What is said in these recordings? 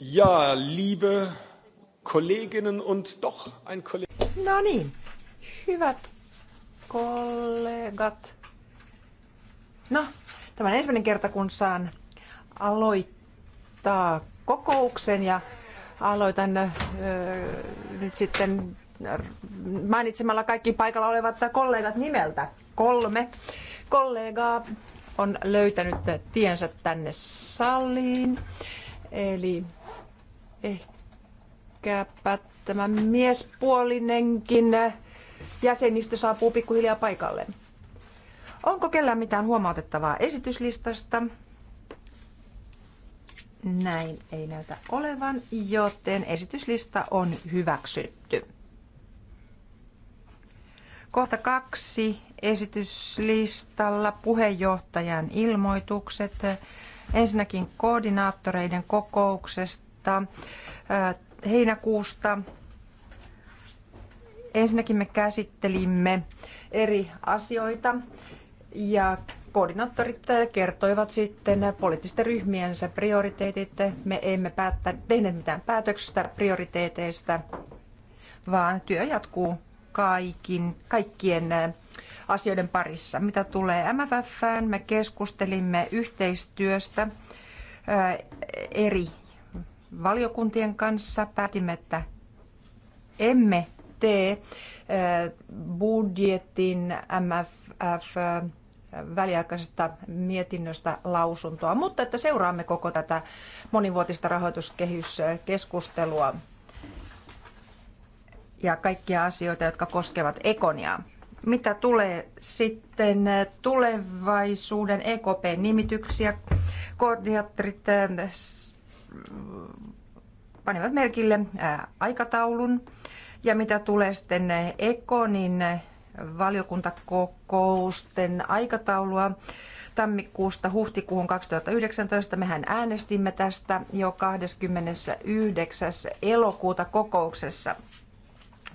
Ja, liebe Kolleginnen und doch ein Kollege. No niin, hyvät kollegat. No, tämä on ensimmäinen kerta, kun saan aloittaa kokouksen ja aloitan nyt sitten mainitsemalla kaikki paikalla olevat kollegat nimeltä. Kolme kollegaa on löytänyt tiensä tänne saliin. Eli Ehkäpä tämä miespuolinenkin jäsenistö saapuu pikkuhiljaa paikalle. Onko kellään mitään huomautettavaa esityslistasta? Näin ei näytä olevan, joten esityslista on hyväksytty. Kohta kaksi esityslistalla puheenjohtajan ilmoitukset. Ensinnäkin koordinaattoreiden kokouksesta heinäkuusta. Ensinnäkin me käsittelimme eri asioita ja koordinaattorit kertoivat sitten poliittisten ryhmiensä prioriteetit. Me emme päättä, tehneet mitään päätöksistä prioriteeteista, vaan työ jatkuu kaikin, kaikkien asioiden parissa. Mitä tulee MFFään, me keskustelimme yhteistyöstä eri valiokuntien kanssa päätimme, että emme tee äh, budjetin MFF äh, väliaikaisesta mietinnöstä lausuntoa, mutta että seuraamme koko tätä monivuotista rahoituskehyskeskustelua ja kaikkia asioita, jotka koskevat Ekonia. Mitä tulee sitten tulevaisuuden EKP-nimityksiä, koordinaattorit äh, panivat merkille aikataulun. Ja mitä tulee sitten Ekonin niin valiokuntakokousten aikataulua tammikuusta huhtikuuhun 2019, mehän äänestimme tästä jo 29. elokuuta kokouksessa.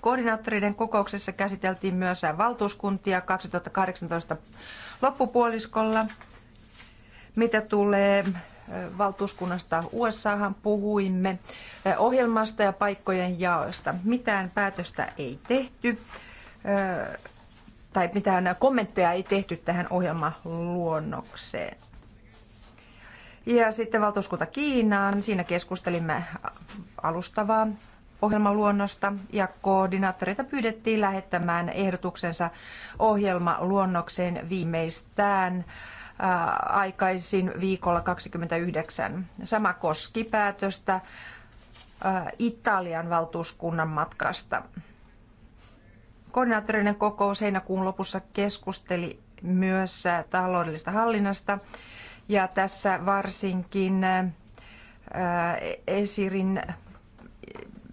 Koordinaattoreiden kokouksessa käsiteltiin myös valtuuskuntia 2018 loppupuoliskolla. Mitä tulee valtuuskunnasta USAhan puhuimme eh, ohjelmasta ja paikkojen jaosta. Mitään päätöstä ei tehty eh, tai mitään kommentteja ei tehty tähän ohjelmaluonnokseen. Ja sitten valtuuskunta Kiinaan. Siinä keskustelimme alustavaa ohjelmaluonnosta ja koordinaattoreita pyydettiin lähettämään ehdotuksensa ohjelmaluonnokseen viimeistään Äh, aikaisin viikolla 29. Sama koski päätöstä äh, Italian valtuuskunnan matkasta. Koordinaattorinen kokous heinäkuun lopussa keskusteli myös äh, taloudellista hallinnasta ja tässä varsinkin Esirin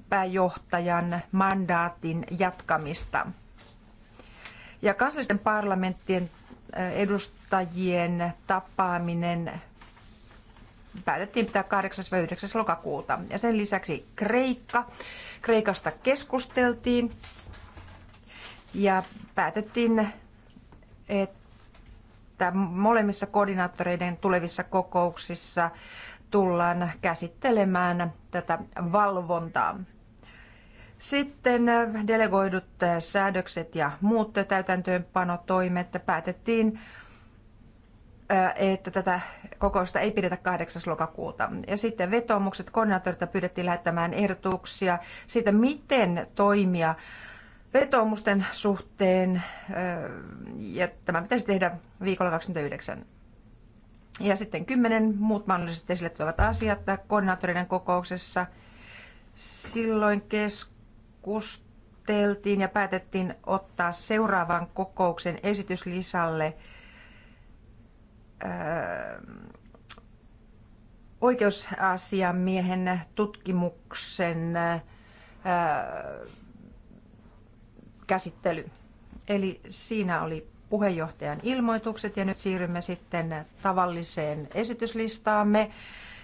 pääjohtajan mandaatin jatkamista. Ja kansallisten parlamenttien edustajien tapaaminen päätettiin pitää 8. vai 9. lokakuuta. Ja sen lisäksi Kreikka. Kreikasta keskusteltiin ja päätettiin, että molemmissa koordinaattoreiden tulevissa kokouksissa tullaan käsittelemään tätä valvontaa. Sitten äh, delegoidut äh, säädökset ja muut täytäntöönpanotoimet päätettiin, äh, että tätä kokousta ei pidetä 8. lokakuuta. Ja sitten vetoomukset koordinaattorilta pyydettiin lähettämään ehdotuksia siitä, miten toimia vetoomusten suhteen, ja tämä pitäisi tehdä viikolla 29. Ja sitten kymmenen muut mahdolliset esille tulevat asiat koordinaattoreiden kokouksessa. Silloin keskusteltiin keskusteltiin ja päätettiin ottaa seuraavan kokouksen esityslisalle äh, oikeusasiamiehen tutkimuksen äh, käsittely. Eli siinä oli puheenjohtajan ilmoitukset ja nyt siirrymme sitten tavalliseen esityslistaamme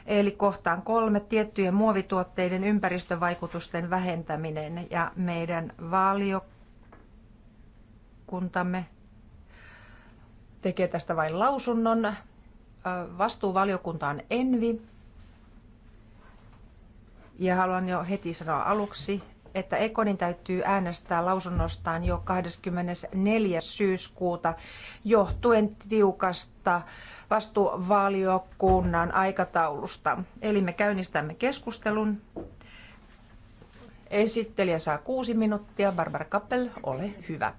eli kohtaan kolme tiettyjen muovituotteiden ympäristövaikutusten vähentäminen ja meidän valiokuntamme tekee tästä vain lausunnon. Vastuuvaliokunta on Envi. Ja haluan jo heti sanoa aluksi, että Ekonin täytyy äänestää lausunnostaan jo 24. syyskuuta johtuen tiukasta vastuuvaliokunnan aikataulusta. Eli me käynnistämme keskustelun. Esittelijä saa kuusi minuuttia. Barbara Kappel, ole hyvä.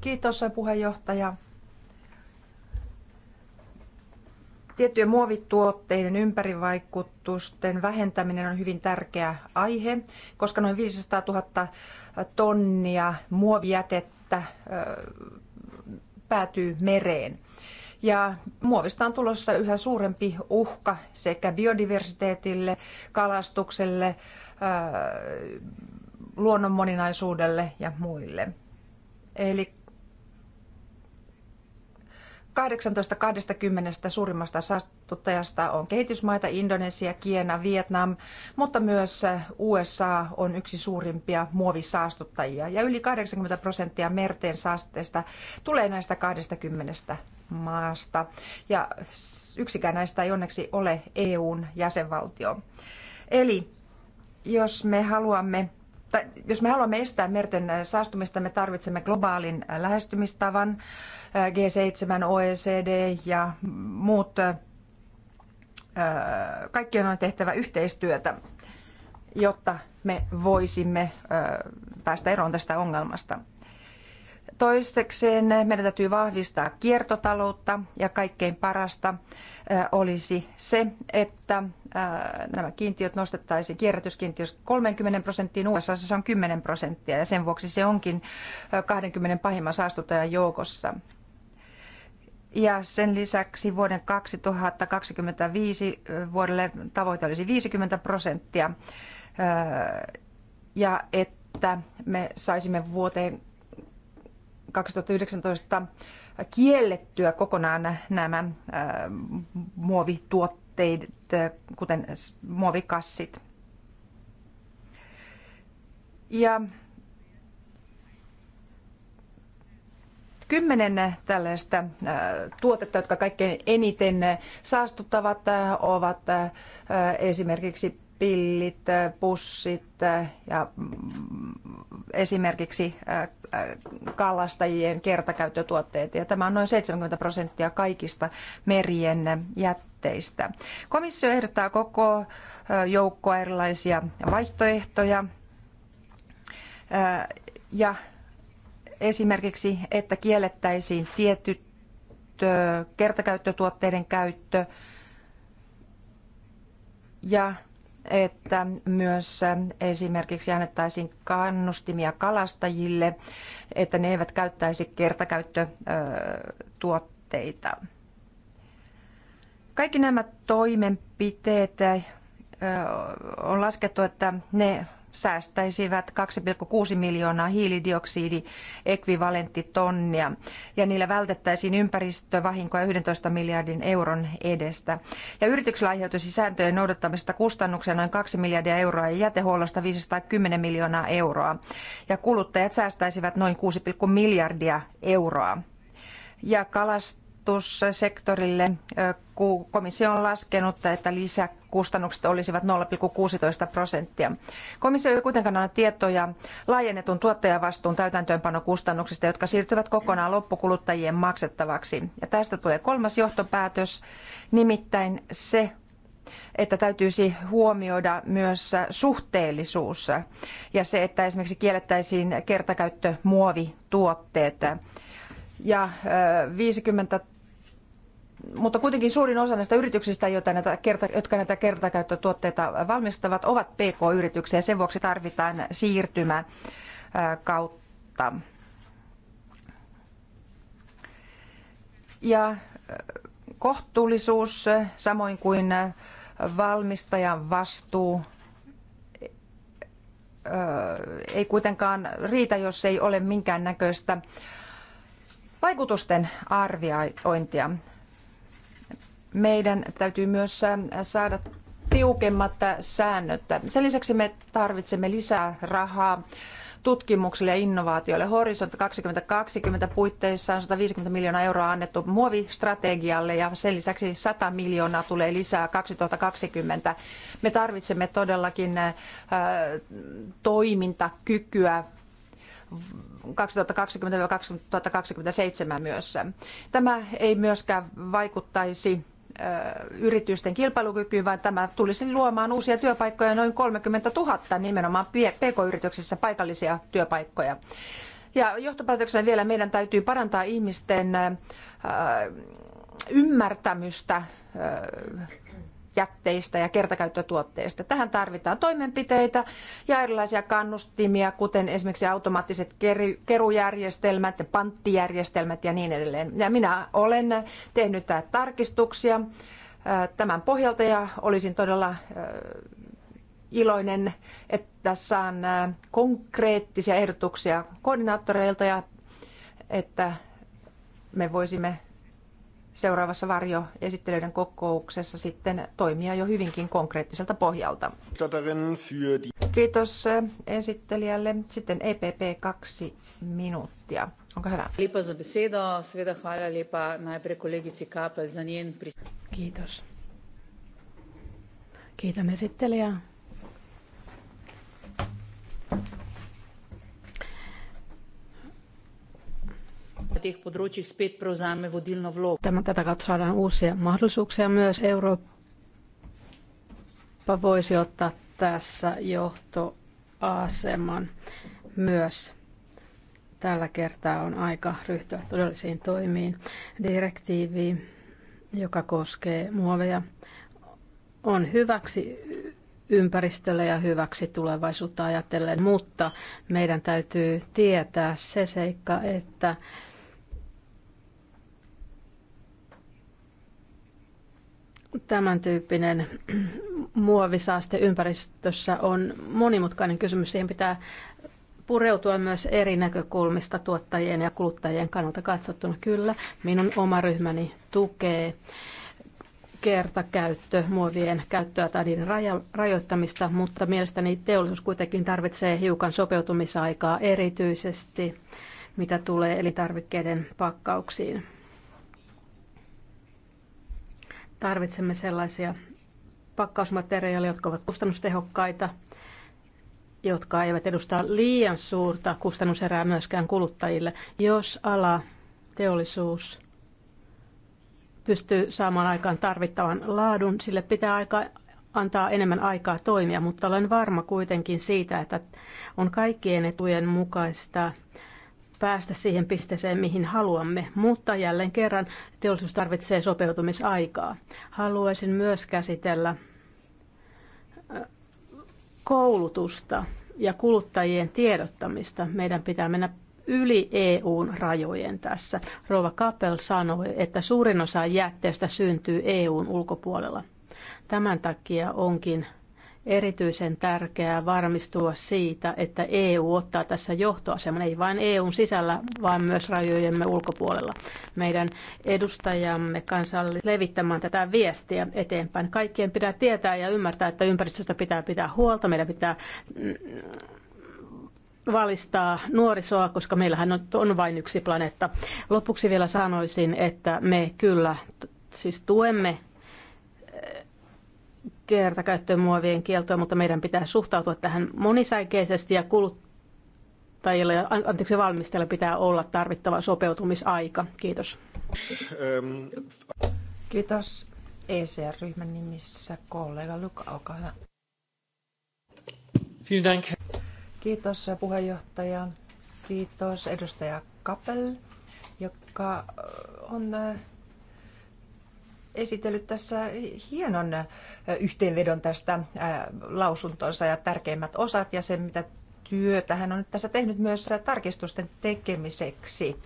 Kiitos puheenjohtaja. Tiettyjen muovituotteiden ympärivaikutusten vähentäminen on hyvin tärkeä aihe, koska noin 500 000 tonnia muovijätettä päätyy mereen. Ja muovista on tulossa yhä suurempi uhka sekä biodiversiteetille, kalastukselle, luonnon moninaisuudelle ja muille. Eli 18-20 suurimmasta saastuttajasta on kehitysmaita, Indonesia, Kiina, Vietnam, mutta myös USA on yksi suurimpia muovisaastuttajia. Ja yli 80 prosenttia merten saasteista tulee näistä 20 maasta. Ja yksikään näistä ei onneksi ole EUn jäsenvaltio. Eli jos me haluamme jos me haluamme estää merten äh, saastumista, me tarvitsemme globaalin äh, lähestymistavan, äh, G7, OECD ja muut. Kaikkien on tehtävä yhteistyötä, jotta me voisimme päästä eroon tästä ongelmasta. Toistekseen meidän täytyy vahvistaa kiertotaloutta ja kaikkein parasta olisi se, että nämä kiintiöt nostettaisiin kierrätyskiintiöt 30 prosenttiin. USA se on 10 prosenttia ja sen vuoksi se onkin 20 pahimman saastuttajan joukossa. Ja sen lisäksi vuoden 2025 vuodelle tavoite olisi 50 prosenttia ja että me saisimme vuoteen 2019 kiellettyä kokonaan nämä äh, muovituotteet, kuten muovikassit. Ja kymmenen tällaista äh, tuotetta, jotka kaikkein eniten saastuttavat, äh, ovat esimerkiksi pillit, pussit äh, äh, ja mm, esimerkiksi äh, kalastajien kertakäyttötuotteet. Ja tämä on noin 70 prosenttia kaikista merien jätteistä. Komissio ehdottaa koko joukkoa erilaisia vaihtoehtoja ja esimerkiksi, että kiellettäisiin tietyt kertakäyttötuotteiden käyttö ja että myös esimerkiksi annettaisiin kannustimia kalastajille, että ne eivät käyttäisi kertakäyttötuotteita. Kaikki nämä toimenpiteet on laskettu, että ne säästäisivät 2,6 miljoonaa hiilidioksidiekvivalenttitonnia ja niillä vältettäisiin ympäristövahinkoja 11 miljardin euron edestä. Ja yrityksellä aiheutuisi sääntöjen noudattamista kustannuksia noin 2 miljardia euroa ja jätehuollosta 510 miljoonaa euroa. Ja kuluttajat säästäisivät noin 6, miljardia euroa. Ja kalastussektorille komissio on laskenut, että lisä kustannukset olisivat 0,16 prosenttia. Komissio ei kuitenkaan anna tietoja laajennetun tuottajavastuun täytäntöönpanokustannuksista, jotka siirtyvät kokonaan loppukuluttajien maksettavaksi. Ja tästä tulee kolmas johtopäätös, nimittäin se, että täytyisi huomioida myös suhteellisuus ja se, että esimerkiksi kiellettäisiin kertakäyttömuovituotteet. Ja 50 mutta kuitenkin suurin osa näistä yrityksistä, joita näitä kerta, jotka näitä kertakäyttötuotteita valmistavat, ovat PK-yrityksiä. Sen vuoksi tarvitaan siirtymä kautta. Ja kohtuullisuus, samoin kuin valmistajan vastuu, ei kuitenkaan riitä, jos ei ole minkäännäköistä näköistä vaikutusten arviointia meidän täytyy myös äh, saada tiukemmat äh, säännöt. Sen lisäksi me tarvitsemme lisää rahaa tutkimukselle ja innovaatioille. Horisont 2020 puitteissa on 150 miljoonaa euroa annettu muovistrategialle ja sen lisäksi 100 miljoonaa tulee lisää 2020. Me tarvitsemme todellakin äh, toimintakykyä 2020-2027 myös. Tämä ei myöskään vaikuttaisi yritysten kilpailukykyyn, vaan tämä tulisi luomaan uusia työpaikkoja noin 30 000 nimenomaan pk-yrityksissä paikallisia työpaikkoja. Ja johtopäätöksenä vielä meidän täytyy parantaa ihmisten ymmärtämystä jätteistä ja kertakäyttötuotteista. Tähän tarvitaan toimenpiteitä ja erilaisia kannustimia, kuten esimerkiksi automaattiset kerujärjestelmät, panttijärjestelmät ja niin edelleen. Ja minä olen tehnyt tarkistuksia äh, tämän pohjalta ja olisin todella äh, iloinen, että saan äh, konkreettisia ehdotuksia koordinaattoreilta ja että me voisimme seuraavassa varjoesittelyiden kokouksessa sitten toimia jo hyvinkin konkreettiselta pohjalta. Kiitos äh, esittelijälle. Sitten EPP kaksi minuuttia. Onko hyvä? Kiitos. Kiitän esittelijää Tämä, tätä kautta saadaan uusia mahdollisuuksia myös Eurooppa voisi ottaa tässä johtoaseman myös. Tällä kertaa on aika ryhtyä todellisiin toimiin. Direktiivi, joka koskee muoveja, on hyväksi ympäristölle ja hyväksi tulevaisuutta ajatellen, mutta meidän täytyy tietää se seikka, että tämän tyyppinen muovisaaste ympäristössä on monimutkainen kysymys. Siihen pitää pureutua myös eri näkökulmista tuottajien ja kuluttajien kannalta katsottuna. Kyllä, minun oma ryhmäni tukee kertakäyttö, muovien käyttöä tai niiden rajoittamista, mutta mielestäni teollisuus kuitenkin tarvitsee hiukan sopeutumisaikaa erityisesti, mitä tulee elintarvikkeiden pakkauksiin. Tarvitsemme sellaisia pakkausmateriaaleja, jotka ovat kustannustehokkaita, jotka eivät edusta liian suurta kustannuserää myöskään kuluttajille. Jos ala, teollisuus pystyy saamaan aikaan tarvittavan laadun, sille pitää aika, antaa enemmän aikaa toimia, mutta olen varma kuitenkin siitä, että on kaikkien etujen mukaista päästä siihen pisteeseen, mihin haluamme, mutta jälleen kerran teollisuus tarvitsee sopeutumisaikaa. Haluaisin myös käsitellä koulutusta ja kuluttajien tiedottamista. Meidän pitää mennä yli EUn rajojen tässä. Rova Kapel sanoi, että suurin osa jätteestä syntyy EUn ulkopuolella. Tämän takia onkin erityisen tärkeää varmistua siitä, että EU ottaa tässä johtoaseman, ei vain EUn sisällä, vaan myös rajojemme ulkopuolella. Meidän edustajamme kansalle levittämään tätä viestiä eteenpäin. Kaikkien pitää tietää ja ymmärtää, että ympäristöstä pitää pitää huolta, meidän pitää mm, valistaa nuorisoa, koska meillähän on vain yksi planeetta. Lopuksi vielä sanoisin, että me kyllä siis tuemme muovien kieltoa, mutta meidän pitää suhtautua tähän monisäikeisesti ja kuluttajille anteeksi, valmistajille pitää olla tarvittava sopeutumisaika. Kiitos. Ähm, Kiitos. ECR-ryhmän nimissä kollega Luka, olkaa hyvä. Kiitos puheenjohtaja. Kiitos edustaja Kapel, joka on äh, esitellyt tässä hienon yhteenvedon tästä lausuntonsa ja tärkeimmät osat ja sen, mitä työtä hän on nyt tässä tehnyt myös tarkistusten tekemiseksi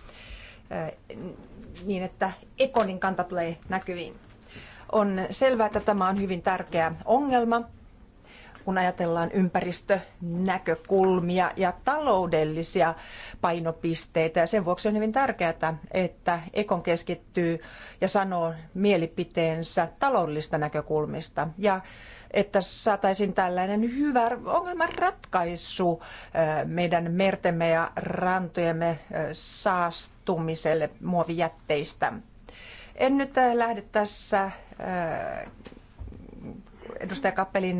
niin, että Ekonin kanta tulee näkyviin. On selvää, että tämä on hyvin tärkeä ongelma kun ajatellaan ympäristönäkökulmia ja taloudellisia painopisteitä. Ja sen vuoksi on hyvin tärkeää, että Ekon keskittyy ja sanoo mielipiteensä taloudellista näkökulmista ja että saataisiin tällainen hyvä ongelmanratkaisu meidän mertemme ja rantojemme saastumiselle muovijätteistä. En nyt lähde tässä edustaja Kappelin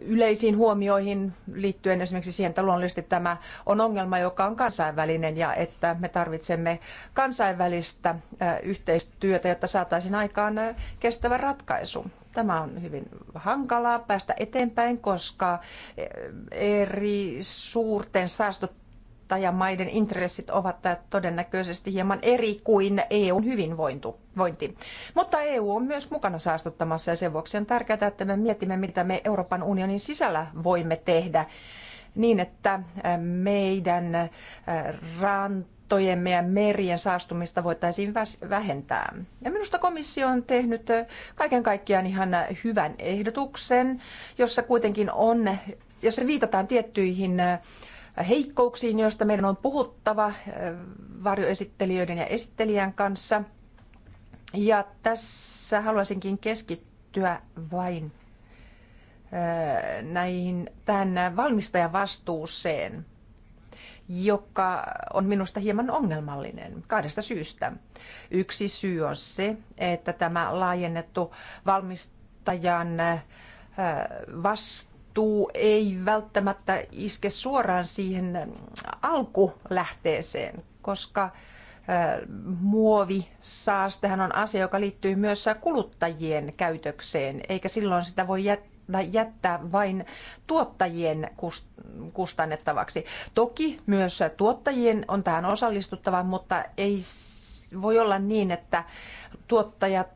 yleisiin huomioihin liittyen esimerkiksi siihen, että luonnollisesti tämä on ongelma, joka on kansainvälinen ja että me tarvitsemme kansainvälistä yhteistyötä, jotta saataisiin aikaan kestävä ratkaisu. Tämä on hyvin hankalaa päästä eteenpäin, koska eri suurten saastuttajien sijoittajamaiden intressit ovat todennäköisesti hieman eri kuin EUn hyvinvointi. Mutta EU on myös mukana saastuttamassa ja sen vuoksi on tärkeää, että me mietimme, mitä me Euroopan unionin sisällä voimme tehdä niin, että meidän rantojemme ja merien saastumista voitaisiin vähentää. Ja minusta komissio on tehnyt kaiken kaikkiaan ihan hyvän ehdotuksen, jossa kuitenkin on, jossa viitataan tiettyihin heikkouksiin, joista meidän on puhuttava eh, varjoesittelijöiden ja esittelijän kanssa. Ja tässä haluaisinkin keskittyä vain eh, näihin, tähän valmistajan vastuuseen, joka on minusta hieman ongelmallinen kahdesta syystä. Yksi syy on se, että tämä laajennettu valmistajan eh, vastuu vastuu ei välttämättä iske suoraan siihen mm, alkulähteeseen, koska muovi saastehan on asia, joka liittyy myös kuluttajien käytökseen, eikä silloin sitä voi jättää vain tuottajien kustannettavaksi. Toki myös tuottajien on tähän osallistuttava, mutta ei voi olla niin, että tuottajat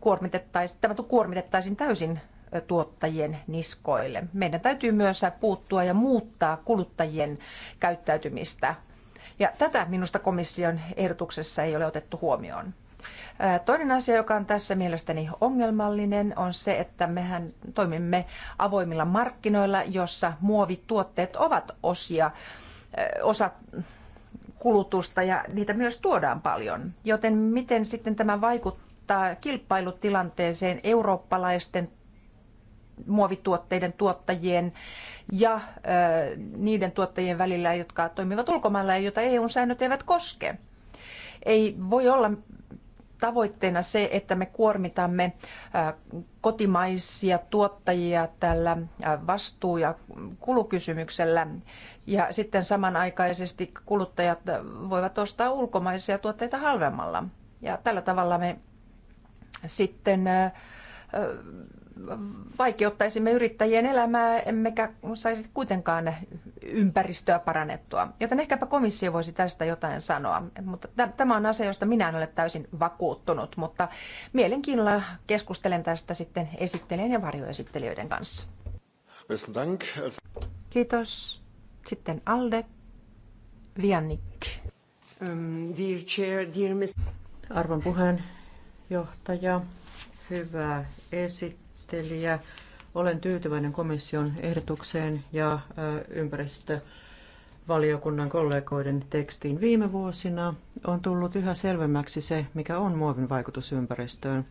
kuormitettaisiin, tämä kuormitettaisiin täysin tuottajien niskoille. Meidän täytyy myös puuttua ja muuttaa kuluttajien käyttäytymistä. Ja tätä minusta komission ehdotuksessa ei ole otettu huomioon. Toinen asia, joka on tässä mielestäni ongelmallinen, on se, että mehän toimimme avoimilla markkinoilla, jossa muovituotteet ovat osia, osa kulutusta ja niitä myös tuodaan paljon. Joten miten sitten tämä vaikuttaa kilpailutilanteeseen eurooppalaisten muovituotteiden tuottajien ja niiden tuottajien välillä, jotka toimivat ulkomailla ja joita EU-säännöt eivät koske. Ei voi olla tavoitteena se, että me kuormitamme kotimaisia tuottajia tällä vastuu- ja kulukysymyksellä. Ja sitten samanaikaisesti kuluttajat voivat ostaa ulkomaisia tuotteita halvemmalla. Ja tällä tavalla me sitten vaikeuttaisimme yrittäjien elämää, emmekä saisi kuitenkaan ympäristöä parannettua. Joten ehkäpä komissio voisi tästä jotain sanoa. Mutta tämä on asia, josta minä en ole täysin vakuuttunut, mutta mielenkiinnolla keskustelen tästä sitten esittelijän ja varjoesittelijöiden kanssa. Kiitos. Sitten Alde. Viannik. Um, Arvon puheenjohtaja, hyvä esittely esittelijä. Olen tyytyväinen komission ehdotukseen ja ympäristövaliokunnan kollegoiden tekstiin. Viime vuosina on tullut yhä selvemmäksi se, mikä on muovin vaikutus ympäristöön.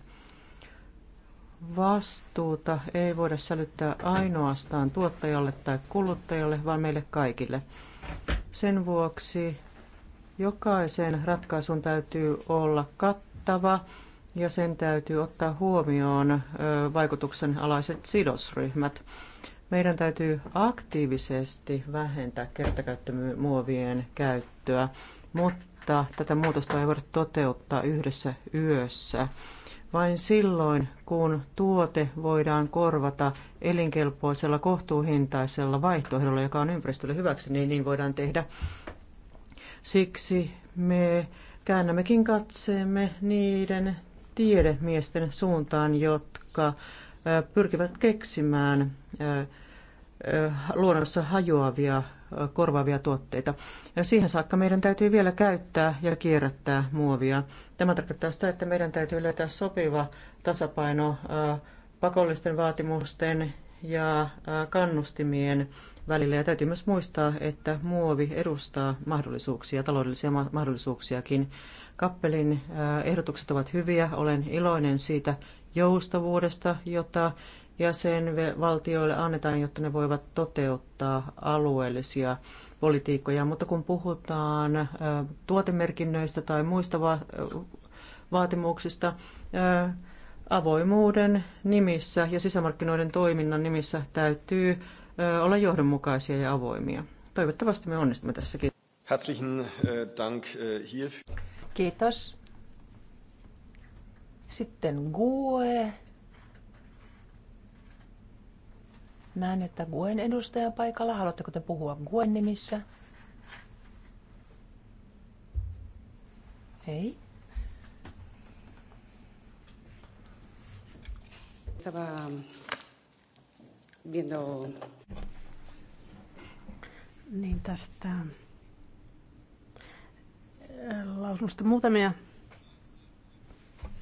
Vastuuta ei voida sälyttää ainoastaan tuottajalle tai kuluttajalle, vaan meille kaikille. Sen vuoksi jokaisen ratkaisun täytyy olla kattava ja sen täytyy ottaa huomioon vaikutuksen alaiset sidosryhmät. Meidän täytyy aktiivisesti vähentää kertakäyttömuovien käyttöä, mutta tätä muutosta ei voida toteuttaa yhdessä yössä. Vain silloin, kun tuote voidaan korvata elinkelpoisella kohtuuhintaisella vaihtoehdolla, joka on ympäristölle hyväksi, niin niin voidaan tehdä. Siksi me käännämmekin katseemme niiden tiedemiesten suuntaan, jotka pyrkivät keksimään luonnossa hajoavia korvaavia tuotteita. Ja siihen saakka meidän täytyy vielä käyttää ja kierrättää muovia. Tämä tarkoittaa sitä, että meidän täytyy löytää sopiva tasapaino pakollisten vaatimusten ja kannustimien välillä. Ja täytyy myös muistaa, että muovi edustaa mahdollisuuksia, taloudellisia mahdollisuuksiakin. Kappelin ehdotukset ovat hyviä. Olen iloinen siitä joustavuudesta, jota jäsenvaltioille annetaan, jotta ne voivat toteuttaa alueellisia politiikkoja. Mutta kun puhutaan tuotemerkinnöistä tai muista va- vaatimuksista, avoimuuden nimissä ja sisämarkkinoiden toiminnan nimissä täytyy olla johdonmukaisia ja avoimia. Toivottavasti me onnistumme tässäkin. Herzlichen Dank Kiitos. Sitten GUE. Näen, että GUEn edustaja paikalla. Haluatteko te puhua GUEn nimissä? Ei. Estaba viendo... Niin tästä lausunnosta muutamia.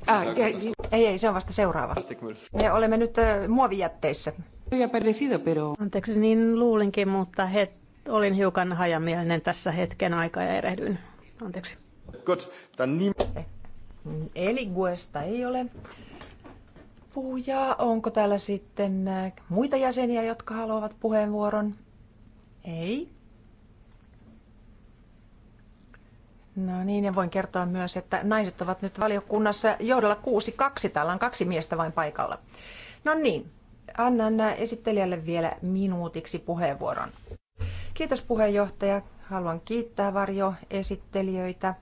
Ah, ei, ei, se on vasta seuraava. Me olemme nyt äh, muovijätteissä. Anteeksi, niin luulinkin, mutta het, olin hiukan hajamielinen tässä hetken aikaa ja erehdyin. Anteeksi. Eh, eli Guesta ei ole puhujaa. Onko täällä sitten äh, muita jäseniä, jotka haluavat puheenvuoron? Ei. No niin, ja voin kertoa myös, että naiset ovat nyt valiokunnassa johdolla 6-2. Täällä on kaksi miestä vain paikalla. No niin, annan esittelijälle vielä minuutiksi puheenvuoron. Kiitos puheenjohtaja. Haluan kiittää varjo esittelijöitä.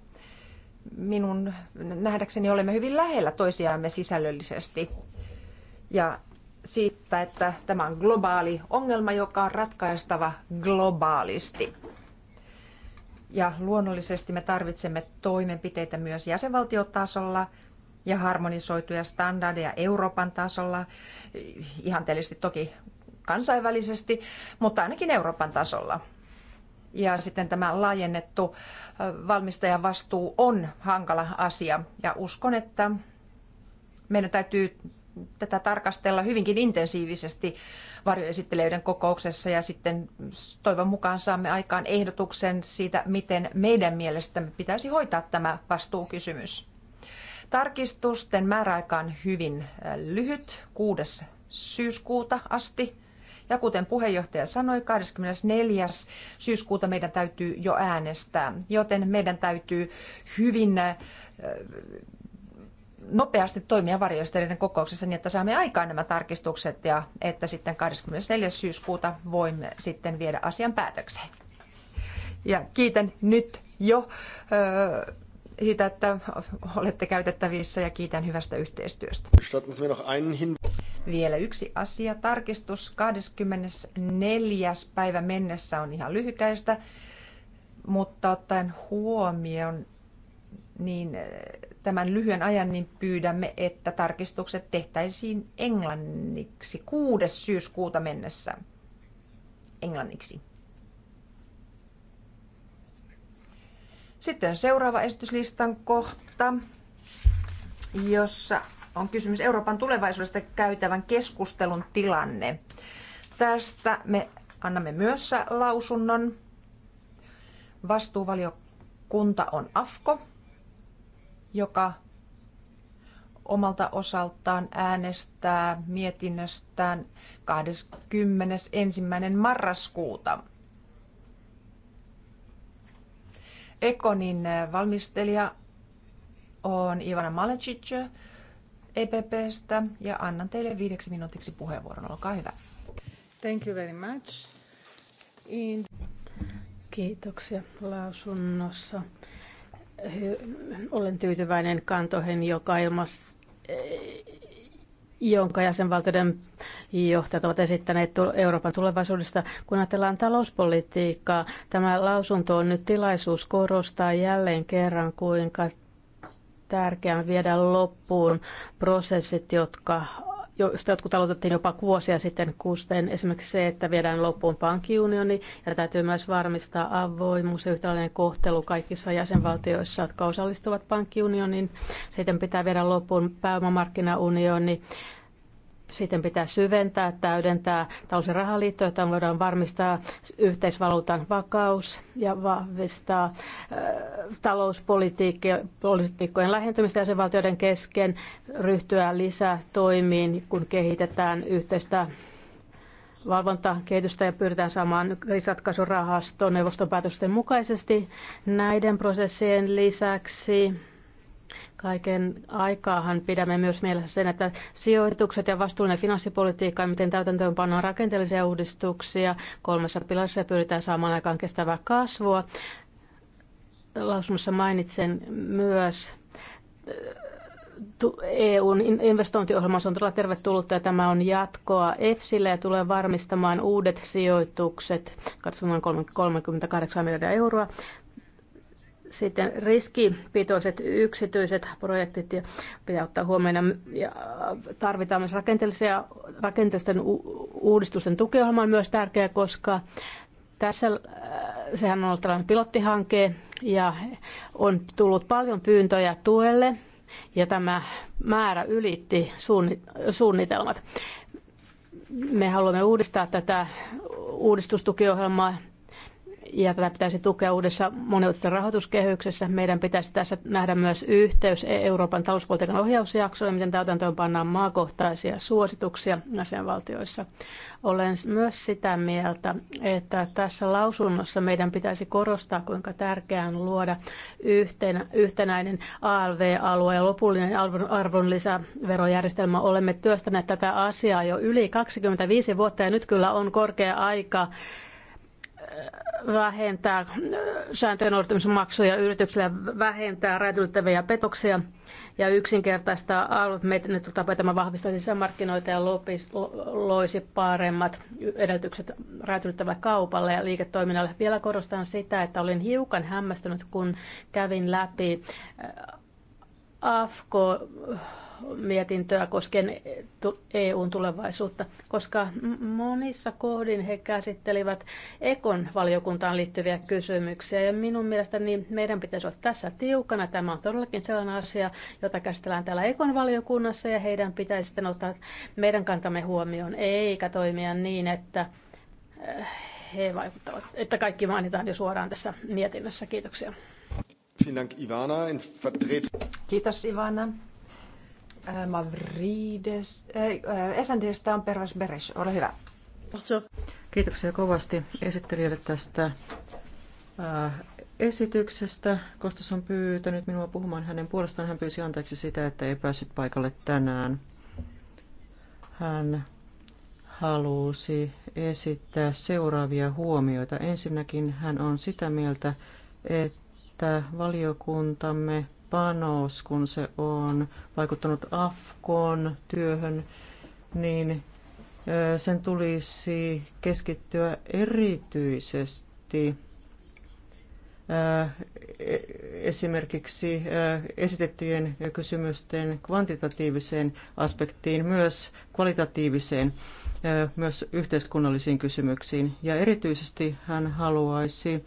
Minun nähdäkseni olemme hyvin lähellä toisiaamme sisällöllisesti. Ja siitä, että tämä on globaali ongelma, joka on ratkaistava globaalisti. Ja luonnollisesti me tarvitsemme toimenpiteitä myös jäsenvaltiotasolla ja harmonisoituja standardeja Euroopan tasolla, ihanteellisesti toki kansainvälisesti, mutta ainakin Euroopan tasolla. Ja sitten tämä laajennettu valmistajan vastuu on hankala asia ja uskon, että meidän täytyy tätä tarkastella hyvinkin intensiivisesti varjoesittelijöiden kokouksessa ja sitten toivon mukaan saamme aikaan ehdotuksen siitä, miten meidän mielestämme pitäisi hoitaa tämä vastuukysymys. Tarkistusten määräaika on hyvin lyhyt, 6. syyskuuta asti. Ja kuten puheenjohtaja sanoi, 24. syyskuuta meidän täytyy jo äänestää, joten meidän täytyy hyvin nopeasti toimia varjoistelijoiden kokouksessa niin, että saamme aikaan nämä tarkistukset ja että sitten 24. syyskuuta voimme sitten viedä asian päätökseen. Ja kiitän nyt jo öö, siitä, että olette käytettävissä ja kiitän hyvästä yhteistyöstä. Vielä yksi asia. Tarkistus 24. päivä mennessä on ihan lyhykäistä, mutta ottaen huomioon, niin tämän lyhyen ajan, niin pyydämme, että tarkistukset tehtäisiin englanniksi 6. syyskuuta mennessä. Englanniksi. Sitten seuraava esityslistan kohta, jossa on kysymys Euroopan tulevaisuudesta käytävän keskustelun tilanne. Tästä me annamme myös lausunnon. Vastuuvaliokunta on AFKO joka omalta osaltaan äänestää mietinnöstään 21. marraskuuta. Ekonin valmistelija on Ivana Malecic EPPstä ja annan teille viideksi minuutiksi puheenvuoron. Olkaa hyvä. Thank you very much. In... Kiitoksia lausunnossa olen tyytyväinen kantoihin, joka ilmas, jonka jäsenvaltioiden johtajat ovat esittäneet Euroopan tulevaisuudesta. Kun ajatellaan talouspolitiikkaa, tämä lausunto on nyt tilaisuus korostaa jälleen kerran, kuinka tärkeää viedä loppuun prosessit, jotka josta jotkut aloitettiin jopa vuosia sitten, kuten esimerkiksi se, että viedään loppuun pankkiunioni, ja täytyy myös varmistaa avoimuus ja yhtäläinen kohtelu kaikissa jäsenvaltioissa, jotka osallistuvat pankkiunioniin. Sitten pitää viedä loppuun pääomamarkkinaunioni, sitten pitää syventää, täydentää talous- ja rahaliittoa, jotta voidaan varmistaa yhteisvaluutan vakaus ja vahvistaa äh, talouspolitiikkojen lähentymistä jäsenvaltioiden kesken, ryhtyä lisätoimiin, kun kehitetään yhteistä valvontakehitystä ja pyritään saamaan kriisiratkaisurahasto neuvoston päätösten mukaisesti. Näiden prosessien lisäksi Kaiken aikaahan pidämme myös mielessä sen, että sijoitukset ja vastuullinen finanssipolitiikka ja miten täytäntöön pannaan rakenteellisia uudistuksia. Kolmessa pilarissa pyritään saamaan aikaan kestävää kasvua. Lausunnossa mainitsen myös EUn investointiohjelma on todella tervetullut ja tämä on jatkoa EFSille ja tulee varmistamaan uudet sijoitukset, katsomaan 38 miljardia euroa. Sitten riskipitoiset yksityiset projektit ja pitää ottaa huomioon. Ja tarvitaan myös rakenteellisia, rakenteellisten uudistusten tukiohjelma on myös tärkeä, koska tässä äh, sehän on ollut tällainen pilottihanke ja on tullut paljon pyyntöjä tuelle ja tämä määrä ylitti suunnitelmat. Me haluamme uudistaa tätä uudistustukiohjelmaa ja tätä pitäisi tukea uudessa monivuotisessa rahoituskehyksessä. Meidän pitäisi tässä nähdä myös yhteys e- Euroopan talouspolitiikan ohjausjaksoon miten täytäntöön pannaan maakohtaisia suosituksia asianvaltioissa. Olen myös sitä mieltä, että tässä lausunnossa meidän pitäisi korostaa, kuinka tärkeää on luoda yhtenä, yhtenäinen ALV-alue ja lopullinen arvonlisäverojärjestelmä. Olemme työstäneet tätä asiaa jo yli 25 vuotta ja nyt kyllä on korkea aika vähentää sääntöjen noudattamisen maksuja yrityksille, vähentää räätylyttäviä petoksia ja yksinkertaistaa algoritmitapaa. Tämä vahvistaisi sisämarkkinoita ja lopis, loisi paremmat edellytykset räätylyttävälle kaupalle ja liiketoiminnalle. Vielä korostan sitä, että olin hiukan hämmästynyt, kun kävin läpi äh, AFKO mietintöä koskien EUn tulevaisuutta, koska monissa kohdin he käsittelivät Ekon valiokuntaan liittyviä kysymyksiä. Ja minun mielestäni meidän pitäisi olla tässä tiukana. Tämä on todellakin sellainen asia, jota käsitellään täällä Ekon valiokunnassa ja heidän pitäisi sitten ottaa meidän kantamme huomioon, eikä toimia niin, että äh, he vaikuttavat, että kaikki mainitaan jo suoraan tässä mietinnössä. Kiitoksia. Kiitos Ivana. Äh, Mavrides, äh, on Pervas Beres, ole hyvä. Kiitoksia kovasti esittelijälle tästä äh, esityksestä. Kostas on pyytänyt minua puhumaan hänen puolestaan. Hän pyysi anteeksi sitä, että ei päässyt paikalle tänään. Hän halusi esittää seuraavia huomioita. Ensinnäkin hän on sitä mieltä, että valiokuntamme panos, kun se on vaikuttanut Afkon työhön, niin sen tulisi keskittyä erityisesti e, esimerkiksi esitettyjen kysymysten kvantitatiiviseen aspektiin, myös kvalitatiiviseen, myös yhteiskunnallisiin kysymyksiin. Ja erityisesti hän haluaisi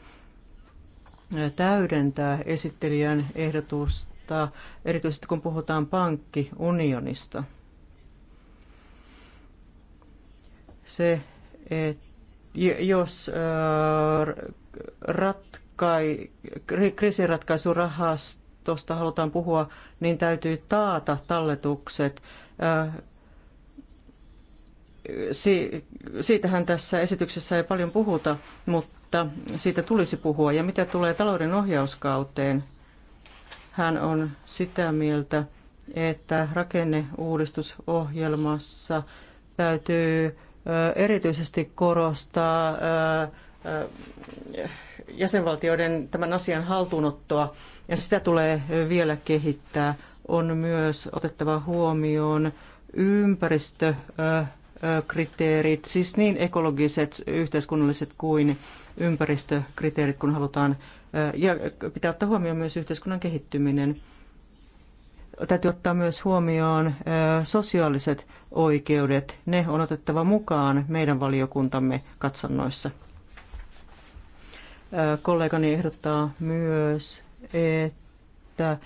täydentää esittelijän ehdotusta, erityisesti kun puhutaan pankkiunionista. Se, että jos äh, ratkai, kriisiratkaisurahastosta halutaan puhua, niin täytyy taata talletukset. Äh, siitähän tässä esityksessä ei paljon puhuta, mutta mutta siitä tulisi puhua. Ja mitä tulee talouden ohjauskauteen, hän on sitä mieltä, että rakenneuudistusohjelmassa täytyy erityisesti korostaa jäsenvaltioiden tämän asian haltuunottoa, ja sitä tulee vielä kehittää. On myös otettava huomioon ympäristö kriteerit, siis niin ekologiset, yhteiskunnalliset kuin ympäristökriteerit, kun halutaan, ja pitää ottaa huomioon myös yhteiskunnan kehittyminen. Täytyy ottaa myös huomioon sosiaaliset oikeudet. Ne on otettava mukaan meidän valiokuntamme katsannoissa. Kollegani ehdottaa myös, että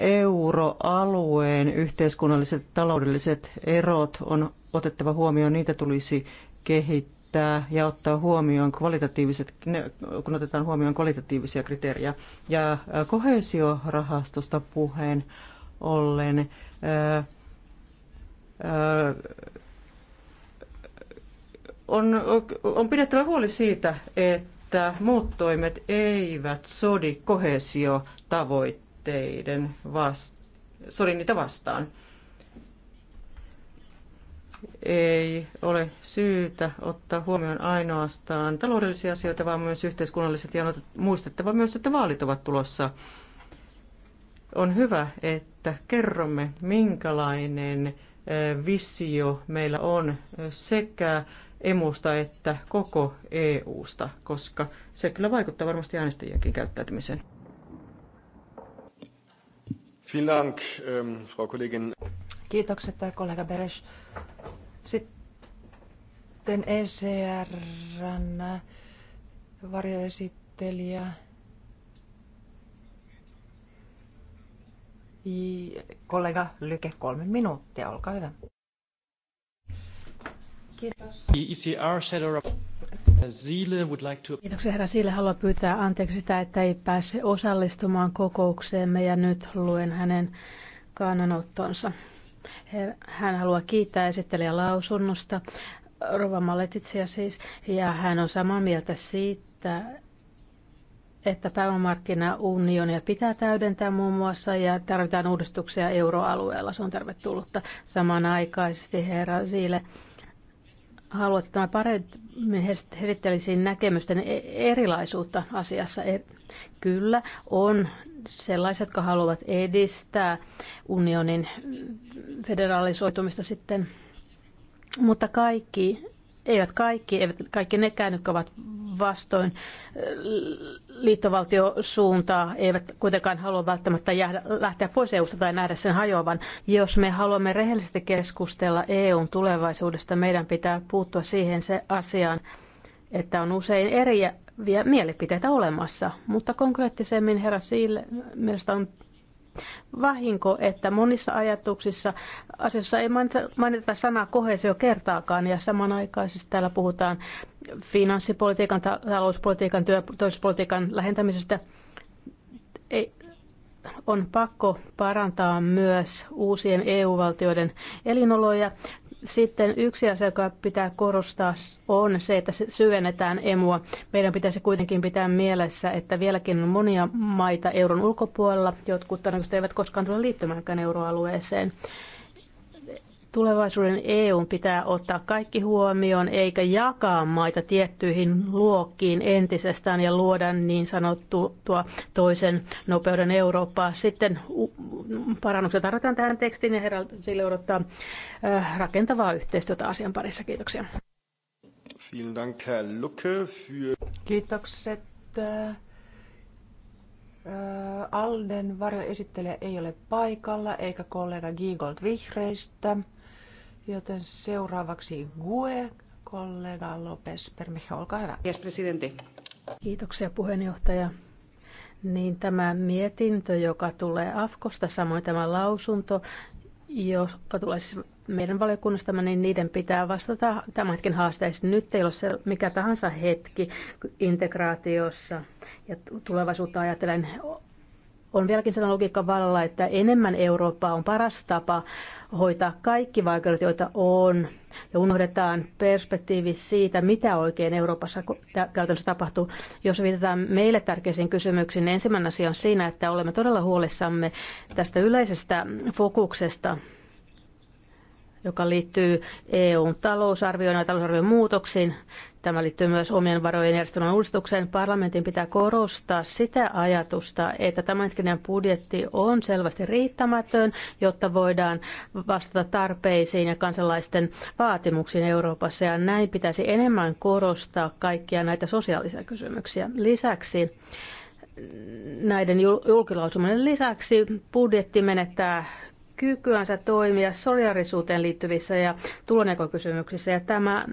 euroalueen yhteiskunnalliset taloudelliset erot on otettava huomioon, niitä tulisi kehittää ja ottaa huomioon kvalitatiiviset, kun otetaan huomioon kvalitatiivisia kriteerejä. Ja kohesiorahastosta puheen ollen ää, ää, on, on pidettävä huoli siitä, että muut toimet eivät sodi kohesiotavoitteita teidän vast- Sori, niitä vastaan. Ei ole syytä ottaa huomioon ainoastaan taloudellisia asioita, vaan myös yhteiskunnalliset ja muistettava myös, että vaalit ovat tulossa. On hyvä, että kerromme, minkälainen visio meillä on sekä emusta että koko EUsta, koska se kyllä vaikuttaa varmasti äänestäjienkin käyttäytymiseen. Ähm, Kiitokset, äh, kollega Beres. Sitten ECRn äh, varjoesittelijä kollega Lyke, kolme minuuttia, olkaa hyvä. Kiitos. Kiitoksia herra Siile. Haluan pyytää anteeksi sitä, että ei pääse osallistumaan kokoukseemme ja nyt luen hänen kannanottonsa. Hän haluaa kiittää esittelijä lausunnosta, Rova Maletitsia siis, ja hän on samaa mieltä siitä, että pääomamarkkinaunionia pitää täydentää muun muassa ja tarvitaan uudistuksia euroalueella. Se on tervetullutta samanaikaisesti herra Siile haluat, että mä paremmin esittelisin näkemysten e-, erilaisuutta asiassa. E, kyllä on sellaiset, jotka haluavat edistää unionin federalisoitumista sitten, mutta kaikki eivät kaikki, eivät kaikki nekään, jotka ovat vastoin äh, liittovaltiosuuntaa, eivät kuitenkaan halua välttämättä jäädä, lähteä pois eu tai nähdä sen hajoavan. Jos me haluamme rehellisesti keskustella EUn tulevaisuudesta, meidän pitää puuttua siihen se asiaan, että on usein eriä mielipiteitä olemassa, mutta konkreettisemmin herra Siil mielestä on vahinko, että monissa ajatuksissa asiassa ei mainita, mainita sanaa kohesio kertaakaan ja samanaikaisesti täällä puhutaan finanssipolitiikan, talouspolitiikan, työpolitiikan lähentämisestä. Ei, on pakko parantaa myös uusien EU-valtioiden elinoloja. Sitten yksi asia, joka pitää korostaa, on se, että syvennetään emua. Meidän pitäisi kuitenkin pitää mielessä, että vieläkin on monia maita euron ulkopuolella. Jotkut todennäköisesti eivät koskaan tule liittymäänkään euroalueeseen. Tulevaisuuden EU pitää ottaa kaikki huomioon eikä jakaa maita tiettyihin luokkiin entisestään ja luoda niin sanottua toisen nopeuden Eurooppaa. Sitten parannuksia tarvitaan tähän tekstiin ja herra sille odottaa äh, rakentavaa yhteistyötä asian parissa. Kiitoksia. Kiitokset. Äh, äh, Alden varjoesittelijä ei ole paikalla, eikä kollega Giegold vihreistä. Joten seuraavaksi GUE, kollega Lopes Permejo, olkaa hyvä. Yes, presidente. Kiitoksia puheenjohtaja. Niin tämä mietintö, joka tulee AFKosta, samoin tämä lausunto, joka tulee siis meidän valiokunnastamme, niin niiden pitää vastata tämän hetken haasteisiin. Nyt ei ole se mikä tahansa hetki integraatiossa ja tulevaisuutta ajatellen on vieläkin sellainen logiikka vallalla, että enemmän Eurooppaa on paras tapa hoitaa kaikki vaikeudet, joita on, ja unohdetaan perspektiivi siitä, mitä oikein Euroopassa käytännössä tapahtuu. Jos viitataan meille tärkeisiin kysymyksiin, niin ensimmäinen asia on siinä, että olemme todella huolissamme tästä yleisestä fokuksesta, joka liittyy EUn talousarvioon ja talousarvion muutoksiin. Tämä liittyy myös omien varojen järjestelmän uudistukseen. Parlamentin pitää korostaa sitä ajatusta, että tämänhetkinen budjetti on selvästi riittämätön, jotta voidaan vastata tarpeisiin ja kansalaisten vaatimuksiin Euroopassa. Ja näin pitäisi enemmän korostaa kaikkia näitä sosiaalisia kysymyksiä. Lisäksi näiden julkilausumien lisäksi budjetti menettää kykyänsä toimia solidarisuuteen liittyvissä ja tulonjakokysymyksissä. Ja tämä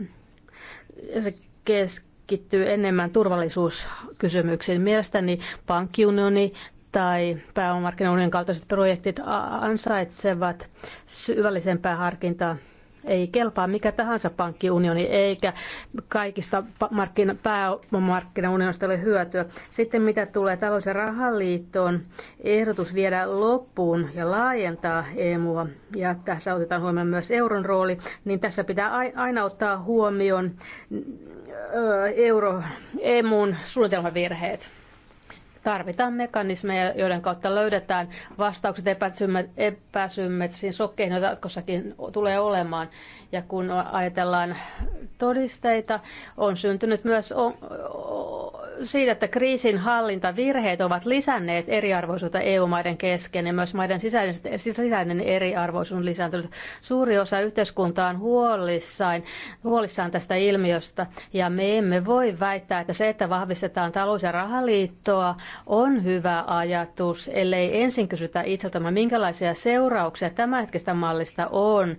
se keskittyy enemmän turvallisuuskysymyksiin. Mielestäni pankkiunioni tai pääomamarkkinoiden kaltaiset projektit ansaitsevat syvällisempää harkintaa ei kelpaa mikä tahansa pankkiunioni, eikä kaikista markkina, pääomamarkkinaunionista ole hyötyä. Sitten mitä tulee talous- ja rahaliittoon, ehdotus viedä loppuun ja laajentaa EMUa, ja tässä otetaan huomioon myös euron rooli, niin tässä pitää aina ottaa huomioon euro, EMUn suunnitelmavirheet. Tarvitaan mekanismeja, joiden kautta löydetään vastaukset epäsymmetrisiin sokkeihin, joita jatkossakin tulee olemaan. Ja kun ajatellaan todisteita, on syntynyt myös siitä, että kriisin hallintavirheet ovat lisänneet eriarvoisuutta EU-maiden kesken ja myös maiden sisäinen, sisäinen eriarvoisuus on lisääntynyt. Suuri osa yhteiskuntaa on huolissaan, huolissaan tästä ilmiöstä ja me emme voi väittää, että se, että vahvistetaan talous- ja rahaliittoa, on hyvä ajatus, ellei ensin kysytä itseltämme, minkälaisia seurauksia tämänhetkistä mallista on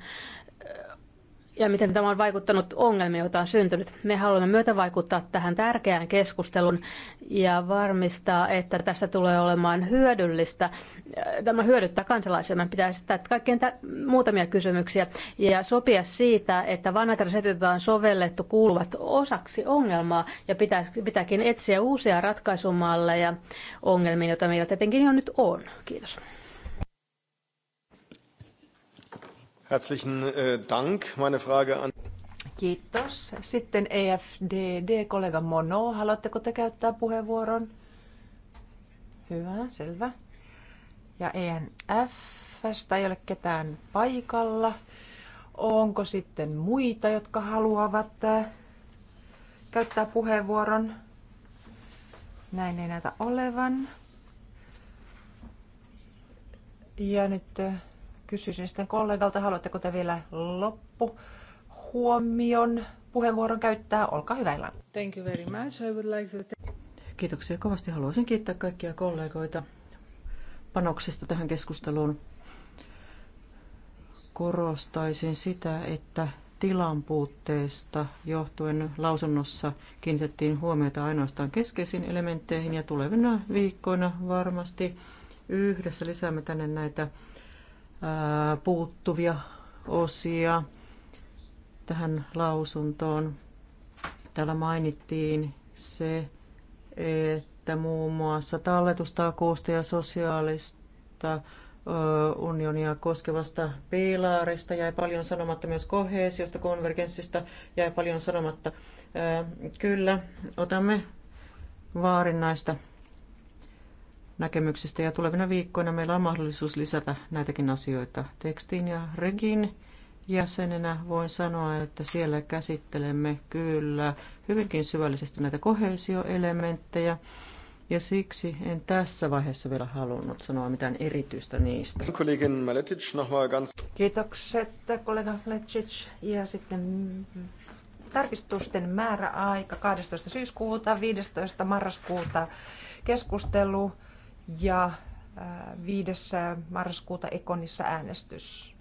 ja miten tämä on vaikuttanut ongelmiin, joita on syntynyt. Me haluamme vaikuttaa tähän tärkeään keskusteluun ja varmistaa, että tästä tulee olemaan hyödyllistä. Äh, tämä hyödyttää kansalaisia. Meidän pitää esittää kaikkein tä- muutamia kysymyksiä ja sopia siitä, että vanhat reseptit, on sovellettu, kuuluvat osaksi ongelmaa ja pitäisi pitääkin etsiä uusia ratkaisumalleja ongelmiin, joita meillä tietenkin jo nyt on. Kiitos. Herzlichen äh, Dank. Meine Frage an... Kiitos. Sitten EFDD, kollega Mono, haluatteko te käyttää puheenvuoron? Hyvä, selvä. Ja ENFstä ei ole ketään paikalla. Onko sitten muita, jotka haluavat äh, käyttää puheenvuoron? Näin ei näytä olevan. Ja nyt äh, kysyisin sitten kollegalta, haluatteko te vielä loppu huomion puheenvuoron käyttää? Olkaa hyvä, Ilan. Thank you very much. I would like to... Kiitoksia kovasti. Haluaisin kiittää kaikkia kollegoita panoksesta tähän keskusteluun. Korostaisin sitä, että tilan puutteesta johtuen lausunnossa kiinnitettiin huomiota ainoastaan keskeisiin elementteihin ja tulevina viikkoina varmasti yhdessä lisäämme tänne näitä puuttuvia osia tähän lausuntoon. Täällä mainittiin se, että muun muassa talletustakuusta ja sosiaalista unionia koskevasta piilaarista jäi paljon sanomatta, myös kohesiosta, konvergenssista jäi paljon sanomatta. Kyllä, otamme vaarin näistä näkemyksistä ja tulevina viikkoina meillä on mahdollisuus lisätä näitäkin asioita tekstiin ja regin jäsenenä voin sanoa, että siellä käsittelemme kyllä hyvinkin syvällisesti näitä kohesioelementtejä ja siksi en tässä vaiheessa vielä halunnut sanoa mitään erityistä niistä. Kiitokset kollega Fletchich ja sitten tarkistusten määräaika 12. syyskuuta, 15. marraskuuta keskustelu ja 5. Äh, marraskuuta Ekonissa äänestys.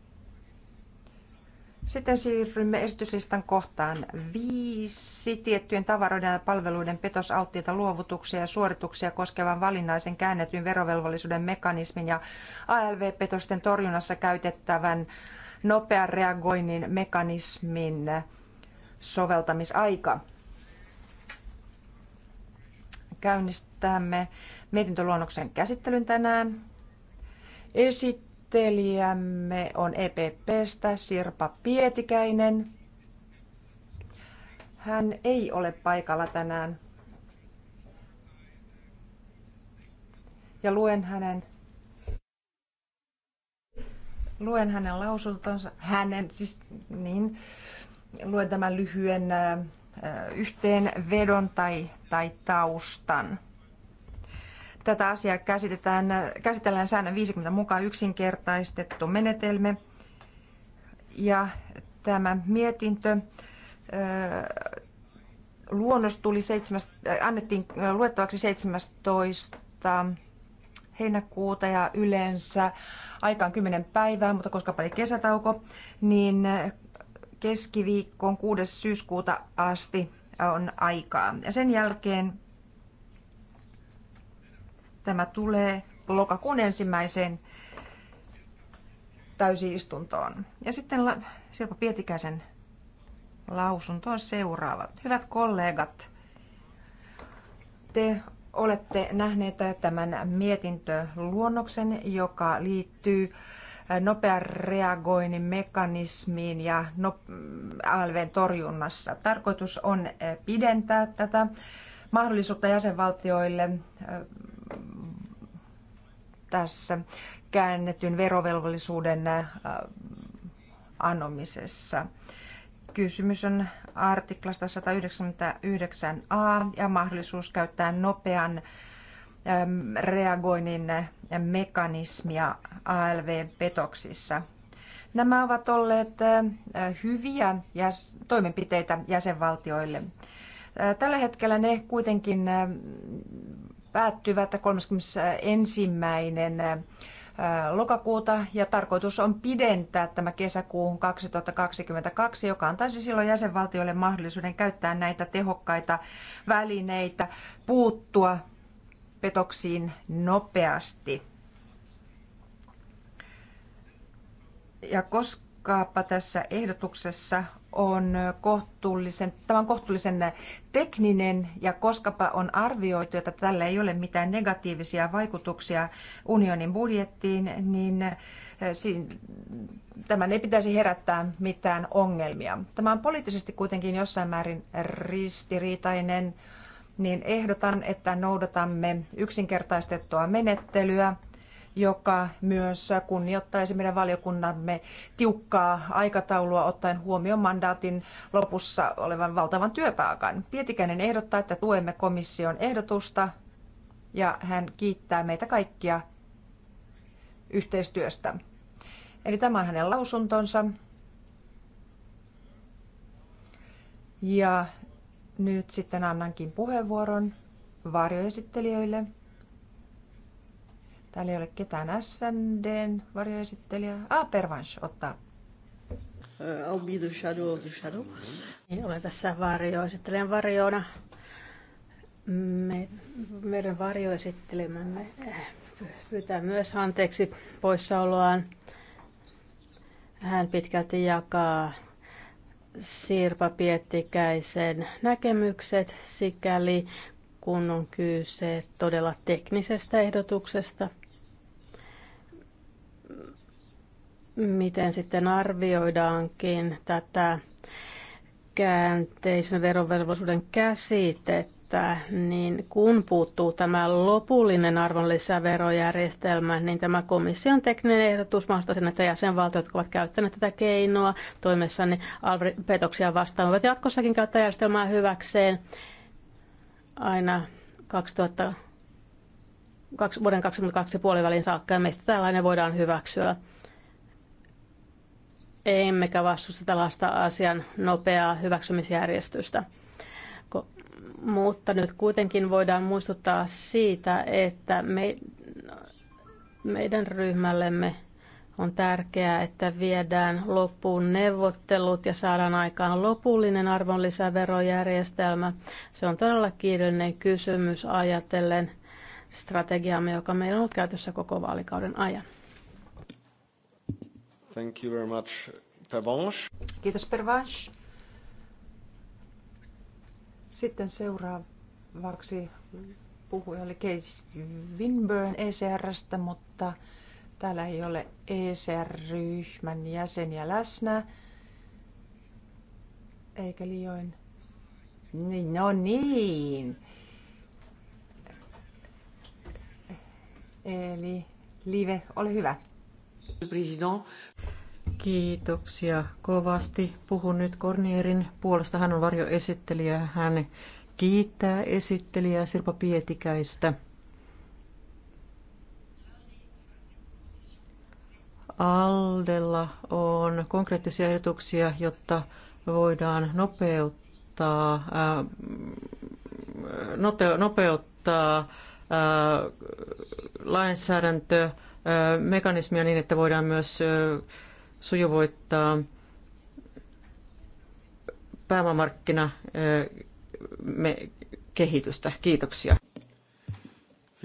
Sitten siirrymme esityslistan kohtaan viisi tiettyjen tavaroiden ja palveluiden petosalttiita luovutuksia ja suorituksia koskevan valinnaisen käännetyn verovelvollisuuden mekanismin ja ALV-petosten torjunnassa käytettävän nopean reagoinnin mekanismin soveltamisaika. Käynnistämme mietintöluonnoksen käsittelyn tänään. Esittelijämme on EPPstä Sirpa Pietikäinen. Hän ei ole paikalla tänään. Ja luen hänen luen hänen lausuntonsa, hänen siis niin, luen tämän lyhyen yhteenvedon tai, tai taustan. Tätä asiaa käsitetään, käsitellään säännön 50 mukaan yksinkertaistettu menetelmä. Ja tämä mietintö luonnos tuli 7, äh, annettiin luettavaksi 17 heinäkuuta ja yleensä aikaan 10 päivää, mutta koska oli kesätauko, niin keskiviikkoon 6. syyskuuta asti on aikaa. Ja sen jälkeen Tämä tulee lokakuun ensimmäiseen täysiistuntoon. Ja sitten Sirpa Pietikäisen lausunto on seuraava. Hyvät kollegat, te olette nähneet tämän mietintöluonnoksen, joka liittyy nopean reagoinnin mekanismiin ja ALVn torjunnassa. Tarkoitus on pidentää tätä mahdollisuutta jäsenvaltioille tässä käännetyn verovelvollisuuden äh, anomisessa. Kysymys on artiklasta 199a ja mahdollisuus käyttää nopean ähm, reagoinnin mekanismia ALV-petoksissa. Nämä ovat olleet äh, hyviä toimenpiteitä jäsenvaltioille. Äh, tällä hetkellä ne kuitenkin päättyvät 31. Äh, lokakuuta ja tarkoitus on pidentää tämä kesäkuuhun 2022, joka antaisi silloin jäsenvaltioille mahdollisuuden käyttää näitä tehokkaita välineitä puuttua petoksiin nopeasti. Ja koska kaappa tässä ehdotuksessa on kohtuullisen, tämä on kohtuullisen tekninen ja koskapa on arvioitu, että tällä ei ole mitään negatiivisia vaikutuksia unionin budjettiin, niin eh, tämän ei pitäisi herättää mitään ongelmia. Tämä on poliittisesti kuitenkin jossain määrin ristiriitainen, niin ehdotan, että noudatamme yksinkertaistettua menettelyä joka myös kunnioittaisi meidän valiokunnamme tiukkaa aikataulua ottaen huomioon mandaatin lopussa olevan valtavan työtaakan. Pietikäinen ehdottaa, että tuemme komission ehdotusta ja hän kiittää meitä kaikkia yhteistyöstä. Eli tämä on hänen lausuntonsa. Ja nyt sitten annankin puheenvuoron varjoesittelijöille. Täällä ei ole ketään SNDn varjoesittelijä. Ah, Pervans ottaa. Eh, I'll be the shadow of the shadow. Niin, olen tässä varjoesittelijän varjoona. Me, meidän varjoesittelemämme eh, pyytää myös anteeksi poissaoloaan. Hän pitkälti jakaa Sirpa Piettikäisen näkemykset sikäli kun on kyse todella teknisestä ehdotuksesta – miten sitten arvioidaankin tätä käänteisen verovelvollisuuden käsitettä, niin kun puuttuu tämä lopullinen arvonlisäverojärjestelmä, niin tämä komission tekninen ehdotus mahdollistaa sen, että jäsenvaltiot, jotka ovat käyttäneet tätä keinoa toimessaan, niin petoksia vastaan voivat jatkossakin käyttää järjestelmää hyväkseen aina 2000, vuoden 2022 puolivälin saakka, ja meistä tällainen voidaan hyväksyä emmekä vastusta tällaista asian nopeaa hyväksymisjärjestystä. Mutta nyt kuitenkin voidaan muistuttaa siitä, että me, meidän ryhmällemme on tärkeää, että viedään loppuun neuvottelut ja saadaan aikaan lopullinen arvonlisäverojärjestelmä. Se on todella kiireellinen kysymys ajatellen strategiamme, joka meillä on ollut käytössä koko vaalikauden ajan. Thank you very much, Kiitos, Pervanche. Sitten seuraavaksi puhuja oli Case Winburn ECRstä, mutta täällä ei ole ECR-ryhmän jäseniä läsnä. Eikä liioin. Niin, no niin. Eli Live, ole hyvä. Kiitoksia kovasti. Puhun nyt Kornierin puolesta. Hän on varjoesittelijä. Hän kiittää esittelijää Sirpa Pietikäistä. Aldella on konkreettisia ehdotuksia, jotta voidaan nopeuttaa, ää, äh, nopeuttaa ää, äh, lainsäädäntö mekanismia niin, että voidaan myös sujuvoittaa pääomamarkkina kehitystä. Kiitoksia.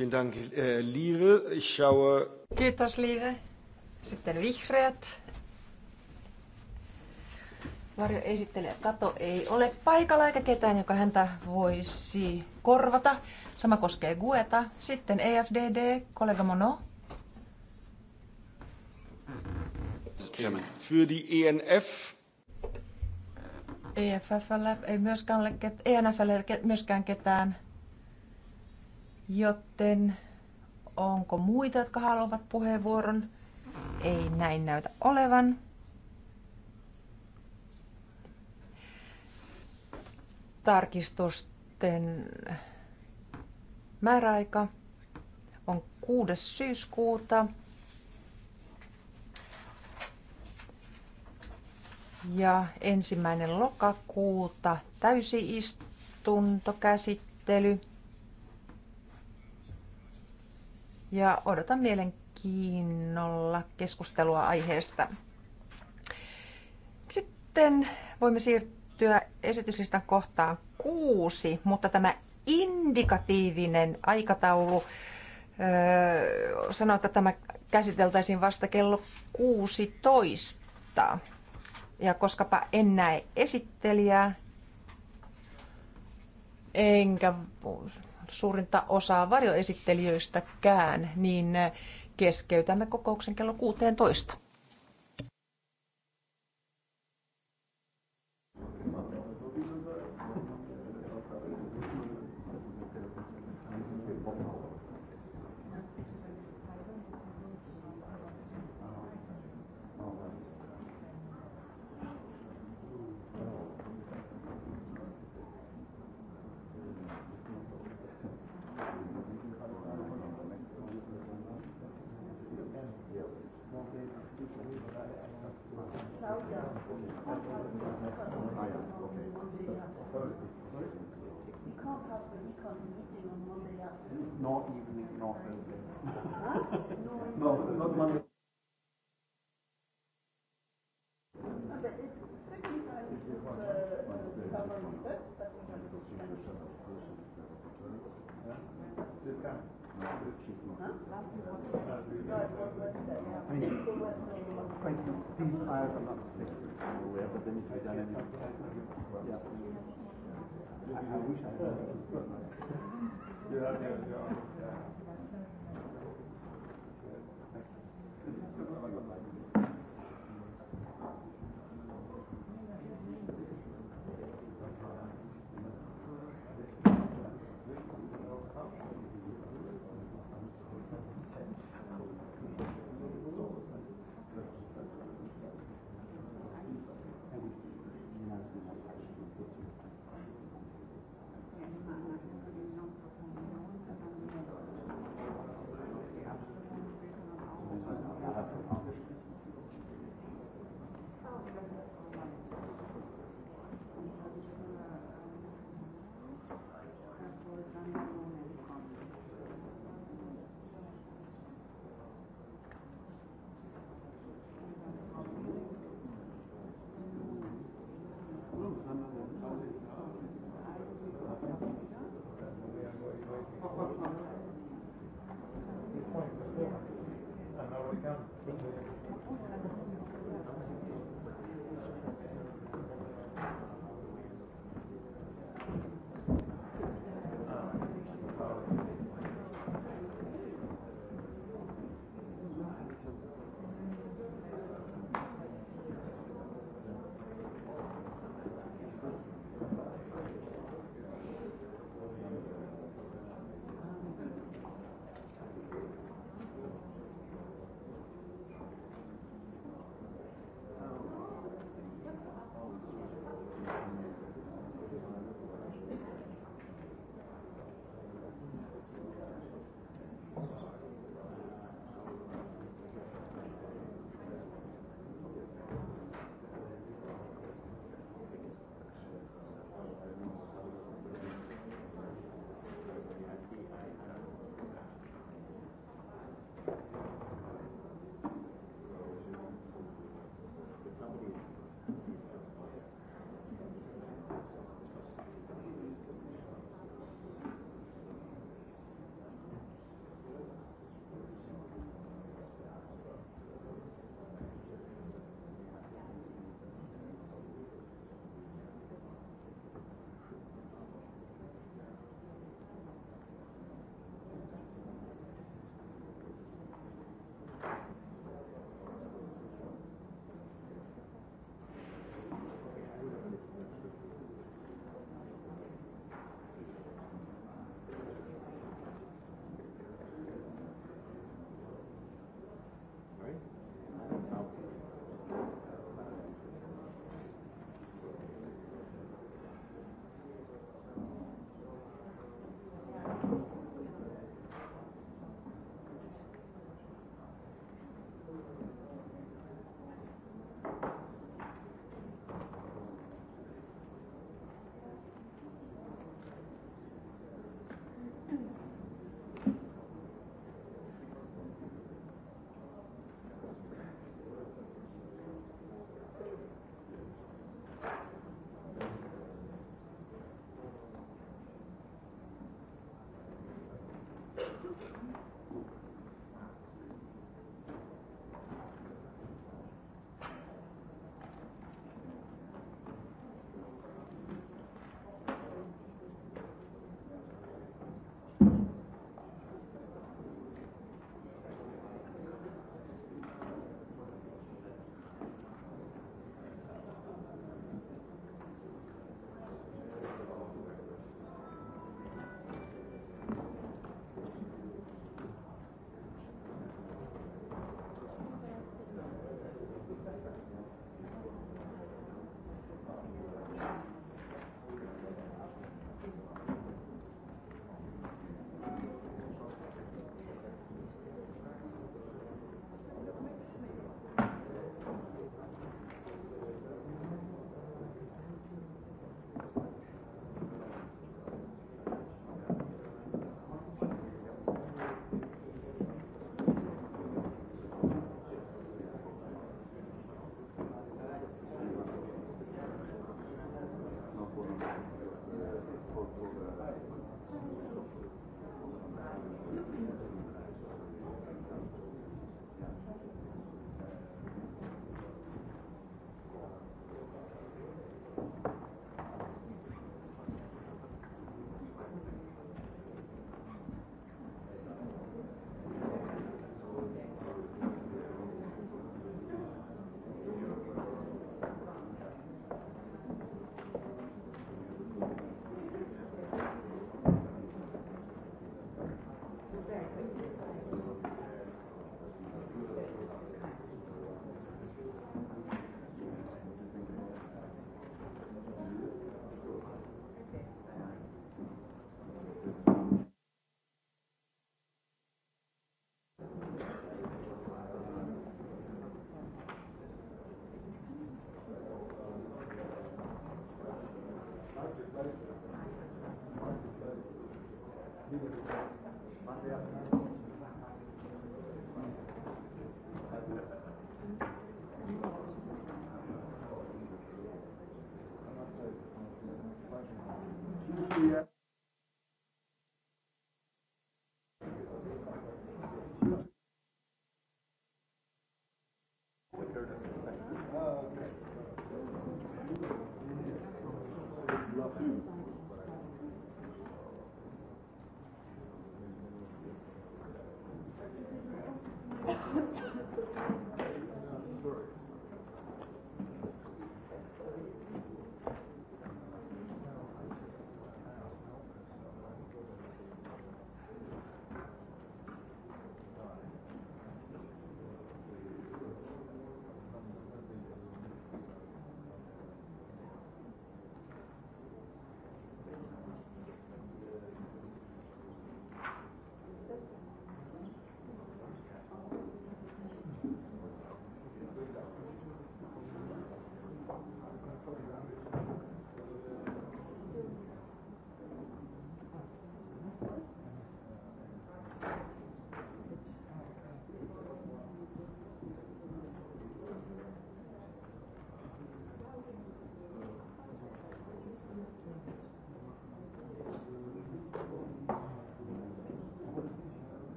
Äh, Kiitos, Liive. Sitten vihreät. Varjo esittelee Kato ei ole paikalla eikä ketään, joka häntä voisi korvata. Sama koskee Gueta. Sitten EFDD, kollega Mono. Chairman. Für die ENF. EFFllä ei myöskään ole, ENFllä e ei myöskään ketään, joten onko muita, jotka haluavat puheenvuoron? Ei näin näytä olevan. Tarkistusten määräaika on 6. syyskuuta Ja ensimmäinen lokakuuta täysiistuntokäsittely. Ja odotan mielenkiinnolla keskustelua aiheesta. Sitten voimme siirtyä esityslistan kohtaan kuusi, mutta tämä indikatiivinen aikataulu öö, sanoo, että tämä käsiteltäisiin vasta kello 16. Ja koskapa en näe esittelijää, enkä suurinta osaa varjoesittelijöistäkään, niin keskeytämme kokouksen kello 16. not even in not Thursday. Huh? no, not money. Uh, it's uh, no. Thank you. I have a lot Ja, ja, joo. ja.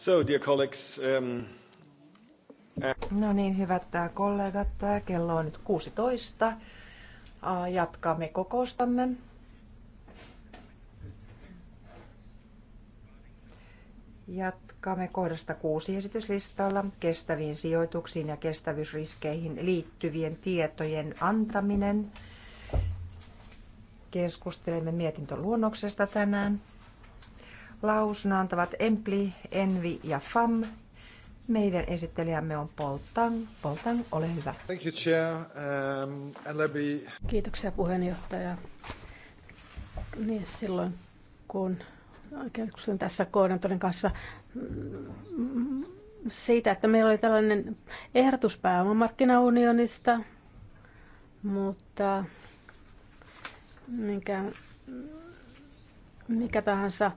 So, dear colleagues, um... Uh, no niin, hyvät äh, kollegat, äh, kello on nyt 16. Äh, jatkamme kokoustamme. Jatkamme kohdasta kuusi esityslistalla kestäviin sijoituksiin ja kestävyysriskeihin liittyvien tietojen antaminen. Keskustelemme mietintöluonnoksesta tänään. Lausuna antavat Empli, Envi ja FAM. Meidän esittelijämme on Poltang. Poltang, ole hyvä. Thank you, chair. Um, me... Kiitoksia puheenjohtaja. Niin, silloin kun keskustelin tässä koordinatorin kanssa mm, siitä, että meillä oli tällainen ehdotus pääomamarkkinaunionista, mutta minkä, mikä tahansa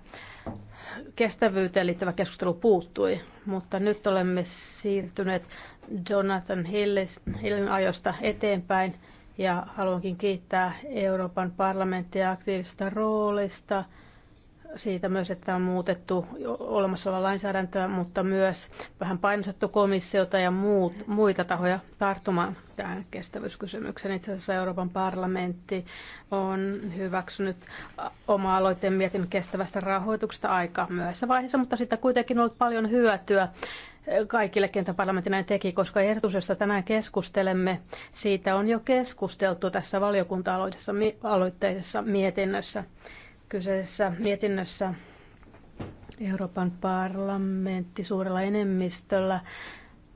kestävyyteen liittyvä keskustelu puuttui, mutta nyt olemme siirtyneet Jonathan Hillis, Hillin ajosta eteenpäin ja haluankin kiittää Euroopan parlamenttia aktiivisesta roolista – siitä myös, että on muutettu olemassa olevaa lainsäädäntöä, mutta myös vähän painostettu komissiota ja muut, muita tahoja tarttumaan tähän kestävyyskysymykseen. Itse asiassa Euroopan parlamentti on hyväksynyt oma aloitteen mietin kestävästä rahoituksesta aika myöhässä vaiheessa, mutta sitä kuitenkin on ollut paljon hyötyä kaikille, kentä parlamentti näin teki, koska ehdotus, josta tänään keskustelemme, siitä on jo keskusteltu tässä valiokunta-aloitteisessa mietinnössä. Kyseisessä mietinnössä Euroopan parlamentti suurella enemmistöllä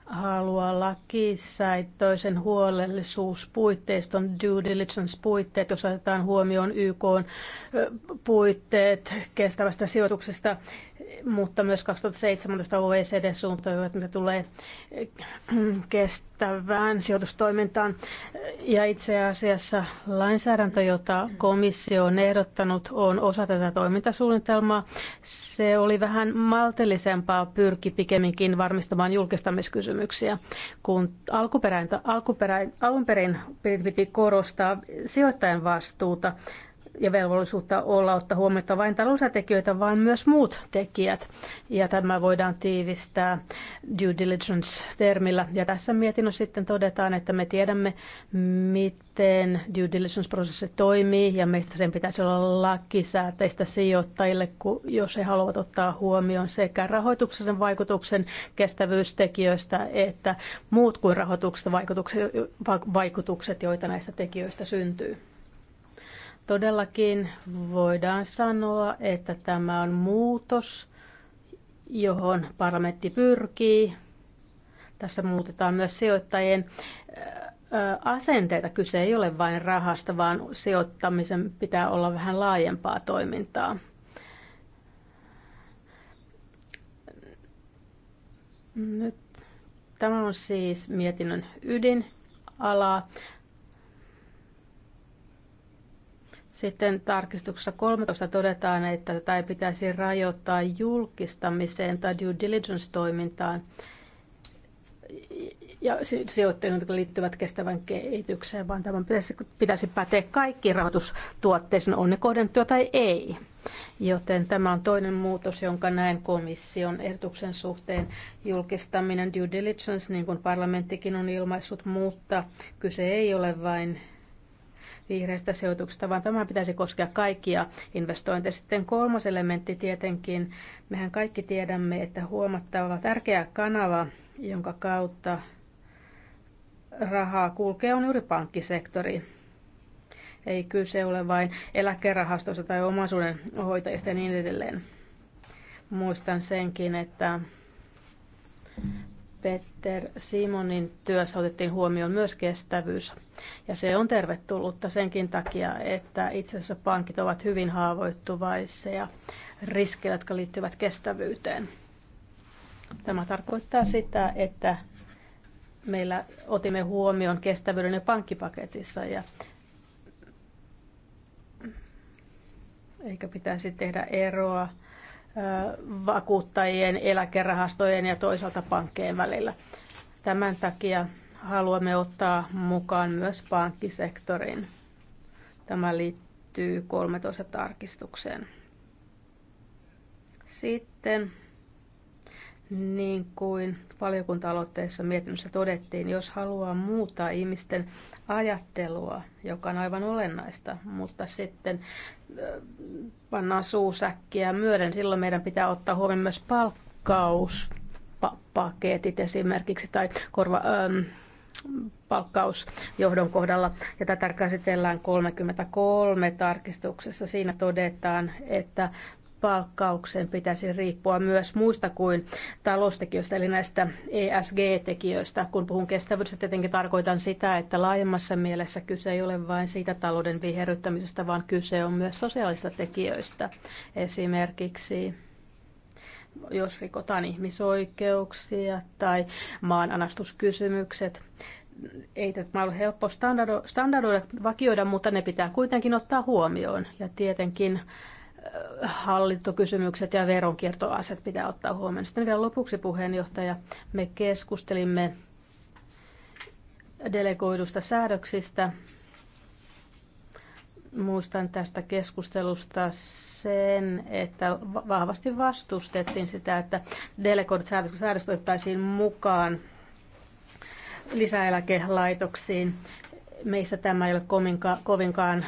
haluaa lakisääteisen huolellisuuspuitteiston due diligence-puitteet, jos otetaan huomioon YK puitteet kestävästä sijoituksesta mutta myös 2017 OECD että mitä tulee äh, kestävään sijoitustoimintaan. Ja itse asiassa lainsäädäntö, jota komissio on ehdottanut, on osa tätä toimintasuunnitelmaa. Se oli vähän maltillisempaa, pyrki pikemminkin varmistamaan julkistamiskysymyksiä, kun alkuperäin, alkuperäin, alun perin piti korostaa sijoittajan vastuuta ja velvollisuutta olla ottaa huomiota vain talousatekijöitä, vaan myös muut tekijät. Ja tämä voidaan tiivistää due diligence-termillä. Ja tässä mietinnössä sitten todetaan, että me tiedämme, miten due diligence-prosessi toimii, ja meistä sen pitäisi olla lakisääteistä sijoittajille, jos he haluavat ottaa huomioon sekä rahoituksen vaikutuksen kestävyystekijöistä, että muut kuin rahoituksesta vaikutukset, joita näistä tekijöistä syntyy. Todellakin voidaan sanoa, että tämä on muutos, johon parlamentti pyrkii. Tässä muutetaan myös sijoittajien asenteita. Kyse ei ole vain rahasta, vaan sijoittamisen pitää olla vähän laajempaa toimintaa. Nyt tämä on siis mietinnön ydinala. Sitten tarkistuksessa 13 todetaan, että tätä ei pitäisi rajoittaa julkistamiseen tai due diligence-toimintaan ja sijoittajien, jotka liittyvät kestävän kehitykseen, vaan tämän pitäisi, pitäisi päteä kaikkiin rahoitustuotteisiin, on ne kohdentuja tai ei. Joten tämä on toinen muutos, jonka näen komission ehdotuksen suhteen julkistaminen due diligence, niin kuin parlamenttikin on ilmaissut, mutta kyse ei ole vain vihreistä sijoituksista, vaan tämä pitäisi koskea kaikkia investointeja. Sitten kolmas elementti tietenkin, mehän kaikki tiedämme, että huomattava tärkeä kanava, jonka kautta rahaa kulkee, on juuri pankkisektori ei kyse ole vain eläkerahastosta tai omaisuuden hoitajista ja niin edelleen. Muistan senkin, että Peter Simonin työssä otettiin huomioon myös kestävyys. Ja se on tervetullutta senkin takia, että itse asiassa pankit ovat hyvin haavoittuvaisia riskejä, jotka liittyvät kestävyyteen. Tämä tarkoittaa sitä, että meillä otimme huomioon kestävyyden ja pankkipaketissa ja eikä pitäisi tehdä eroa vakuuttajien, eläkerahastojen ja toisaalta pankkien välillä. Tämän takia haluamme ottaa mukaan myös pankkisektorin. Tämä liittyy 13 tarkistukseen. Sitten niin kuin valiokunta-aloitteessa mietinnössä todettiin, jos haluaa muuttaa ihmisten ajattelua, joka on aivan olennaista, mutta sitten pannaan suusäkkiä myöden, silloin meidän pitää ottaa huomioon myös palkkauspaketit esimerkiksi tai korva, ähm, palkkausjohdon kohdalla. Ja tätä käsitellään 33 tarkistuksessa. Siinä todetaan, että palkkaukseen pitäisi riippua myös muista kuin taloustekijöistä, eli näistä ESG-tekijöistä. Kun puhun kestävyydestä, tietenkin tarkoitan sitä, että laajemmassa mielessä kyse ei ole vain siitä talouden viherryttämisestä, vaan kyse on myös sosiaalista tekijöistä. Esimerkiksi jos rikotaan ihmisoikeuksia tai maananastuskysymykset, ei tämä ole helppo standardoida, standardoida, vakioida, mutta ne pitää kuitenkin ottaa huomioon. Ja tietenkin hallintokysymykset ja veronkiertoasiat pitää ottaa huomioon. Sitten vielä lopuksi puheenjohtaja, me keskustelimme delegoidusta säädöksistä. Muistan tästä keskustelusta sen, että vahvasti vastustettiin sitä, että delegoidut säädökset otettaisiin mukaan lisäeläkelaitoksiin. Meistä tämä ei ole kovinkaan, kovinkaan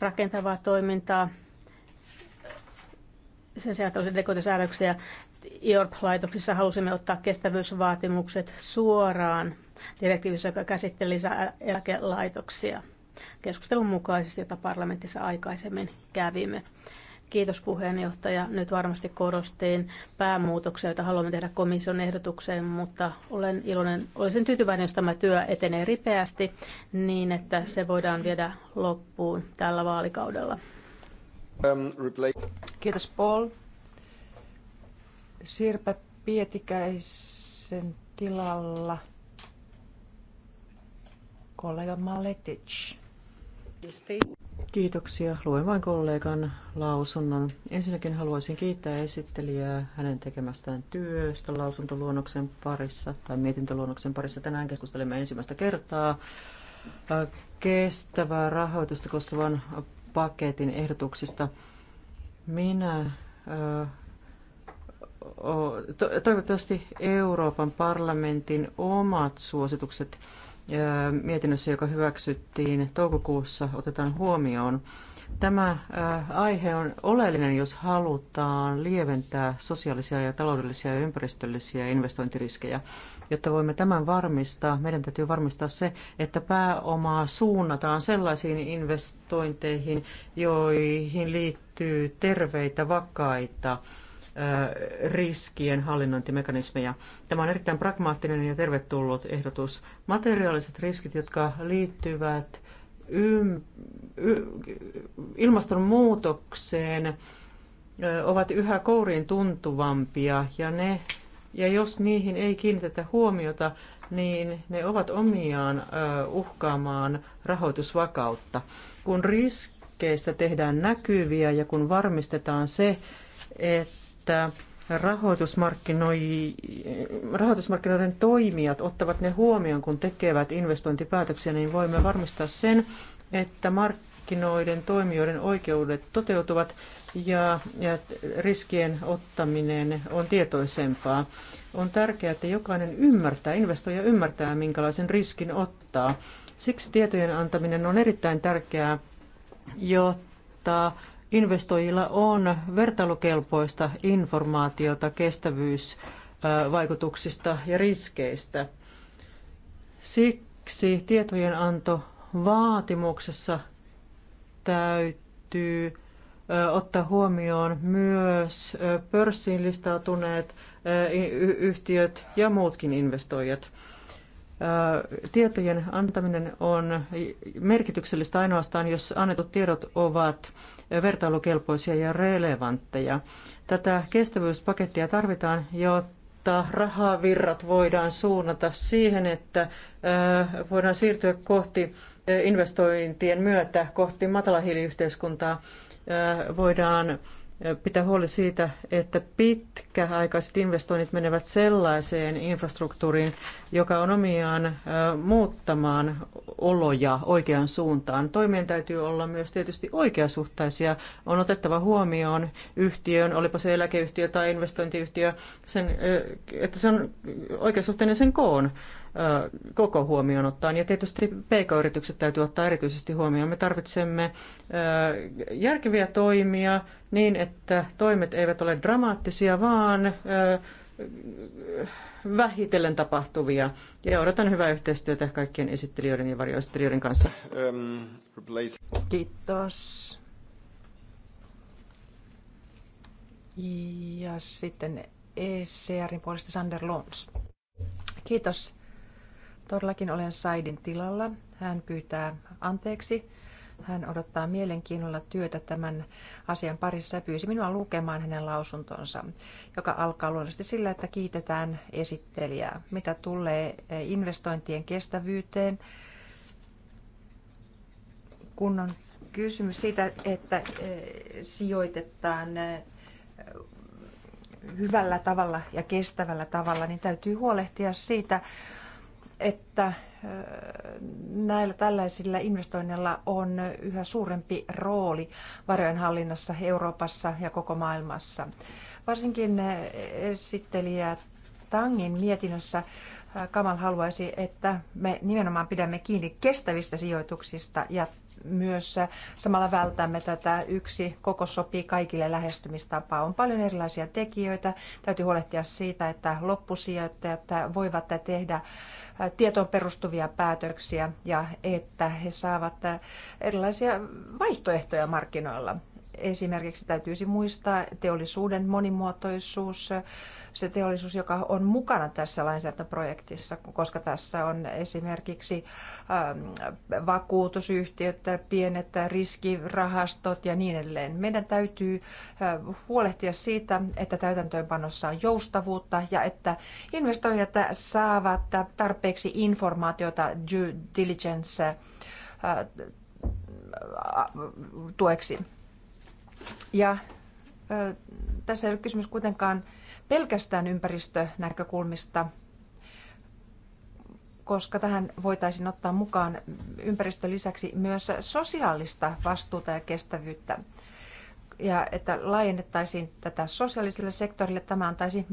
rakentavaa toimintaa sen sijaan, että olisi dekoitusäädöksiä. IORP-laitoksissa halusimme ottaa kestävyysvaatimukset suoraan direktiivissä, joka käsitteli eläkelaitoksia keskustelun mukaisesti, jota parlamentissa aikaisemmin kävimme. Kiitos puheenjohtaja. Nyt varmasti korostin päämuutoksia, joita haluamme tehdä komission ehdotukseen, mutta olen iloinen, olisin tyytyväinen, jos tämä työ etenee ripeästi niin, että se voidaan viedä loppuun tällä vaalikaudella. Um, Kiitos Paul. Sirpä Pietikäisen tilalla kollega Maletic. Kiitoksia. Luen vain kollegan lausunnon. Ensinnäkin haluaisin kiittää esittelijää hänen tekemästään työstä lausuntoluonnoksen parissa tai mietintöluonnoksen parissa. Tänään keskustelemme ensimmäistä kertaa kestävää rahoitusta koskevan paketin ehdotuksista. Minä toivottavasti Euroopan parlamentin omat suositukset mietinnössä, joka hyväksyttiin toukokuussa, otetaan huomioon. Tämä aihe on oleellinen, jos halutaan lieventää sosiaalisia ja taloudellisia ja ympäristöllisiä investointiriskejä. Jotta voimme tämän varmistaa, meidän täytyy varmistaa se, että pääomaa suunnataan sellaisiin investointeihin, joihin liittyy terveitä, vakaita, riskien hallinnointimekanismeja. Tämä on erittäin pragmaattinen ja tervetullut ehdotus. Materiaaliset riskit, jotka liittyvät ym, y, ilmastonmuutokseen, ovat yhä kouriin tuntuvampia ja, ne, ja jos niihin ei kiinnitetä huomiota, niin ne ovat omiaan uhkaamaan rahoitusvakautta. Kun riskeistä tehdään näkyviä ja kun varmistetaan se, että että rahoitusmarkkinoiden toimijat ottavat ne huomioon, kun tekevät investointipäätöksiä, niin voimme varmistaa sen, että markkinoiden toimijoiden oikeudet toteutuvat ja, ja riskien ottaminen on tietoisempaa. On tärkeää, että jokainen ymmärtää, investoija ymmärtää, minkälaisen riskin ottaa. Siksi tietojen antaminen on erittäin tärkeää, jotta investoijilla on vertailukelpoista informaatiota kestävyysvaikutuksista ja riskeistä. Siksi tietojenanto vaatimuksessa täytyy ottaa huomioon myös pörssiin listautuneet yhtiöt ja muutkin investoijat tietojen antaminen on merkityksellistä ainoastaan, jos annetut tiedot ovat vertailukelpoisia ja relevantteja. Tätä kestävyyspakettia tarvitaan, jotta rahavirrat voidaan suunnata siihen, että voidaan siirtyä kohti investointien myötä kohti matalahiiliyhteiskuntaa, voidaan pitää huoli siitä, että pitkäaikaiset investoinnit menevät sellaiseen infrastruktuuriin, joka on omiaan muuttamaan oloja oikeaan suuntaan. Toimien täytyy olla myös tietysti oikeasuhtaisia. On otettava huomioon yhtiön, olipa se eläkeyhtiö tai investointiyhtiö, sen, että se on oikeasuhtainen sen koon koko huomioon ottaen. Ja tietysti PK-yritykset täytyy ottaa erityisesti huomioon. Me tarvitsemme järkeviä toimia niin, että toimet eivät ole dramaattisia, vaan vähitellen tapahtuvia. Ja odotan hyvää yhteistyötä kaikkien esittelijöiden ja varjoesittelijöiden kanssa. Kiitos. Ja sitten ECRin puolesta Sander Lons. Kiitos. Todellakin olen Saidin tilalla. Hän pyytää anteeksi. Hän odottaa mielenkiinnolla työtä tämän asian parissa ja pyysi minua lukemaan hänen lausuntonsa, joka alkaa luonnollisesti sillä, että kiitetään esittelijää. Mitä tulee eh, investointien kestävyyteen, kun on kysymys siitä, että eh, sijoitetaan eh, hyvällä tavalla ja kestävällä tavalla, niin täytyy huolehtia siitä, että näillä tällaisilla investoinneilla on yhä suurempi rooli varojen hallinnassa Euroopassa ja koko maailmassa. Varsinkin esittelijä Tangin mietinnössä Kamal haluaisi, että me nimenomaan pidämme kiinni kestävistä sijoituksista ja myös samalla vältämme tätä yksi koko sopii kaikille lähestymistapaa. On paljon erilaisia tekijöitä. Täytyy huolehtia siitä, että loppusijoittajat voivat tehdä tietoon perustuvia päätöksiä ja että he saavat erilaisia vaihtoehtoja markkinoilla esimerkiksi täytyisi muistaa teollisuuden monimuotoisuus, se teollisuus, joka on mukana tässä lainsäädäntöprojektissa, koska tässä on esimerkiksi ähm, vakuutusyhtiöt, pienet riskirahastot ja niin edelleen. Meidän täytyy äh, huolehtia siitä, että täytäntöönpanossa on joustavuutta ja että investoijat saavat tarpeeksi informaatiota due diligence äh, tueksi. Ja tässä ei ole kysymys kuitenkaan pelkästään ympäristönäkökulmista, koska tähän voitaisiin ottaa mukaan ympäristön lisäksi myös sosiaalista vastuuta ja kestävyyttä. Ja että laajennettaisiin tätä sosiaaliselle sektorille, tämä antaisi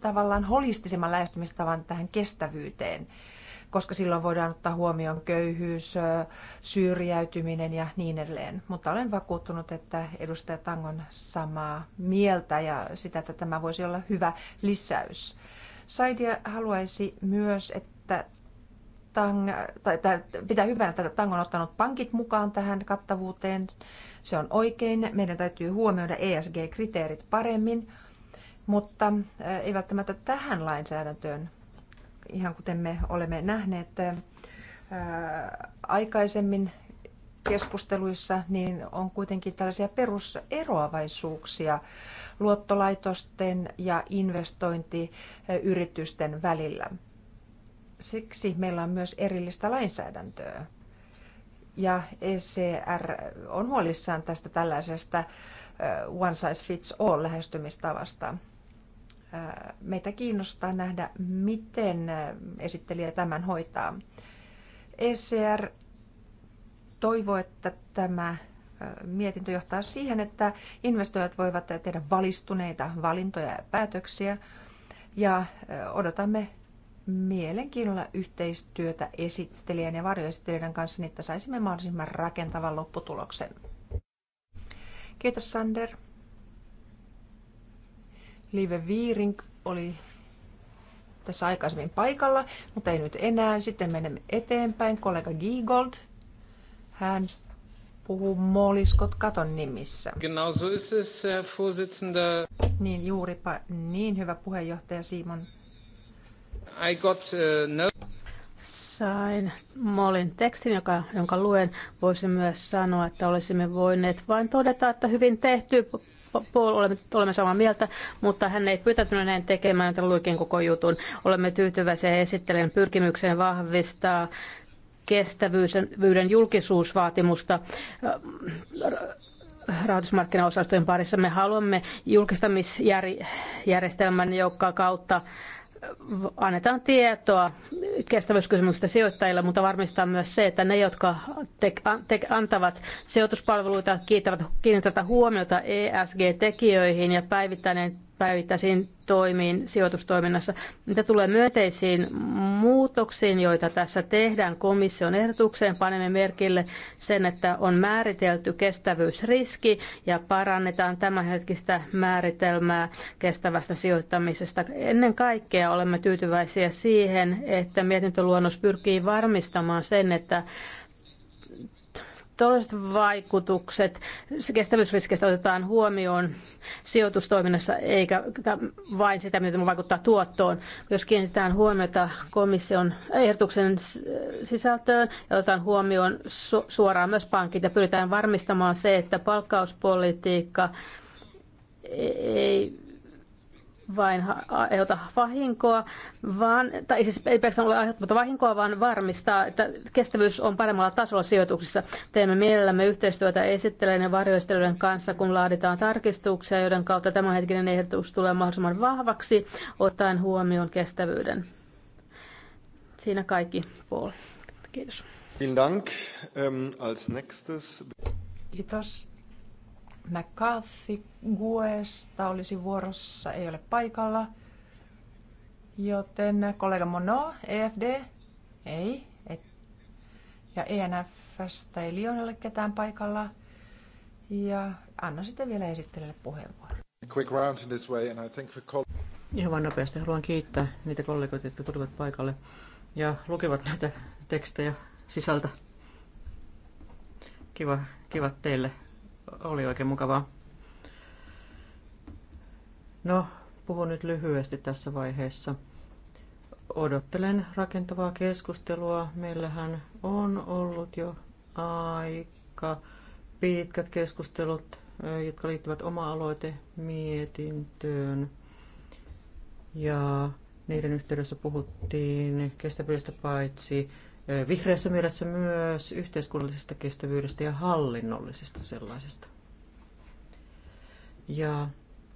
tavallaan holistisemman lähestymistavan tähän kestävyyteen koska silloin voidaan ottaa huomioon köyhyys, syrjäytyminen ja niin edelleen. Mutta olen vakuuttunut, että edustaja Tangon samaa mieltä ja sitä, että tämä voisi olla hyvä lisäys. Saidia haluaisi myös, että tang, tai, tai pitää hyvänä, että Tang on ottanut pankit mukaan tähän kattavuuteen. Se on oikein. Meidän täytyy huomioida ESG-kriteerit paremmin, mutta ei välttämättä tähän lainsäädäntöön, ihan kuten me olemme nähneet aikaisemmin keskusteluissa, niin on kuitenkin tällaisia peruseroavaisuuksia luottolaitosten ja investointiyritysten välillä. Siksi meillä on myös erillistä lainsäädäntöä. Ja ECR on huolissaan tästä tällaisesta one size fits all lähestymistavasta meitä kiinnostaa nähdä, miten esittelijä tämän hoitaa. ECR toivoo, että tämä mietintö johtaa siihen, että investoijat voivat tehdä valistuneita valintoja ja päätöksiä. Ja odotamme mielenkiinnolla yhteistyötä esittelijän ja varjoesittelijän kanssa, niin että saisimme mahdollisimman rakentavan lopputuloksen. Kiitos Sander. Live Viirink oli tässä aikaisemmin paikalla, mutta ei nyt enää. Sitten menemme eteenpäin. Kollega Giegold, hän puhuu Moliskot katon nimissä. Genau so ist es, Herr Vorsitzender. Niin juuripa niin, hyvä puheenjohtaja Simon. I got uh, no... Sain Molin tekstin, joka, jonka luen. Voisin myös sanoa, että olisimme voineet vain todeta, että hyvin tehty Paul, olemme, olemme samaa mieltä, mutta hän ei pyytänyt näin tekemään, että luikin koko jutun. Olemme tyytyväisiä esittelen pyrkimykseen vahvistaa kestävyyden julkisuusvaatimusta äh, rahoitusmarkkinaosastojen parissa. Me haluamme julkistamisjärjestelmän, joka kautta annetaan tietoa kestävyyskysymyksistä sijoittajille, mutta varmistaa myös se, että ne, jotka te, te, antavat sijoituspalveluita, kiinnittävät huomiota ESG-tekijöihin ja päivittäneen päivittäisiin toimiin sijoitustoiminnassa. Mitä tulee myönteisiin muutoksiin, joita tässä tehdään komission ehdotukseen, panemme merkille sen, että on määritelty kestävyysriski ja parannetaan tämänhetkistä määritelmää kestävästä sijoittamisesta. Ennen kaikkea olemme tyytyväisiä siihen, että mietintöluonnos pyrkii varmistamaan sen, että Taloudelliset vaikutukset kestävyysriskeistä otetaan huomioon sijoitustoiminnassa, eikä vain sitä, miten tämä vaikuttaa tuottoon. Jos kiinnitetään huomiota komission ehdotuksen sisältöön ja otetaan huomioon su- suoraan myös pankit ja pyritään varmistamaan se, että palkkauspolitiikka e-, ei vain aiheuta vahinkoa, vaan, tai siis ei pelkästään ole aiheuttamatta vahinkoa, vaan varmistaa, että kestävyys on paremmalla tasolla sijoituksissa. Teemme mielellämme yhteistyötä esittelijän ja varjoistelijoiden kanssa, kun laaditaan tarkistuksia, joiden kautta tämänhetkinen ehdotus tulee mahdollisimman vahvaksi, ottaen huomioon kestävyyden. Siinä kaikki, Paul. Kiitos. Vielen Dank. Ähm, als nächstes... Kiitos. McCarthy Guesta olisi vuorossa, ei ole paikalla. Joten kollega Mono, EFD, ei. Et. Ja ENFstä ei Lion ole ketään paikalla. Ja anna sitten vielä esittelijälle puheenvuoron. Quick round in this way, and I think for... Ihan vain nopeasti haluan kiittää niitä kollegoita, jotka tulivat paikalle ja lukevat näitä tekstejä sisältä. Kiva, kiva teille oli oikein mukavaa. No, puhun nyt lyhyesti tässä vaiheessa. Odottelen rakentavaa keskustelua. Meillähän on ollut jo aika pitkät keskustelut, jotka liittyvät oma mietintöön Ja niiden yhteydessä puhuttiin kestävyydestä paitsi vihreässä mielessä myös yhteiskunnallisesta kestävyydestä ja hallinnollisesta sellaisesta. Ja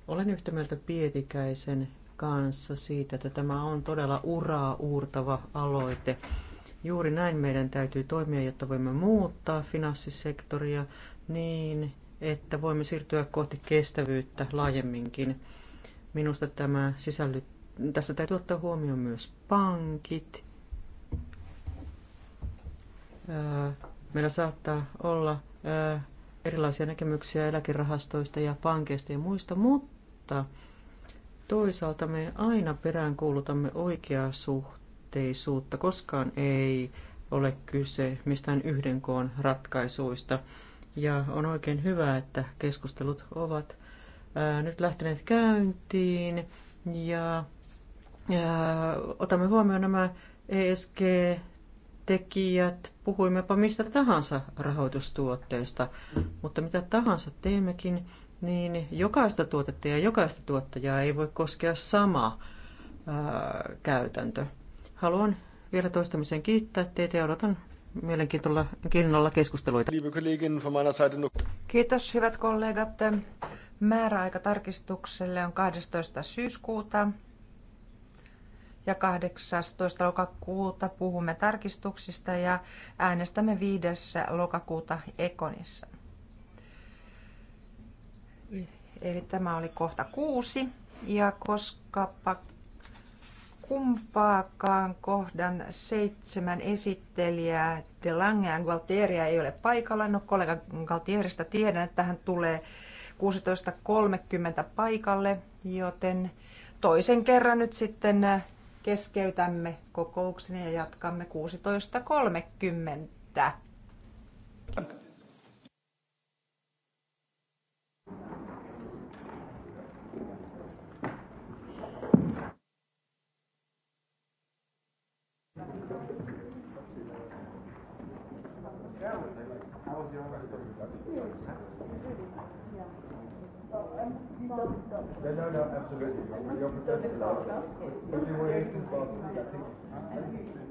olen yhtä mieltä Pietikäisen kanssa siitä, että tämä on todella uraa uurtava aloite. Juuri näin meidän täytyy toimia, jotta voimme muuttaa finanssisektoria niin, että voimme siirtyä kohti kestävyyttä laajemminkin. Minusta tämä sisällyt... tässä täytyy ottaa huomioon myös pankit meillä saattaa olla erilaisia näkemyksiä eläkerahastoista ja pankeista ja muista, mutta toisaalta me aina peräänkuulutamme oikeaa suhteisuutta. Koskaan ei ole kyse mistään yhden koon ratkaisuista. Ja on oikein hyvä, että keskustelut ovat nyt lähteneet käyntiin ja otamme huomioon nämä ESG tekijät, puhuimmepa mistä tahansa rahoitustuotteista, mutta mitä tahansa teemmekin, niin jokaista tuotetta ja jokaista tuottajaa ei voi koskea sama ää, käytäntö. Haluan vielä toistamiseen kiittää teitä ja odotan mielenkiintoilla kiinnolla keskusteluita. Kiitos hyvät kollegat. Määräaika tarkistukselle on 12. syyskuuta ja 18. lokakuuta puhumme tarkistuksista ja äänestämme 5. lokakuuta Ekonissa. Eli tämä oli kohta kuusi. Ja koska kumpaakaan kohdan seitsemän esittelijää Lange ja Gualtieria ei ole paikalla. No kollega Gualtierista tiedän, että hän tulee 16.30 paikalle, joten toisen kerran nyt sitten keskeytämme kokouksen ja jatkamme 16.30. Yeah. No, no, no, absolutely. You're, you're professional. But you were instant I think.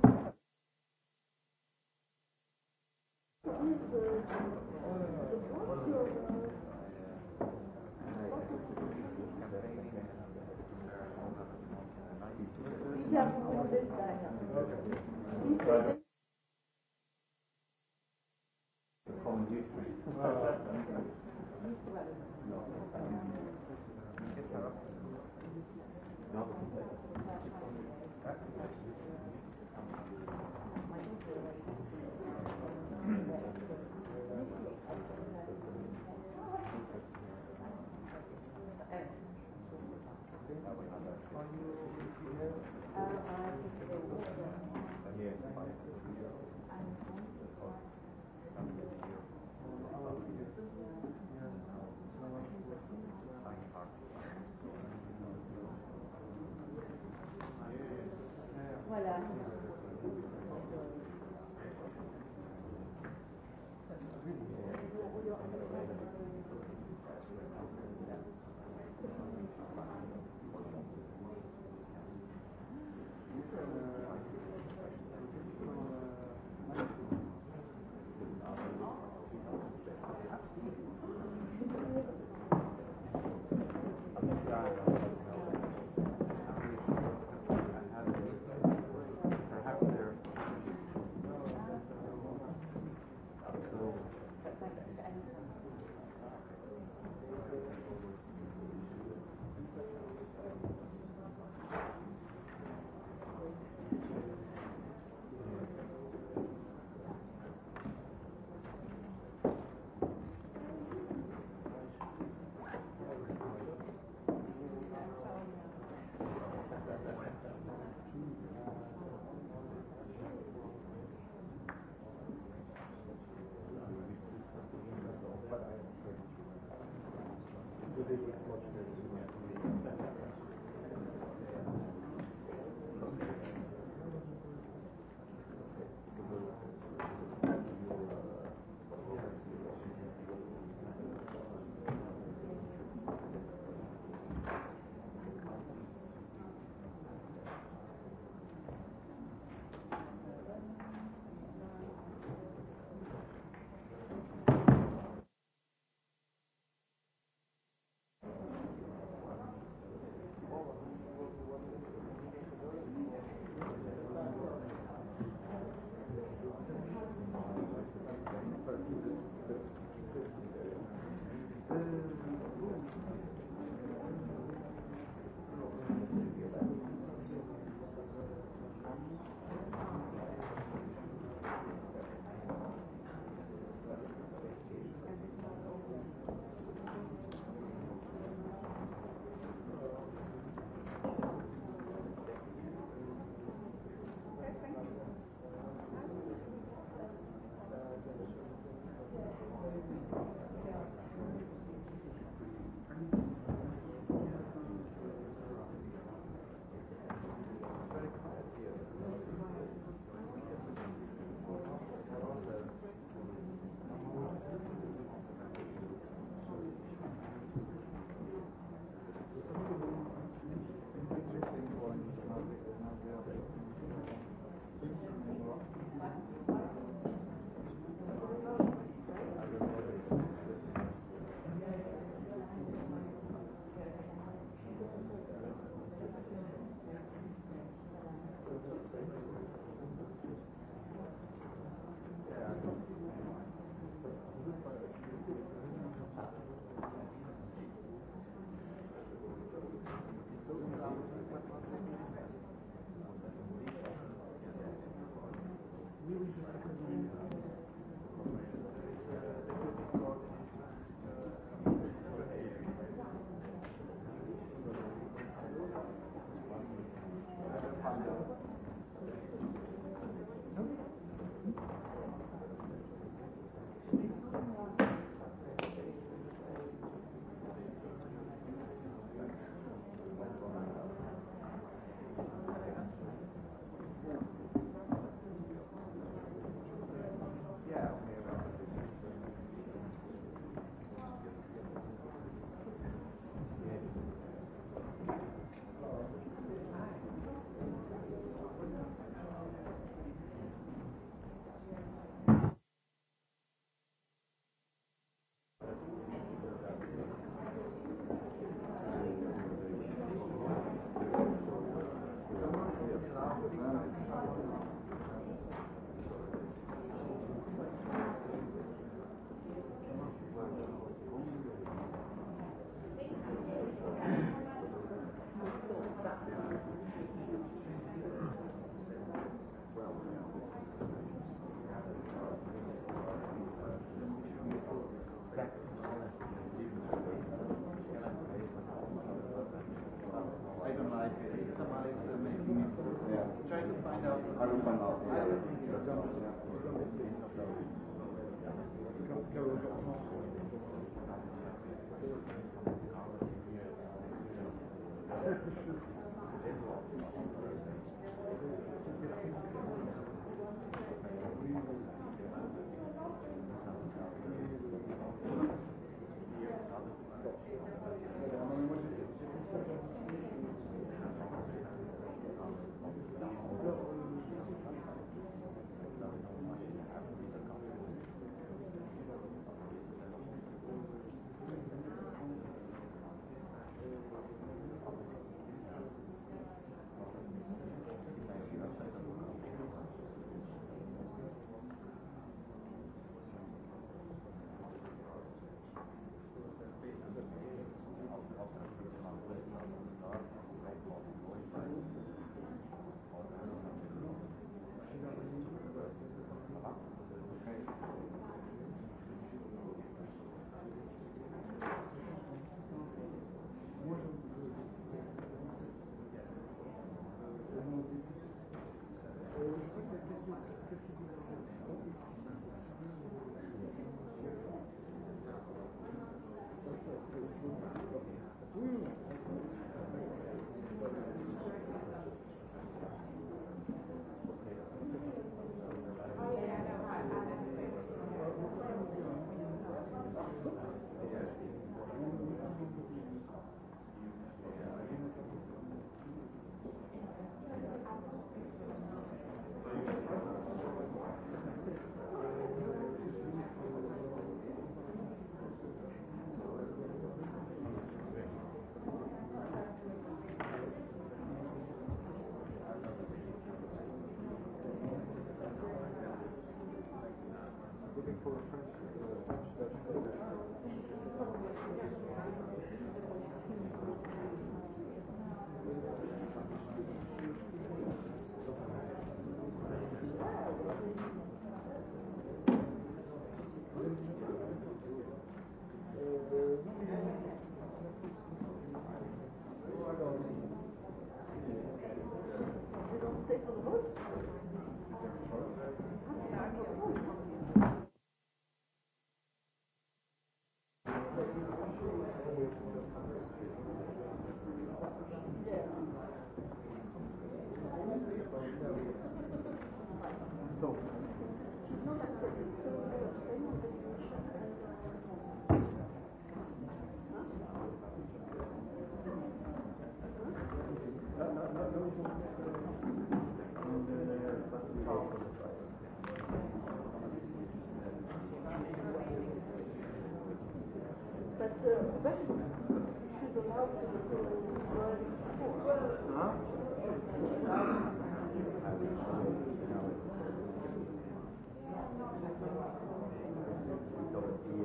quarterback.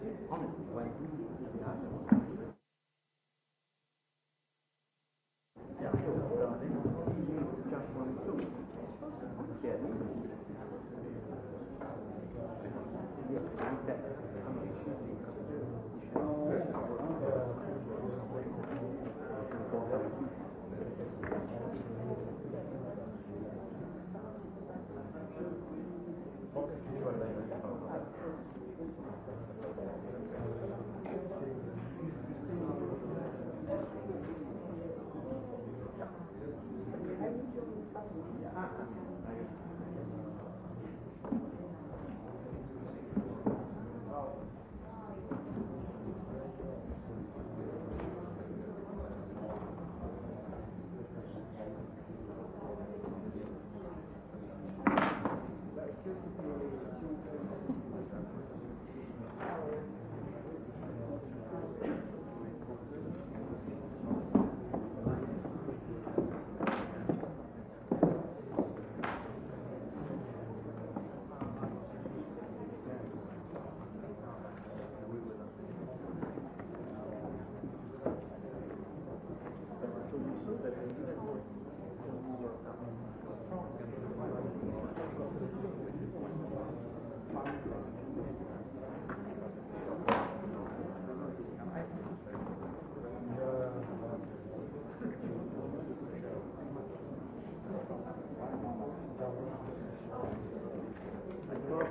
Amen.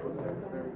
Thank you.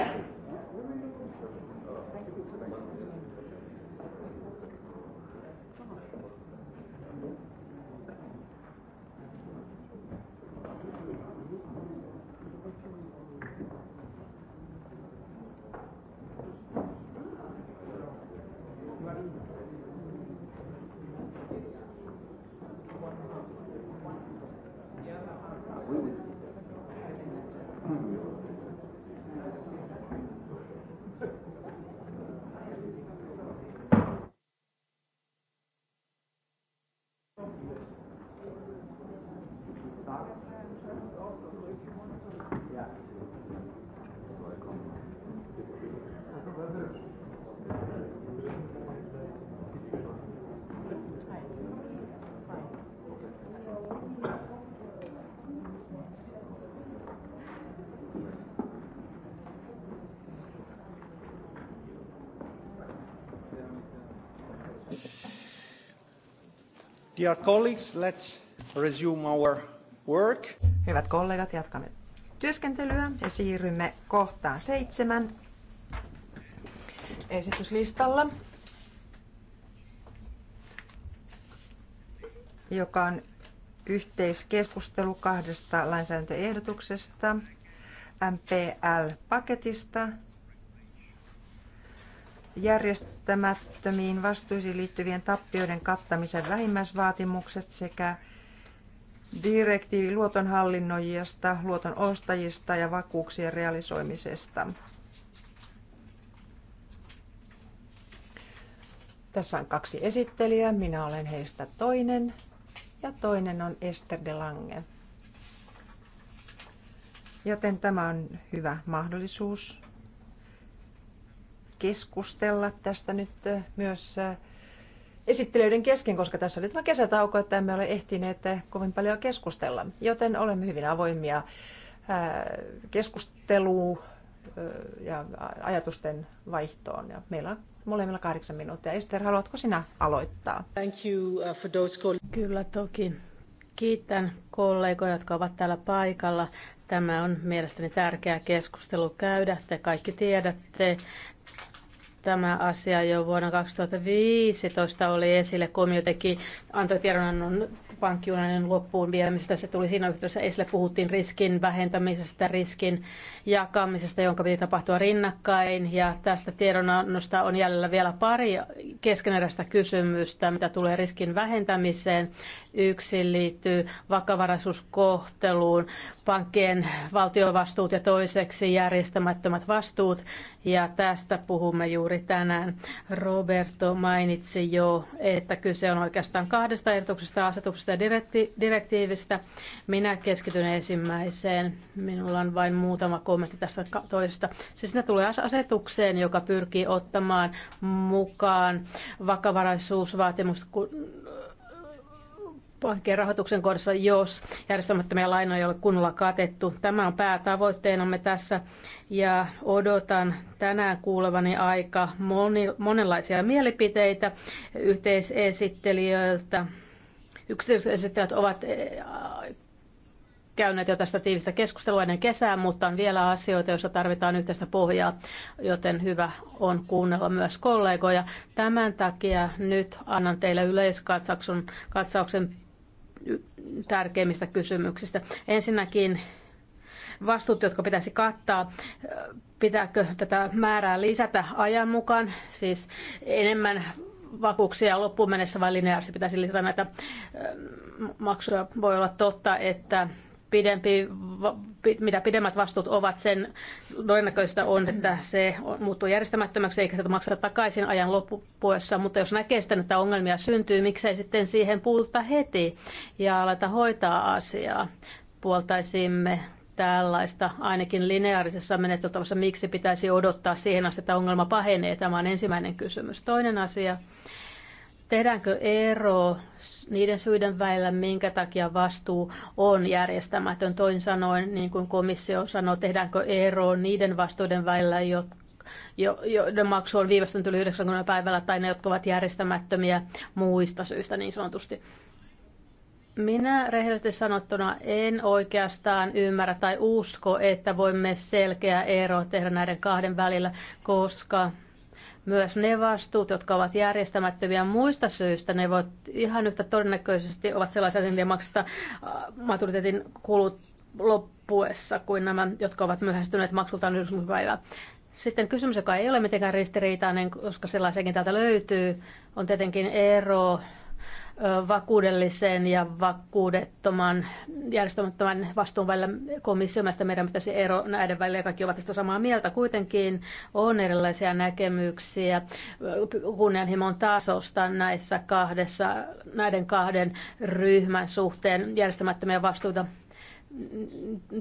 Dear colleagues, let's resume our work. Hyvät kollegat, jatkamme työskentelyä ja siirrymme kohtaan seitsemän esityslistalla, joka on yhteiskeskustelu kahdesta lainsäädäntöehdotuksesta, MPL-paketista järjestämättömiin vastuisiin liittyvien tappioiden kattamisen vähimmäisvaatimukset sekä direktiivi luotonhallinnoijasta, luoton ostajista ja vakuuksien realisoimisesta. Tässä on kaksi esittelijää, minä olen heistä toinen ja toinen on Ester de Lange. Joten tämä on hyvä mahdollisuus keskustella tästä nyt myös esittelyiden kesken, koska tässä oli tämä kesätauko, että emme ole ehtineet kovin paljon keskustella. Joten olemme hyvin avoimia keskusteluun ja ajatusten vaihtoon. Ja meillä on molemmilla kahdeksan minuuttia. Ester, haluatko sinä aloittaa? Thank you uh, for those call- Kyllä toki. Kiitän kollegoja, jotka ovat täällä paikalla. Tämä on mielestäni tärkeä keskustelu käydä. Te kaikki tiedätte, Tämä asia jo vuonna 2015 oli esille. Komio teki, antoi tiedonannon pankkiunanin loppuun viemisestä. Se tuli siinä yhteydessä esille. Puhuttiin riskin vähentämisestä, riskin jakamisesta, jonka piti tapahtua rinnakkain. Ja tästä tiedonannosta on jäljellä vielä pari keskeneräistä kysymystä, mitä tulee riskin vähentämiseen Yksi liittyy vakavaraisuuskohteluun, pankkien valtiovastuut ja toiseksi järjestämättömät vastuut. Ja tästä puhumme juuri tänään. Roberto mainitsi jo, että kyse on oikeastaan kahdesta ehdotuksesta, asetuksesta ja direkti- direktiivistä. Minä keskityn ensimmäiseen. Minulla on vain muutama kommentti tästä toisesta. Siis ne tulee asetukseen, joka pyrkii ottamaan mukaan vakavaraisuusvaatimukset pankkien rahoituksen kohdassa, jos järjestelmättömiä lainoja ei ole kunnolla katettu. Tämä on päätavoitteenamme tässä ja odotan tänään kuulevani aika moni, monenlaisia mielipiteitä yhteisesittelijöiltä. Yksityisesittelijät ovat eh, käyneet jo tästä tiivistä keskustelua ennen kesää, mutta on vielä asioita, joissa tarvitaan yhteistä pohjaa, joten hyvä on kuunnella myös kollegoja. Tämän takia nyt annan teille yleiskatsauksen tärkeimmistä kysymyksistä. Ensinnäkin vastuut, jotka pitäisi kattaa, pitääkö tätä määrää lisätä ajan mukaan, siis enemmän vakuuksia loppuun mennessä vai lineaarisesti pitäisi lisätä näitä maksuja. Voi olla totta, että pidempi, mitä pidemmät vastuut ovat, sen todennäköistä on, että se muuttuu järjestämättömäksi eikä sitä makseta takaisin ajan loppupuessa. Mutta jos näkee sitten, että ongelmia syntyy, miksei sitten siihen puututa heti ja aleta hoitaa asiaa. Puoltaisimme tällaista ainakin lineaarisessa menettelytavassa, miksi pitäisi odottaa siihen asti, että ongelma pahenee. Tämä on ensimmäinen kysymys. Toinen asia Tehdäänkö ero niiden syiden välillä, minkä takia vastuu on järjestämätön? Toin sanoen, niin kuin komissio sanoi, tehdäänkö ero niiden vastuuden välillä, jotka joiden maksu on viivästynyt yli 90 päivällä tai ne, jotka ovat järjestämättömiä muista syistä niin sanotusti. Minä rehellisesti sanottuna en oikeastaan ymmärrä tai usko, että voimme selkeä ero tehdä näiden kahden välillä, koska myös ne vastuut, jotka ovat järjestämättömiä muista syistä, ne voivat ihan yhtä todennäköisesti ovat sellaisia, että maksata äh, maturiteetin kulut loppuessa kuin nämä, jotka ovat myöhästyneet maksultaan 90 päivää. Sitten kysymys, joka ei ole mitenkään ristiriitainen, koska sellaisiakin täältä löytyy, on tietenkin ero vakuudellisen ja vakuudettoman järjestelmättömän vastuun välillä komission mielestä meidän pitäisi ero näiden välillä ja kaikki ovat tästä samaa mieltä. Kuitenkin on erilaisia näkemyksiä kunnianhimon tasosta näissä kahdessa, näiden kahden ryhmän suhteen järjestämättömiä vastuuta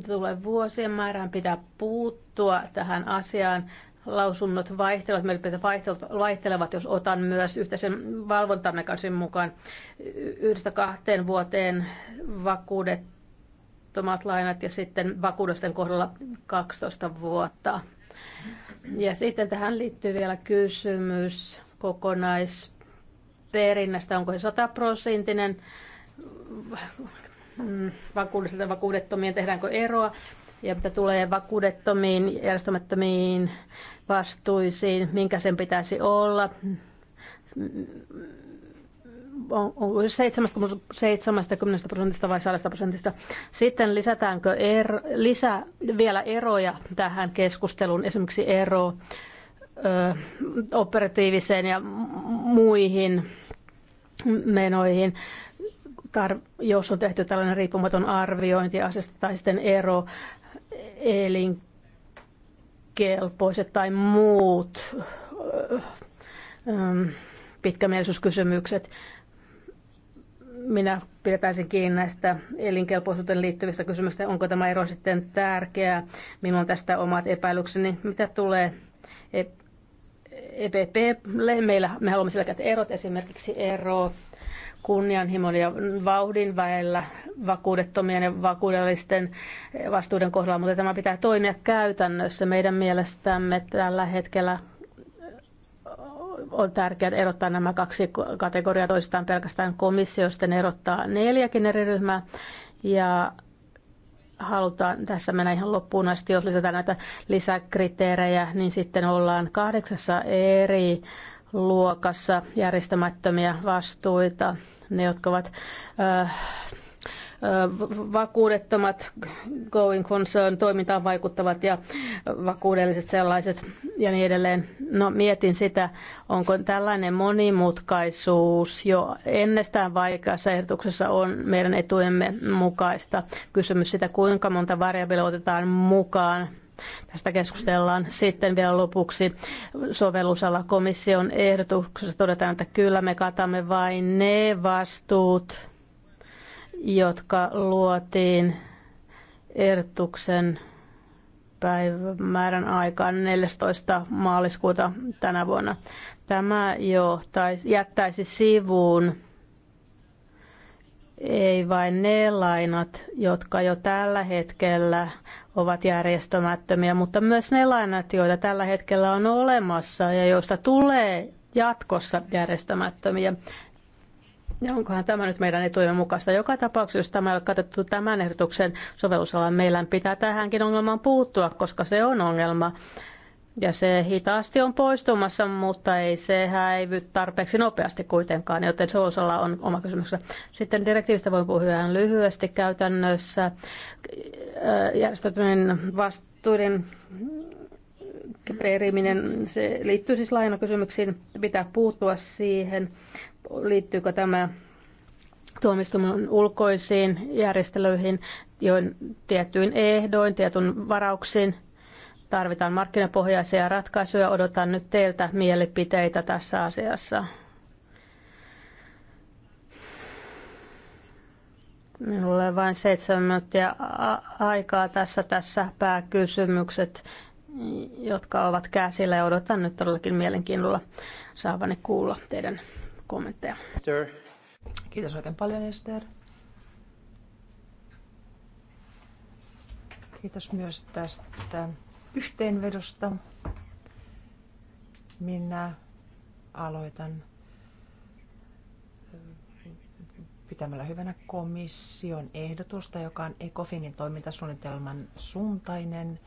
tulee vuosien määrään pitää puuttua tähän asiaan lausunnot vaihtelevat, mielipiteet vaihtelevat, jos otan myös yhteisen valvontamekanismin mukaan yhdestä kahteen vuoteen vakuudettomat lainat ja sitten vakuudusten kohdalla 12 vuotta. Ja sitten tähän liittyy vielä kysymys kokonaisperinnästä, onko se 100 prosenttinen mm, vakuudellisilta vakuudettomien, tehdäänkö eroa ja mitä tulee vakuudettomiin, järjestämättömiin vastuisiin, minkä sen pitäisi olla. On, onko 70 prosentista vai 100 prosentista. Sitten lisätäänkö er, lisä, vielä eroja tähän keskusteluun, esimerkiksi ero ö, operatiiviseen ja muihin menoihin tar- jos on tehty tällainen riippumaton arviointi asiasta tai sitten ero elin kelpoiset tai muut pitkämielisyyskysymykset. Minä pidetäisin kiinni näistä elinkelpoisuuteen liittyvistä kysymyksistä. Onko tämä ero sitten tärkeää? Minulla on tästä omat epäilykseni. Mitä tulee EPP, meillä me haluamme selkeät erot, esimerkiksi ero kunnianhimon ja vauhdin väellä vakuudettomien ja vakuudellisten vastuuden kohdalla, mutta tämä pitää toimia käytännössä. Meidän mielestämme tällä hetkellä on tärkeää erottaa nämä kaksi kategoriaa toistaan pelkästään komissiosta, erottaa neljäkin eri ryhmää. Ja halutaan tässä mennä ihan loppuun asti, jos lisätään näitä lisäkriteerejä, niin sitten ollaan kahdeksassa eri luokassa järjestämättömiä vastuita, ne jotka ovat äh, vakuudettomat going concern toimintaan vaikuttavat ja vakuudelliset sellaiset ja niin edelleen. No mietin sitä, onko tällainen monimutkaisuus jo ennestään vaikeassa ehdotuksessa on meidän etujemme mukaista. Kysymys sitä, kuinka monta variabilia otetaan mukaan Tästä keskustellaan sitten vielä lopuksi sovellusala komission ehdotuksessa todetaan, että kyllä me katamme vain ne vastuut, jotka luotiin ehdotuksen päivämäärän aikaan 14. maaliskuuta tänä vuonna. Tämä johtaisi, jättäisi sivuun ei vain ne lainat, jotka jo tällä hetkellä ovat järjestämättömiä, mutta myös ne lainat, joita tällä hetkellä on olemassa ja joista tulee jatkossa järjestämättömiä. Ja onkohan tämä nyt meidän etujen mukaista? Joka tapauksessa, jos tämä on katettu tämän ehdotuksen sovellusalan, meillä pitää tähänkin ongelmaan puuttua, koska se on ongelma. Ja se hitaasti on poistumassa, mutta ei se häivy tarpeeksi nopeasti kuitenkaan, joten osalla on oma kysymys. Sitten direktiivistä voin puhua ihan lyhyesti käytännössä. Järjestetyn vastuiden periminen, se liittyy siis lainakysymyksiin, pitää puuttua siihen, liittyykö tämä tuomistuminen ulkoisiin järjestelyihin, join tiettyin ehdoin, tietyn varauksiin, Tarvitaan markkinapohjaisia ratkaisuja. Odotan nyt teiltä mielipiteitä tässä asiassa. Minulla on vain seitsemän minuuttia aikaa tässä, tässä pääkysymykset, jotka ovat käsillä ja odotan nyt todellakin mielenkiinnolla saavani kuulla teidän kommentteja. Kiitos oikein paljon Esther. Kiitos myös tästä yhteenvedosta. Minä aloitan pitämällä hyvänä komission ehdotusta, joka on ECOFINin toimintasuunnitelman suuntainen.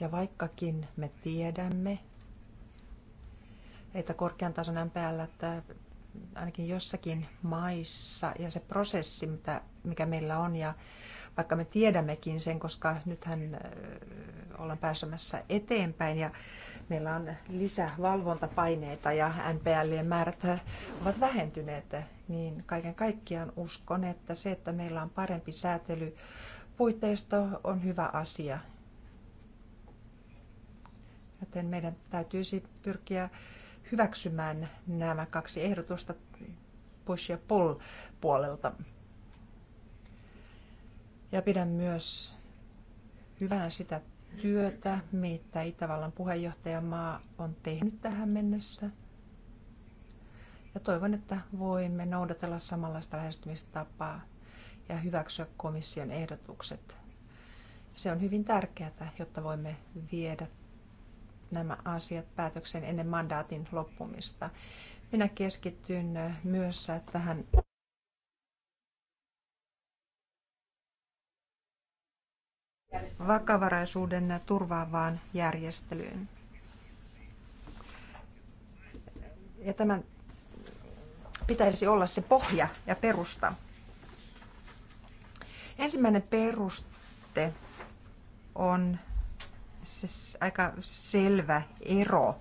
Ja vaikkakin me tiedämme, että korkean tason päällä, että ainakin jossakin maissa ja se prosessi, mikä meillä on ja vaikka me tiedämmekin sen, koska nythän ollaan pääsemässä eteenpäin ja meillä on lisävalvontapaineita ja NPLien määrät ovat vähentyneet, niin kaiken kaikkiaan uskon, että se, että meillä on parempi säätely puitteisto on hyvä asia. Joten meidän täytyisi pyrkiä hyväksymään nämä kaksi ehdotusta push ja pull puolelta. Ja pidän myös hyvänä sitä työtä, mitä Itävallan puheenjohtajamaa on tehnyt tähän mennessä. Ja toivon, että voimme noudatella samanlaista lähestymistapaa ja hyväksyä komission ehdotukset. Se on hyvin tärkeää, jotta voimme viedä nämä asiat päätökseen ennen mandaatin loppumista. Minä keskityn myös tähän vakavaraisuuden turvaavaan järjestelyyn. Ja tämän pitäisi olla se pohja ja perusta. Ensimmäinen peruste on siis aika selvä ero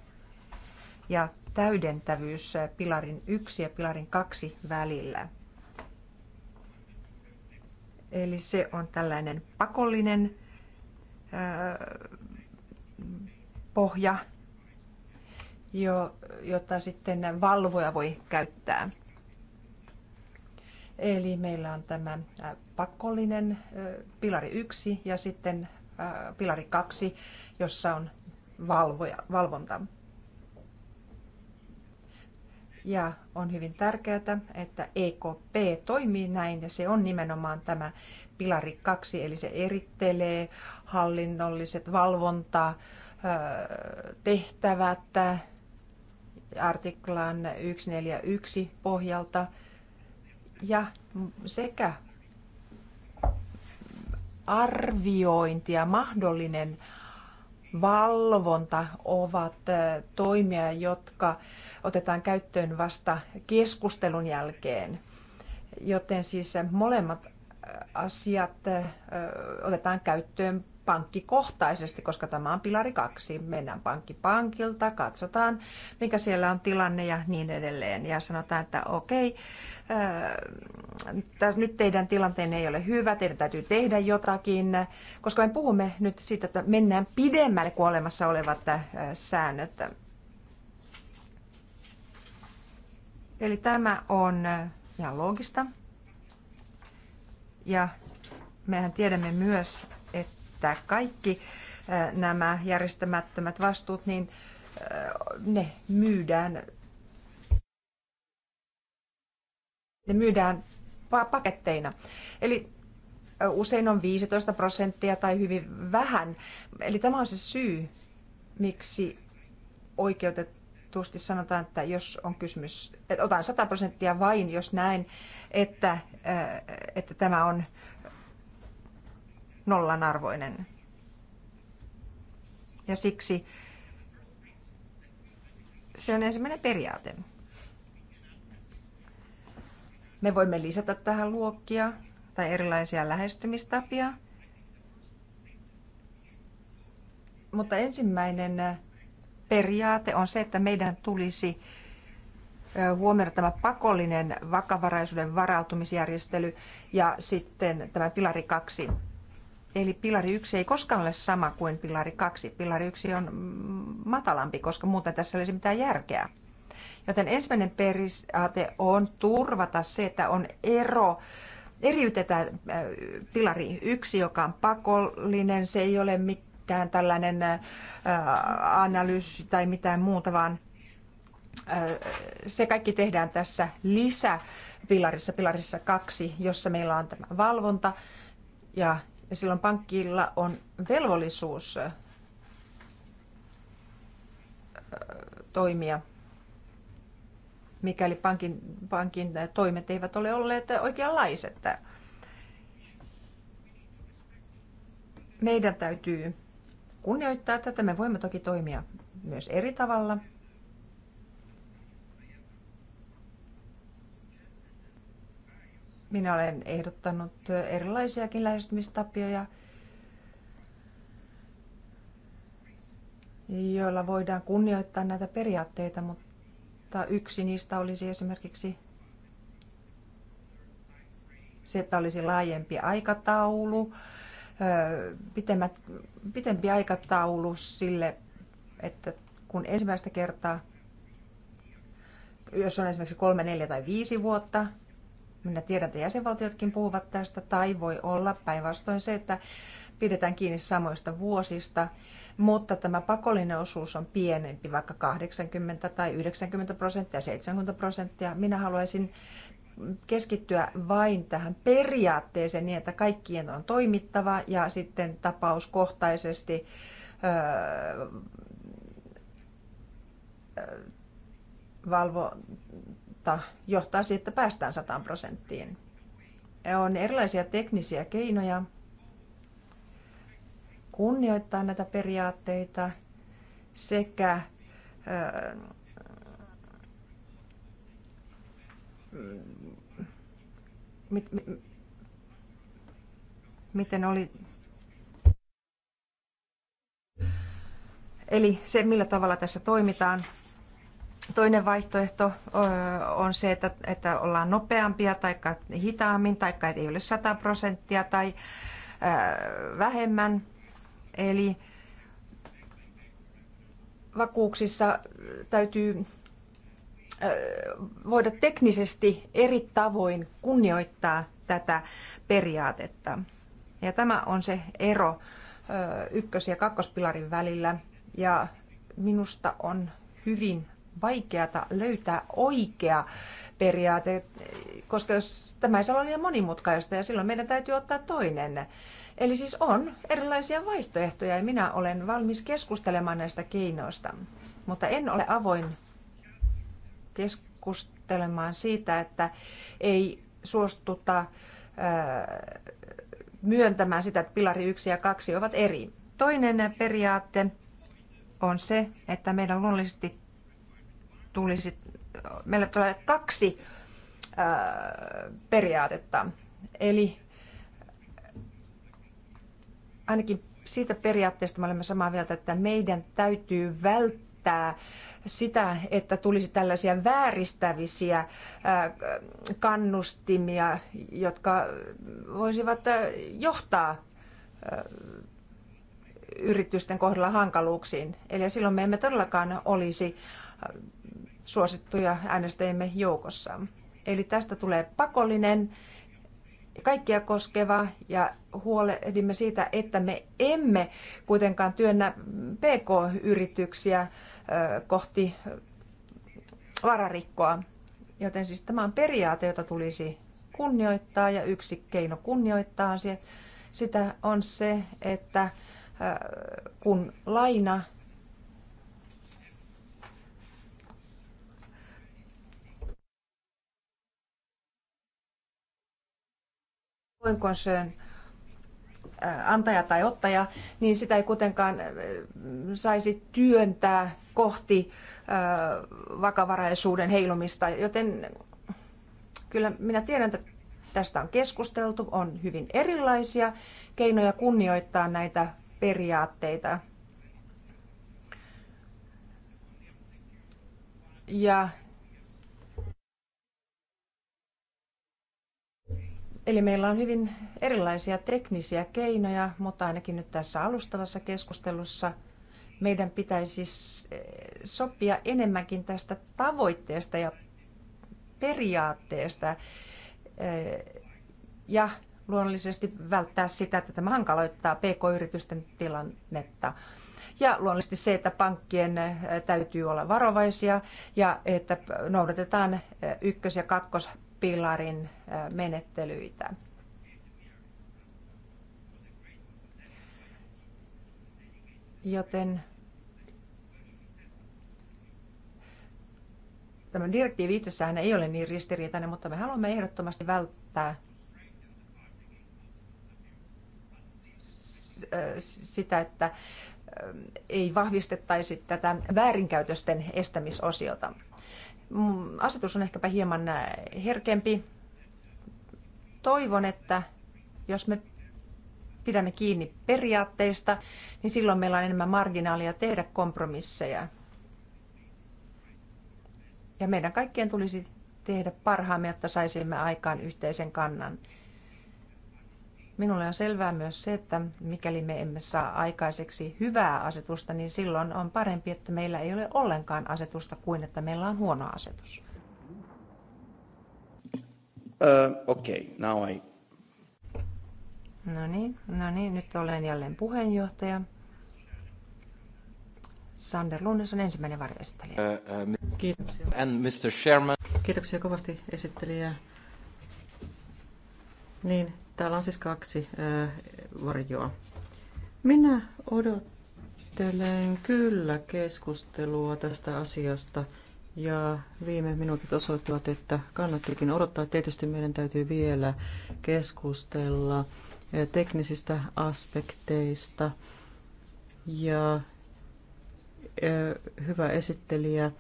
ja täydentävyys pilarin 1 ja pilarin 2 välillä – Eli se on tällainen pakollinen pohja, jo, jota sitten valvoja voi käyttää. Eli meillä on tämä pakollinen pilari 1 ja sitten pilari 2, jossa on valvoja, valvonta. Ja on hyvin tärkeää, että EKP toimii näin ja se on nimenomaan tämä pilari kaksi, eli se erittelee hallinnolliset valvonta, tehtävät artiklan 141 pohjalta ja sekä arviointi ja mahdollinen valvonta ovat toimia, jotka otetaan käyttöön vasta keskustelun jälkeen. Joten siis molemmat asiat otetaan käyttöön pankkikohtaisesti, koska tämä on pilari kaksi. Mennään pankki pankilta, katsotaan mikä siellä on tilanne ja niin edelleen. Ja sanotaan, että okei, ää, äh, nyt teidän tilanteenne ei ole hyvä, teidän täytyy tehdä jotakin, koska me puhumme nyt siitä, että mennään pidemmälle kuin olemassa olevat äh, säännöt. Eli tämä on äh, ihan loogista. Ja mehän tiedämme myös, selvittää kaikki nämä järjestämättömät vastuut, niin ne myydään, ne myydään paketteina. Eli usein on 15 prosenttia tai hyvin vähän. Eli tämä on se syy, miksi tuosti sanotaan, että jos on kysymys, että otan 100 prosenttia vain, jos näin että, että tämä on nollan arvoinen. Ja siksi se on ensimmäinen periaate. Me voimme lisätä tähän luokkia tai erilaisia lähestymistapia. Mutta ensimmäinen periaate on se, että meidän tulisi huomioida tämä pakollinen vakavaraisuuden varautumisjärjestely ja sitten tämä pilari kaksi Eli pilari 1 ei koskaan ole sama kuin pilari 2. Pilari 1 on matalampi, koska muuten tässä ei olisi mitään järkeä. Joten ensimmäinen periaate on turvata se, että on ero eriytetään äh, pilari yksi, joka on pakollinen. Se ei ole mikään tällainen äh, analyysi tai mitään muuta, vaan äh, se kaikki tehdään tässä lisäpilarissa, pilarissa kaksi, jossa meillä on tämä valvonta ja ja silloin pankilla on velvollisuus toimia, mikäli pankin, pankin toimet eivät ole olleet oikeanlaiset. Meidän täytyy kunnioittaa tätä. Me voimme toki toimia myös eri tavalla – Minä olen ehdottanut erilaisiakin lähestymistapioja, joilla voidaan kunnioittaa näitä periaatteita, mutta yksi niistä olisi esimerkiksi se, että olisi laajempi aikataulu, pitemmät, pitempi aikataulu sille, että kun ensimmäistä kertaa, jos on esimerkiksi kolme, neljä tai viisi vuotta, minä tiedän, että jäsenvaltiotkin puhuvat tästä, tai voi olla päinvastoin se, että pidetään kiinni samoista vuosista, mutta tämä pakollinen osuus on pienempi, vaikka 80 tai 90 prosenttia, 70 prosenttia. Minä haluaisin keskittyä vain tähän periaatteeseen niin, että kaikkien on toimittava ja sitten tapauskohtaisesti öö, valvo, mutta johtaa siihen, että päästään 100 prosenttiin. On erilaisia teknisiä keinoja kunnioittaa näitä periaatteita sekä mit, mit, miten oli Eli se, millä tavalla tässä toimitaan. Toinen vaihtoehto on se, että, että ollaan nopeampia tai hitaammin tai ei ole 100 prosenttia tai vähemmän. Eli vakuuksissa täytyy voida teknisesti eri tavoin kunnioittaa tätä periaatetta. Ja tämä on se ero ykkös- ja kakkospilarin välillä. Ja minusta on hyvin vaikeata löytää oikea periaate, koska jos tämä ei saa olla liian monimutkaista ja silloin meidän täytyy ottaa toinen. Eli siis on erilaisia vaihtoehtoja ja minä olen valmis keskustelemaan näistä keinoista, mutta en ole avoin keskustelemaan siitä, että ei suostuta myöntämään sitä, että pilari 1 ja 2 ovat eri. Toinen periaate on se, että meidän luonnollisesti tuli sit, meillä tulee kaksi periaatetta. Eli ainakin siitä periaatteesta me olemme samaa mieltä, että meidän täytyy välttää sitä, että tulisi tällaisia vääristävisiä kannustimia, jotka voisivat johtaa yritysten kohdalla hankaluuksiin. Eli silloin me emme todellakaan olisi suosittuja äänestäjimme joukossa. Eli tästä tulee pakollinen, kaikkia koskeva ja huolehdimme siitä, että me emme kuitenkaan työnnä PK-yrityksiä kohti vararikkoa. Joten siis tämä on periaate, jota tulisi kunnioittaa ja yksi keino kunnioittaa sitä on se, että kun laina Voinko se äh, antaja tai ottaja, niin sitä ei kuitenkaan äh, saisi työntää kohti äh, vakavaraisuuden heilumista. Joten kyllä minä tiedän, että tästä on keskusteltu, on hyvin erilaisia keinoja kunnioittaa näitä periaatteita. Ja Eli meillä on hyvin erilaisia teknisiä keinoja, mutta ainakin nyt tässä alustavassa keskustelussa meidän pitäisi sopia enemmänkin tästä tavoitteesta ja periaatteesta eh, ja luonnollisesti välttää sitä, että tämä hankaloittaa pk-yritysten tilannetta. Ja luonnollisesti se, että pankkien eh, täytyy olla varovaisia ja että noudatetaan eh, ykkös- ja kakkos pilarin menettelyitä. Joten tämä direktiivi itsessään ei ole niin ristiriitainen, mutta me haluamme ehdottomasti välttää sitä, että ei vahvistettaisi tätä väärinkäytösten estämisosiota asetus on ehkäpä hieman äh, herkempi. Toivon, että jos me pidämme kiinni periaatteista, niin silloin meillä on enemmän marginaalia tehdä kompromisseja. Ja meidän kaikkien tulisi tehdä parhaamme, jotta saisimme aikaan yhteisen kannan. Minulle on selvää myös se, että mikäli me emme saa aikaiseksi hyvää asetusta, niin silloin on parempi, että meillä ei ole ollenkaan asetusta kuin että meillä on huono asetus. Uh, okay, now I... No niin, no niin, nyt olen jälleen puheenjohtaja. Sander Lunnes on ensimmäinen varjoesittelijä. Uh, uh, Kiitoksia. And Mr. Sherman. Kiitoksia kovasti esittelijä. Niin, Täällä on siis kaksi varjoa. Minä odottelen kyllä keskustelua tästä asiasta ja viime minuutit osoittivat, että kannattikin odottaa. Tietysti meidän täytyy vielä keskustella teknisistä aspekteista ja hyvä esittelijä.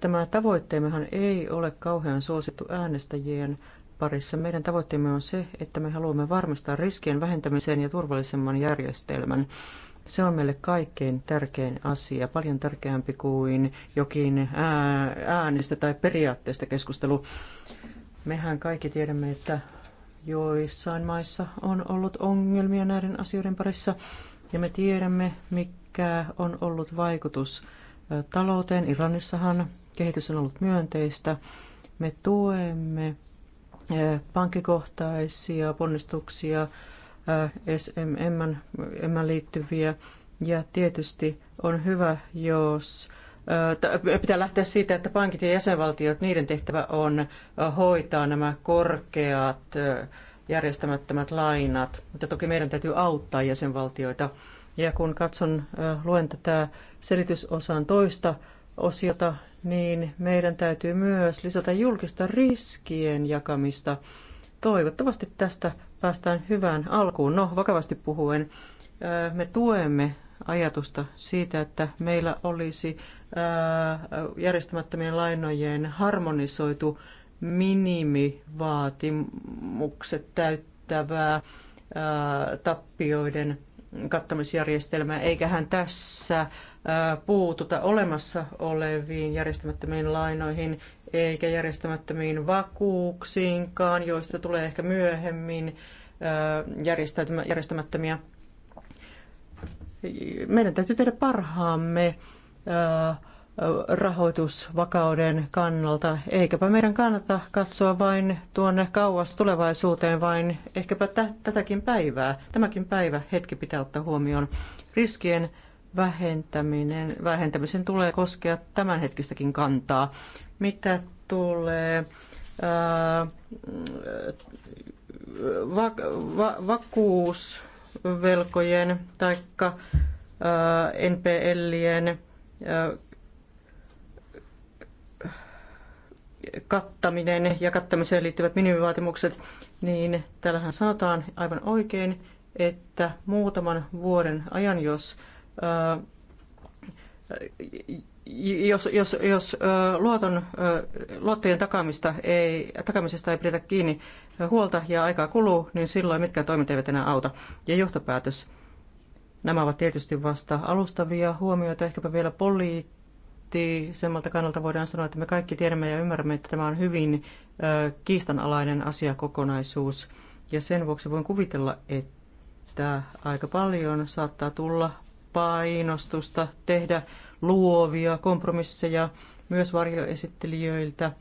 Tämä tavoitteemmehan ei ole kauhean suosittu äänestäjien parissa. Meidän tavoitteemme on se, että me haluamme varmistaa riskien vähentämisen ja turvallisemman järjestelmän. Se on meille kaikkein tärkein asia, paljon tärkeämpi kuin jokin äänestä tai periaatteesta keskustelu. Mehän kaikki tiedämme, että joissain maissa on ollut ongelmia näiden asioiden parissa, ja me tiedämme, mikä on ollut vaikutus talouteen. Iranissahan kehitys on ollut myönteistä. Me tuemme pankkikohtaisia ponnistuksia, SMM liittyviä ja tietysti on hyvä, jos Pitää lähteä siitä, että pankit ja jäsenvaltiot, niiden tehtävä on hoitaa nämä korkeat järjestämättömät lainat, mutta toki meidän täytyy auttaa jäsenvaltioita. Ja kun katson, luen tätä selitysosan toista osiota, niin meidän täytyy myös lisätä julkista riskien jakamista. Toivottavasti tästä päästään hyvään alkuun. No, vakavasti puhuen, äh, me tuemme ajatusta siitä, että meillä olisi äh, järjestämättömien lainojen harmonisoitu minimivaatimukset täyttävää äh, tappioiden kattamisjärjestelmää, eikä hän tässä puututa olemassa oleviin järjestämättömiin lainoihin eikä järjestämättömiin vakuuksiinkaan, joista tulee ehkä myöhemmin järjestämättömiä. Meidän täytyy tehdä parhaamme rahoitusvakauden kannalta. Eikäpä meidän kannata katsoa vain tuonne kauas tulevaisuuteen, vain ehkäpä tätäkin päivää. Tämäkin päivä hetki pitää ottaa huomioon. Riskien vähentäminen, vähentämisen tulee koskea tämänhetkistäkin kantaa. Mitä tulee ää, va, va, vakuusvelkojen tai NPLien kattaminen ja kattamiseen liittyvät minimivaatimukset, niin täällähän sanotaan aivan oikein, että muutaman vuoden ajan, jos, ää, äh, jos, jos, jos ää, äh, luoton, ää, äh, luottojen takaamista ei, takamisesta ei pidetä kiinni huolta ja aikaa kuluu, niin silloin mitkään toimet eivät enää auta. Ja johtopäätös. Nämä ovat tietysti vasta alustavia huomioita, ehkäpä vielä poliittisia semmalta kannalta voidaan sanoa, että me kaikki tiedämme ja ymmärrämme, että tämä on hyvin kiistanalainen asiakokonaisuus. Ja sen vuoksi voin kuvitella, että aika paljon saattaa tulla painostusta tehdä luovia kompromisseja myös varjoesittelijöiltä.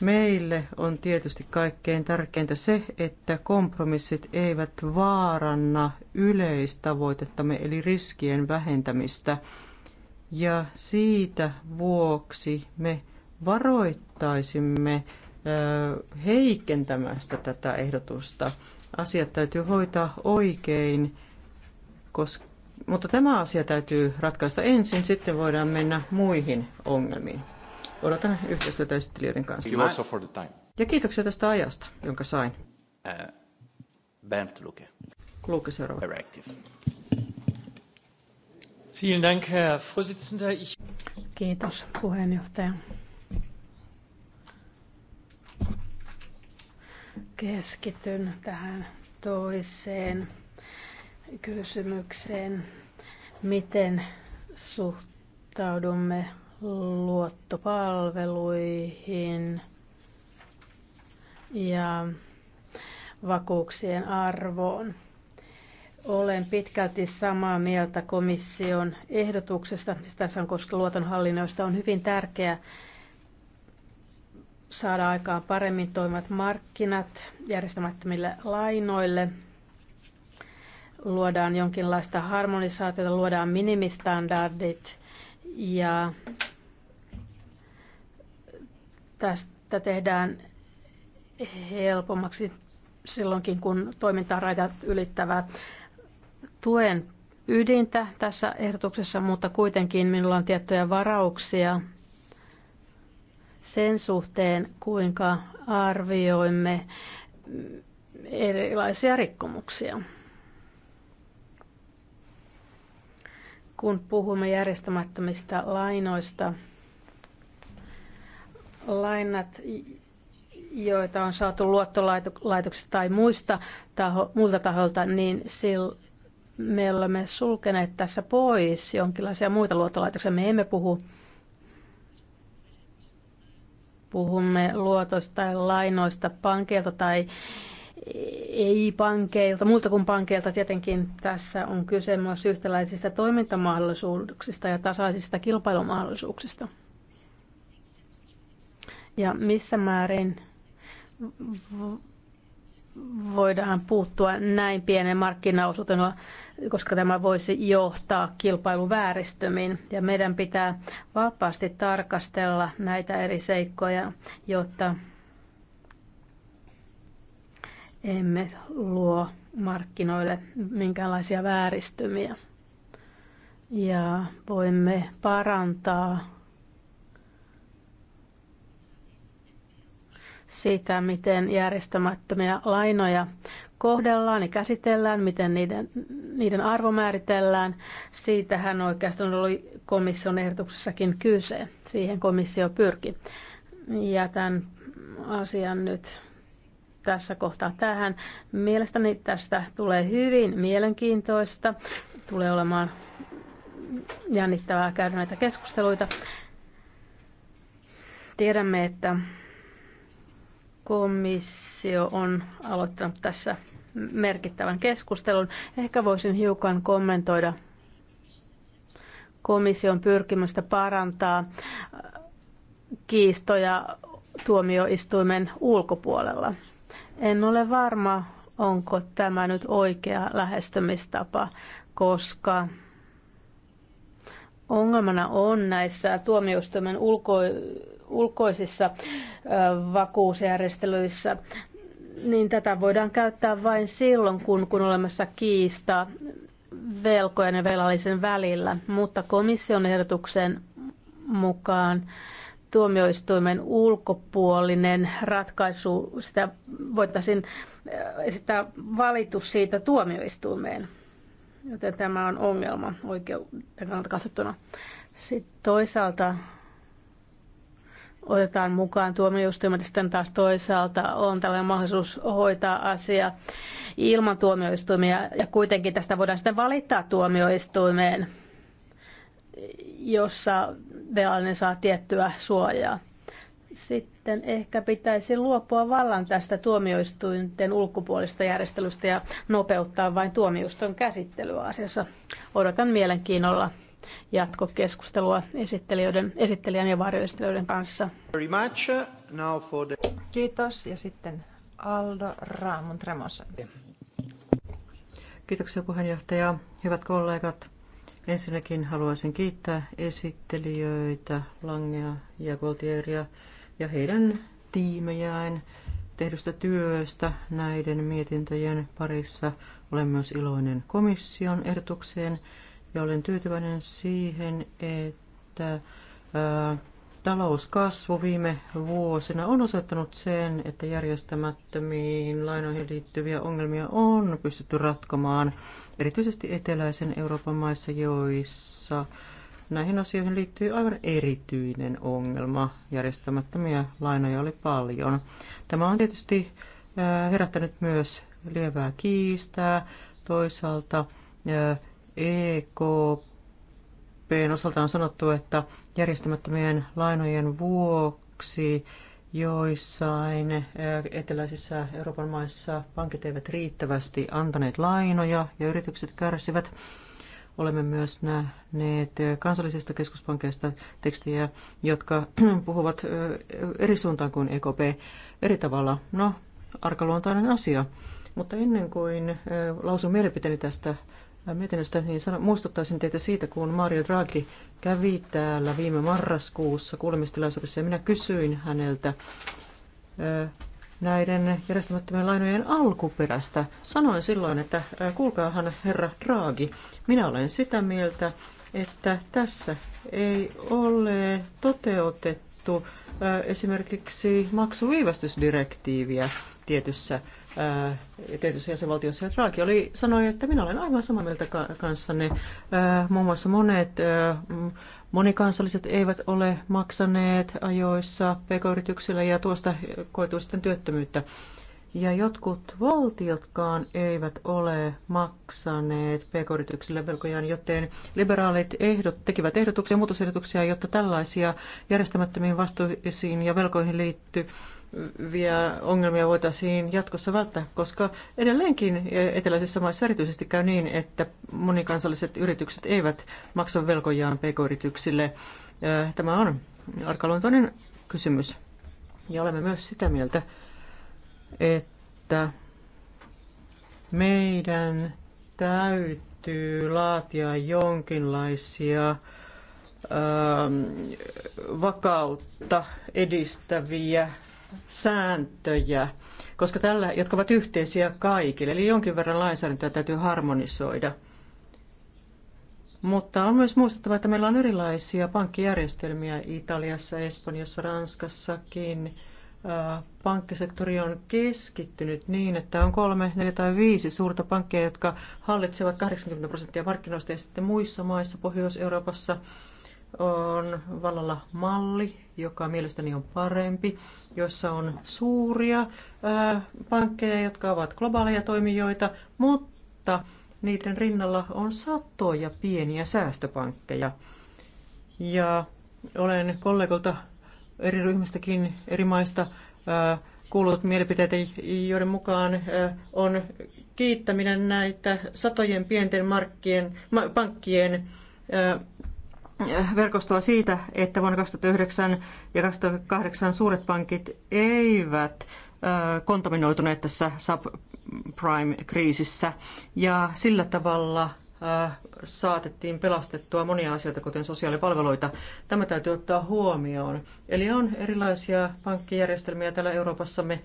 Meille on tietysti kaikkein tärkeintä se, että kompromissit eivät vaaranna yleistavoitettamme eli riskien vähentämistä – ja siitä vuoksi me varoittaisimme heikentämästä tätä ehdotusta. Asiat täytyy hoitaa oikein, koska, mutta tämä asia täytyy ratkaista ensin, sitten voidaan mennä muihin ongelmiin. Odotan yhteistyötä esittelijöiden kanssa. Ja kiitoksia tästä ajasta, jonka sain. Uh, Bernd Luke. Luke seuraava. Directive. Vielen Dank, Herr Vorsitzender. Ich... Kiitos, puheenjohtaja. Keskityn tähän toiseen kysymykseen. Miten suhtaudumme luottopalveluihin ja vakuuksien arvoon? Olen pitkälti samaa mieltä komission ehdotuksesta. Tässä on koska luotonhallinnoista on hyvin tärkeää saada aikaan paremmin toimivat markkinat järjestämättömille lainoille. Luodaan jonkinlaista harmonisaatiota, luodaan minimistandardit ja tästä tehdään helpommaksi silloinkin, kun toimintaa rajat ylittävää tuen ydintä tässä ehdotuksessa, mutta kuitenkin minulla on tiettyjä varauksia sen suhteen, kuinka arvioimme erilaisia rikkomuksia. Kun puhumme järjestämättömistä lainoista, lainat, joita on saatu luottolaitoksista tai muista taho, muilta tahoilta, niin me olemme sulkeneet tässä pois jonkinlaisia muita luottolaitoksia. Me emme puhu puhumme luotoista tai lainoista pankeilta tai ei-pankeilta, muuta kuin pankeilta tietenkin tässä on kyse myös yhtäläisistä toimintamahdollisuuksista ja tasaisista kilpailumahdollisuuksista. Ja missä määrin voidaan puuttua näin pienen markkinaosuuteen? koska tämä voisi johtaa kilpailuvääristömiin. Ja meidän pitää vapaasti tarkastella näitä eri seikkoja, jotta emme luo markkinoille minkäänlaisia vääristymiä. Ja voimme parantaa sitä, miten järjestämättömiä lainoja kohdellaan ja käsitellään, miten niiden, niiden arvo määritellään. Siitähän oikeastaan oli komission ehdotuksessakin kyse. Siihen komissio pyrki. Ja tämän asian nyt tässä kohtaa tähän. Mielestäni tästä tulee hyvin mielenkiintoista. Tulee olemaan jännittävää käydä näitä keskusteluita. Tiedämme, että Komissio on aloittanut tässä merkittävän keskustelun. Ehkä voisin hiukan kommentoida komission pyrkimystä parantaa kiistoja tuomioistuimen ulkopuolella. En ole varma, onko tämä nyt oikea lähestymistapa, koska ongelmana on näissä tuomioistuimen ulko- ulkoisissa vakuusjärjestelyissä, niin tätä voidaan käyttää vain silloin, kun, kun olemassa kiista velkojen ja velallisen välillä, mutta komission ehdotuksen mukaan tuomioistuimen ulkopuolinen ratkaisu, sitä voitaisiin sitä valitus siitä tuomioistuimeen. Joten tämä on ongelma oikeuden katsottuna. Sitten toisaalta otetaan mukaan tuomioistuimet, sitten taas toisaalta on tällainen mahdollisuus hoitaa asia ilman tuomioistuimia, ja kuitenkin tästä voidaan sitten valittaa tuomioistuimeen, jossa velallinen saa tiettyä suojaa. Sitten ehkä pitäisi luopua vallan tästä tuomioistuinten ulkopuolista järjestelystä ja nopeuttaa vain tuomioistuin käsittelyä asiassa. Odotan mielenkiinnolla jatkokeskustelua esittelijöiden, esittelijän ja varjoesittelijöiden kanssa. Very much. Now for the... Kiitos ja sitten Aldo Raamon Tremosa. Kiitoksia puheenjohtaja. Hyvät kollegat, ensinnäkin haluaisin kiittää esittelijöitä Langea ja Goltieria ja heidän tiimejään tehdystä työstä näiden mietintöjen parissa. Olen myös iloinen komission ehdotukseen ja olen tyytyväinen siihen, että ää, talouskasvu viime vuosina on osoittanut sen, että järjestämättömiin lainoihin liittyviä ongelmia on pystytty ratkomaan, erityisesti eteläisen Euroopan maissa, joissa näihin asioihin liittyy aivan erityinen ongelma. Järjestämättömiä lainoja oli paljon. Tämä on tietysti herättänyt myös lievää kiistää. Toisaalta EKPn osalta on sanottu, että järjestämättömien lainojen vuoksi joissain eteläisissä Euroopan maissa pankit eivät riittävästi antaneet lainoja ja yritykset kärsivät. Olemme myös nähneet kansallisista keskuspankeista tekstiä, jotka puhuvat eri suuntaan kuin EKP eri tavalla. No, arkaluontainen asia. Mutta ennen kuin lausun mielipiteeni tästä mietinnöstä, niin sano, muistuttaisin teitä siitä, kun Mario Draghi kävi täällä viime marraskuussa kuulemistilaisuudessa ja minä kysyin häneltä näiden järjestämättömien lainojen alkuperästä. Sanoin silloin, että kuulkaahan herra Draghi, minä olen sitä mieltä, että tässä ei ole toteutettu esimerkiksi maksuviivästysdirektiiviä tietyssä, ää, tietyssä jäsenvaltiossa. Ja Draghi oli, sanoi, että minä olen aivan samaa mieltä ka- kanssanne. Ää, muun muassa monet ää, monikansalliset eivät ole maksaneet ajoissa pk-yrityksillä ja tuosta koituu sitten työttömyyttä. Ja jotkut valtiotkaan eivät ole maksaneet pk-yrityksille velkojaan, joten liberaalit ehdot, tekivät ehdotuksia, muutosehdotuksia, jotta tällaisia järjestämättömiin vastuisiin ja velkoihin liittyy ongelmia voitaisiin jatkossa välttää, koska edelleenkin eteläisissä maissa erityisesti käy niin, että monikansalliset yritykset eivät maksa velkojaan pk-yrityksille. Äh, tämä on arkaluontoinen kysymys. Ja olemme myös sitä mieltä, että meidän täytyy laatia jonkinlaisia ähm, vakautta edistäviä sääntöjä, koska tällä, jotka ovat yhteisiä kaikille. Eli jonkin verran lainsäädäntöä täytyy harmonisoida. Mutta on myös muistettava, että meillä on erilaisia pankkijärjestelmiä Italiassa, Espanjassa, Ranskassakin. Pankkisektori on keskittynyt niin, että on kolme, neljä tai viisi suurta pankkia, jotka hallitsevat 80 prosenttia markkinoista ja sitten muissa maissa, Pohjois-Euroopassa, on vallalla malli, joka mielestäni on parempi, jossa on suuria ää, pankkeja, jotka ovat globaaleja toimijoita, mutta niiden rinnalla on satoja pieniä säästöpankkeja. Ja olen kollegolta eri ryhmistäkin eri maista ää, kuullut mielipiteitä, joiden mukaan on kiittäminen näitä satojen pienten markkien, pankkien verkostoa siitä, että vuonna 2009 ja 2008 suuret pankit eivät kontaminoituneet tässä subprime-kriisissä. Ja sillä tavalla saatettiin pelastettua monia asioita, kuten sosiaalipalveluita. Tämä täytyy ottaa huomioon. Eli on erilaisia pankkijärjestelmiä täällä Euroopassamme.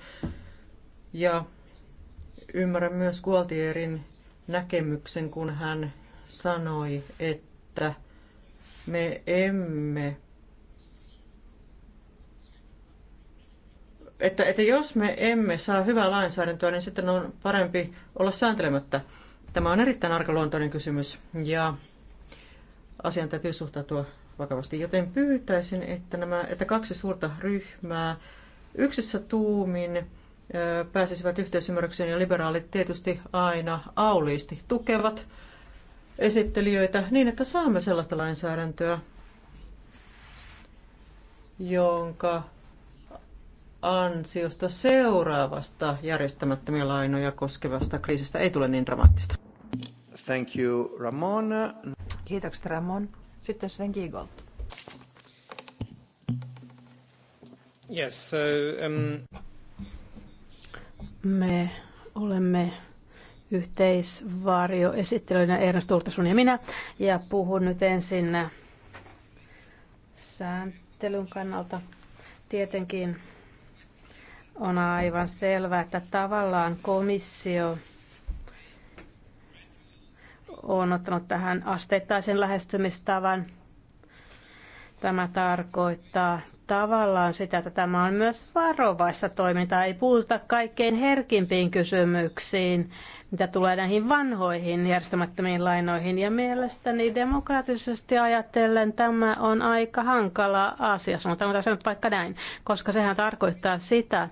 Ja ymmärrän myös Gualtierin näkemyksen, kun hän sanoi, että – me emme että, että jos me emme saa hyvää lainsäädäntöä, niin sitten on parempi olla sääntelemättä. Tämä on erittäin arkaluontoinen kysymys ja asian täytyy suhtautua vakavasti. Joten pyytäisin, että, nämä, että kaksi suurta ryhmää yksissä tuumin pääsisivät yhteisymmärrykseen ja liberaalit tietysti aina auliisti tukevat esittelijöitä niin, että saamme sellaista lainsäädäntöä, jonka ansiosta seuraavasta järjestämättömiä lainoja koskevasta kriisistä ei tule niin dramaattista. Thank you, Ramon. Kiitokset, Ramon. Sitten Sven Giegold. Yes, so, um... Me olemme yhteisvarjoesittelyinä Ernst Urtasun ja minä. Ja puhun nyt ensin sääntelyn kannalta. Tietenkin on aivan selvää, että tavallaan komissio on ottanut tähän asteittaisen lähestymistavan. Tämä tarkoittaa tavallaan sitä, että tämä on myös varovaista toimintaa. Ei puhuta kaikkein herkimpiin kysymyksiin, mitä tulee näihin vanhoihin järjestämättömiin lainoihin. Ja mielestäni demokraattisesti ajatellen tämä on aika hankala asia, sanotaan tässä nyt vaikka näin, koska sehän tarkoittaa sitä,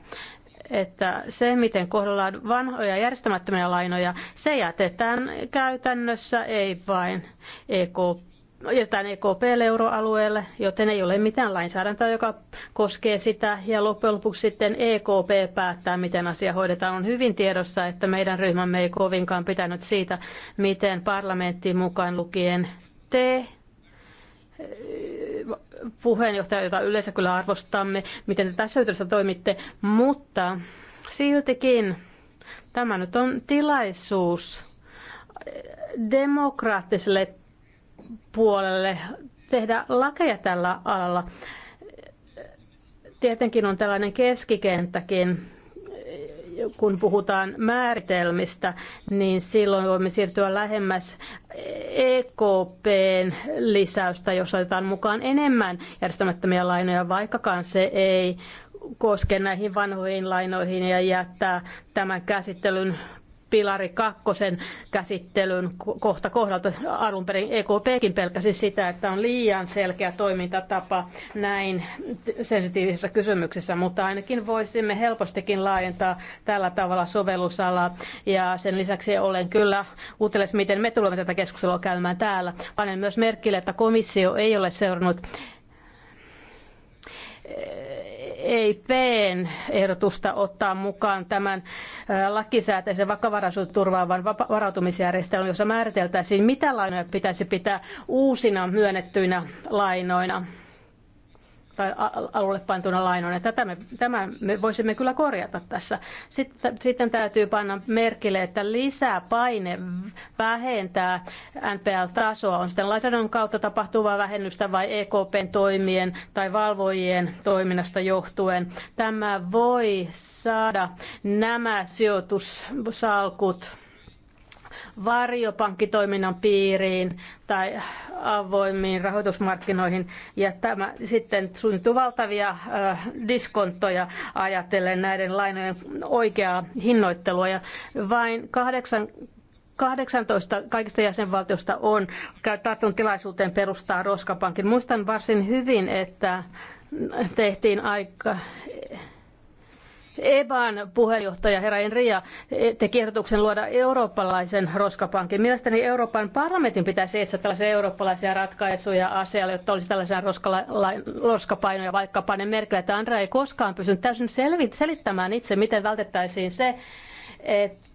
että se, miten kohdellaan vanhoja järjestämättömiä lainoja, se jätetään käytännössä ei vain EKP jätetään EKPlle euroalueelle, joten ei ole mitään lainsäädäntöä, joka koskee sitä. Ja loppujen lopuksi sitten EKP päättää, miten asia hoidetaan. On hyvin tiedossa, että meidän ryhmämme ei kovinkaan pitänyt siitä, miten parlamentti mukaan lukien te puheenjohtaja, jota yleensä kyllä arvostamme, miten te tässä yhteydessä toimitte, mutta siltikin tämä nyt on tilaisuus demokraattiselle puolelle tehdä lakeja tällä alalla. Tietenkin on tällainen keskikenttäkin, kun puhutaan määritelmistä, niin silloin voimme siirtyä lähemmäs EKPn lisäystä, jos otetaan mukaan enemmän järjestämättömiä lainoja, vaikkakaan se ei koske näihin vanhoihin lainoihin ja jättää tämän käsittelyn pilari kakkosen käsittelyn kohta kohdalta. Alun perin EKPkin pelkäsi sitä, että on liian selkeä toimintatapa näin sensitiivisessä kysymyksessä, mutta ainakin voisimme helpostikin laajentaa tällä tavalla sovellusalaa. Ja sen lisäksi olen kyllä utelias, miten me tulemme tätä keskustelua käymään täällä. Panen myös merkille, että komissio ei ole seurannut ei EIPn ehdotusta ottaa mukaan tämän äh, lakisääteisen vakavaraisuutta turvaavan varautumisjärjestelmän, jossa määriteltäisiin, mitä lainoja pitäisi pitää uusina myönnettyinä lainoina tai alulle pantuna lainoina. Tätä me, tämän me voisimme kyllä korjata tässä. Sitten, sitten täytyy panna merkille, että lisää paine vähentää NPL-tasoa. On sitten lainsäädännön kautta tapahtuvaa vähennystä vai EKPn toimien tai valvojien toiminnasta johtuen. Tämä voi saada nämä sijoitussalkut varjopankkitoiminnan piiriin tai avoimiin rahoitusmarkkinoihin. Ja tämä sitten syntyy valtavia diskonttoja ajatellen näiden lainojen oikeaa hinnoittelua. Ja vain kahdeksan 18 kaikista jäsenvaltiosta on tarttunut tilaisuuteen perustaa Roskapankin. Muistan varsin hyvin, että tehtiin aika EBAn puheenjohtaja herra Enria teki ehdotuksen luoda eurooppalaisen roskapankin. Mielestäni Euroopan parlamentin pitäisi etsiä tällaisia eurooppalaisia ratkaisuja asialle, jotta olisi tällaisia roskapainoja, vaikkapa ne Merkel, että Andra ei koskaan pystynyt täysin selittämään itse, miten vältettäisiin se, että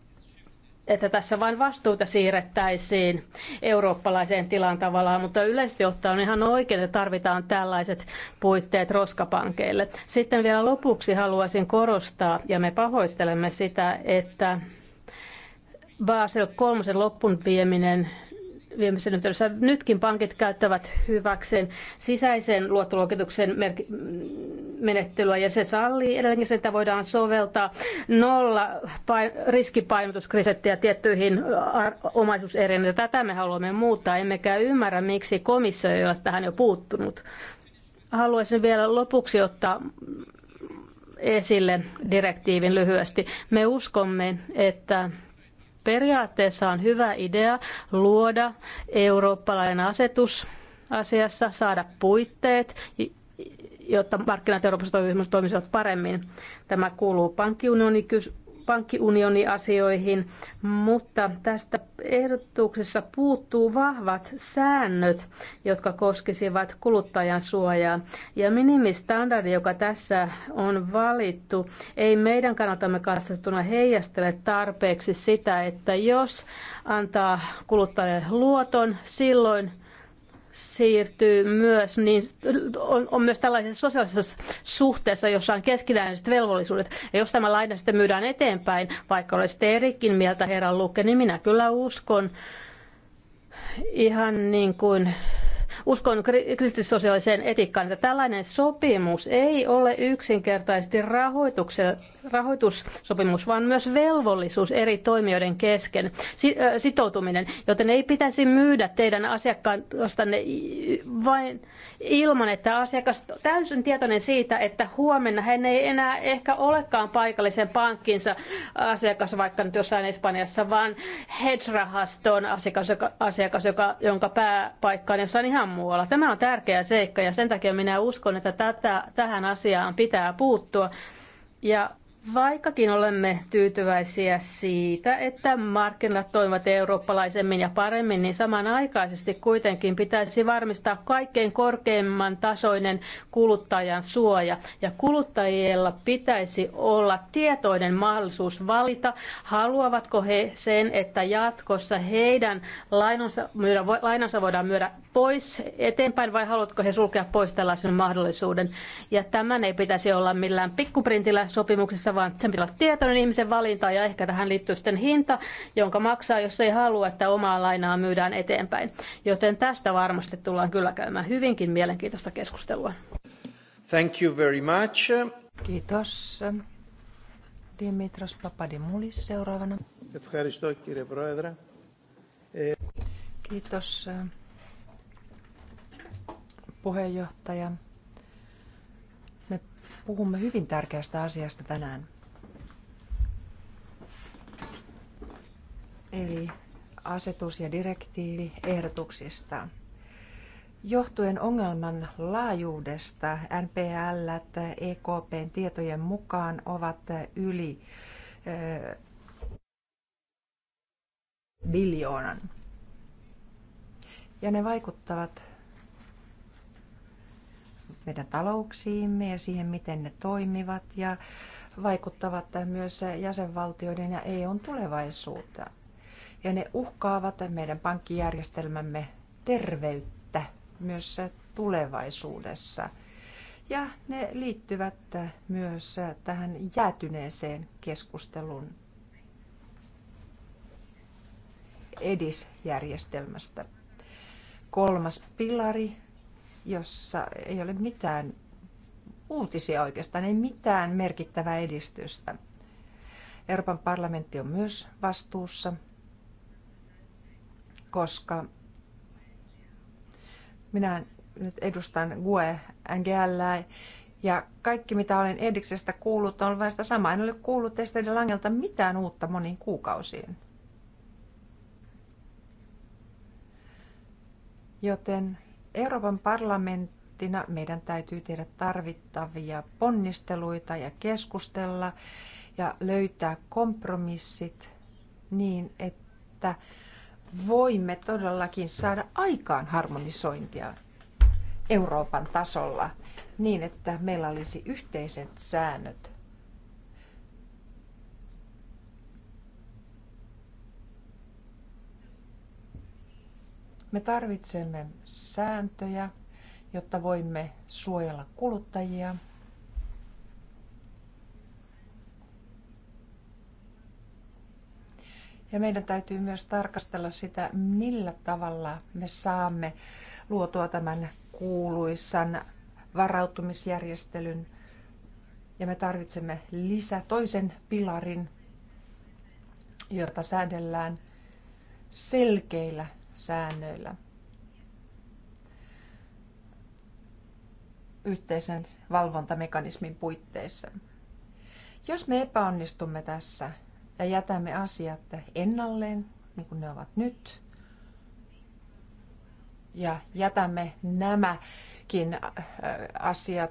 että tässä vain vastuuta siirrettäisiin eurooppalaiseen tilaan tavallaan, mutta yleisesti ottaen on ihan oikein, että tarvitaan tällaiset puitteet roskapankeille. Sitten vielä lopuksi haluaisin korostaa, ja me pahoittelemme sitä, että Basel kolmosen loppun vieminen viimeisen yhteydessä. Nytkin pankit käyttävät hyväkseen sisäisen luottoluokituksen menettelyä ja se sallii edelleenkin sen, että voidaan soveltaa nolla riskipainotuskrisettiä tiettyihin omaisuuseriin. Tätä me haluamme muuttaa, emmekä ymmärrä, miksi komissio ei ole tähän jo puuttunut. Haluaisin vielä lopuksi ottaa esille direktiivin lyhyesti. Me uskomme, että Periaatteessa on hyvä idea luoda eurooppalainen asetus asiassa, saada puitteet, jotta markkinat Euroopassa toimisivat paremmin. Tämä kuuluu pankkiunionin pankkiunioniasioihin, mutta tästä ehdotuksessa puuttuu vahvat säännöt, jotka koskisivat kuluttajan suojaa. Ja minimistandardi, joka tässä on valittu, ei meidän kannaltamme katsottuna heijastele tarpeeksi sitä, että jos antaa kuluttajalle luoton, silloin siirtyy myös, niin on, on myös tällaisessa sosiaalisessa suhteessa, jossa on keskinäiset velvollisuudet. Ja jos tämä laina sitten myydään eteenpäin, vaikka olisitte erikin mieltä herran Luke, niin minä kyllä uskon ihan niin kuin uskon kristillis-sosiaaliseen etiikkaan, että tällainen sopimus ei ole yksinkertaisesti rahoituksen rahoitussopimus, vaan myös velvollisuus eri toimijoiden kesken, sitoutuminen, joten ei pitäisi myydä teidän asiakkaastanne vain ilman, että asiakas on täysin tietoinen siitä, että huomenna hän ei enää ehkä olekaan paikallisen pankkinsa asiakas, vaikka nyt jossain Espanjassa, vaan hedge-rahaston asiakas, joka, asiakas joka, jonka pääpaikka on jossain ihan muualla. Tämä on tärkeä seikka ja sen takia minä uskon, että tätä, tähän asiaan pitää puuttua. Ja Vaikkakin olemme tyytyväisiä siitä, että markkinat toimivat eurooppalaisemmin ja paremmin, niin samanaikaisesti kuitenkin pitäisi varmistaa kaikkein korkeimman tasoinen kuluttajan suoja. Ja kuluttajilla pitäisi olla tietoinen mahdollisuus valita, haluavatko he sen, että jatkossa heidän lainansa, myydä, lainansa voidaan myydä pois eteenpäin vai haluatko he sulkea pois tällaisen mahdollisuuden. Ja tämän ei pitäisi olla millään pikkuprintillä sopimuksessa, vaan sen pitää olla tietoinen ihmisen valinta ja ehkä tähän liittyy sitten hinta, jonka maksaa, jos ei halua, että omaa lainaa myydään eteenpäin. Joten tästä varmasti tullaan kyllä käymään hyvinkin mielenkiintoista keskustelua. Thank you very much. Kiitos. Dimitros Papadimoulis seuraavana. Kiitos puheenjohtaja puhumme hyvin tärkeästä asiasta tänään. Eli asetus- ja direktiiviehdotuksista. ehdotuksista. Johtuen ongelman laajuudesta NPL EKPn tietojen mukaan ovat yli biljoonan. Ja ne vaikuttavat meidän talouksiimme ja siihen, miten ne toimivat ja vaikuttavat myös jäsenvaltioiden ja EUn tulevaisuuteen. Ja ne uhkaavat meidän pankkijärjestelmämme terveyttä myös tulevaisuudessa. Ja ne liittyvät myös tähän jäätyneeseen keskustelun edisjärjestelmästä. Kolmas pilari jossa ei ole mitään uutisia oikeastaan, ei mitään merkittävää edistystä. Euroopan parlamentti on myös vastuussa, koska minä nyt edustan GUE NGL ja kaikki mitä olen Ediksestä kuullut on vain sitä samaa. En ole kuullut teistä Langelta mitään uutta moniin kuukausiin. Joten Euroopan parlamenttina meidän täytyy tehdä tarvittavia ponnisteluita ja keskustella ja löytää kompromissit niin, että voimme todellakin saada aikaan harmonisointia Euroopan tasolla niin, että meillä olisi yhteiset säännöt Me tarvitsemme sääntöjä, jotta voimme suojella kuluttajia. Ja meidän täytyy myös tarkastella sitä, millä tavalla me saamme luotua tämän kuuluisan varautumisjärjestelyn. Ja me tarvitsemme lisä toisen pilarin, jota säädellään selkeillä säännöillä. yhteisen valvontamekanismin puitteissa. Jos me epäonnistumme tässä ja jätämme asiat ennalleen, niin kuin ne ovat nyt, ja jätämme nämäkin äh, asiat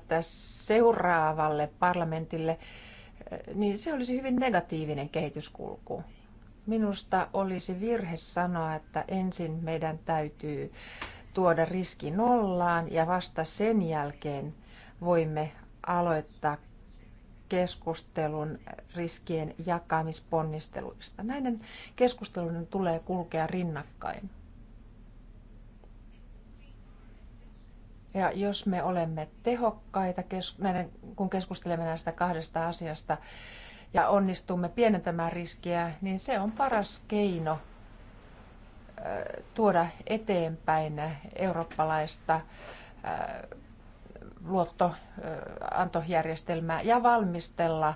seuraavalle parlamentille, äh, niin se olisi hyvin negatiivinen kehityskulku. Minusta olisi virhe sanoa, että ensin meidän täytyy tuoda riski nollaan ja vasta sen jälkeen voimme aloittaa keskustelun riskien jakamisponnisteluista. Näiden keskustelun tulee kulkea rinnakkain. Ja jos me olemme tehokkaita, kun keskustelemme näistä kahdesta asiasta, ja onnistumme pienentämään riskiä, niin se on paras keino tuoda eteenpäin eurooppalaista luottoantojärjestelmää ja valmistella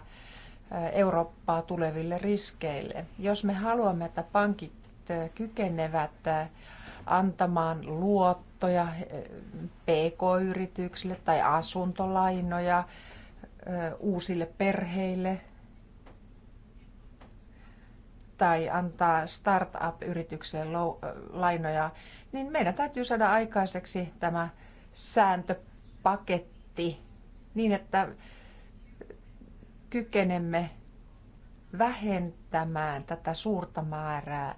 Eurooppaa tuleville riskeille. Jos me haluamme, että pankit kykenevät antamaan luottoja pk-yrityksille tai asuntolainoja uusille perheille tai antaa startup-yrityksille lainoja, niin meidän täytyy saada aikaiseksi tämä sääntöpaketti niin, että kykenemme vähentämään tätä suurta määrää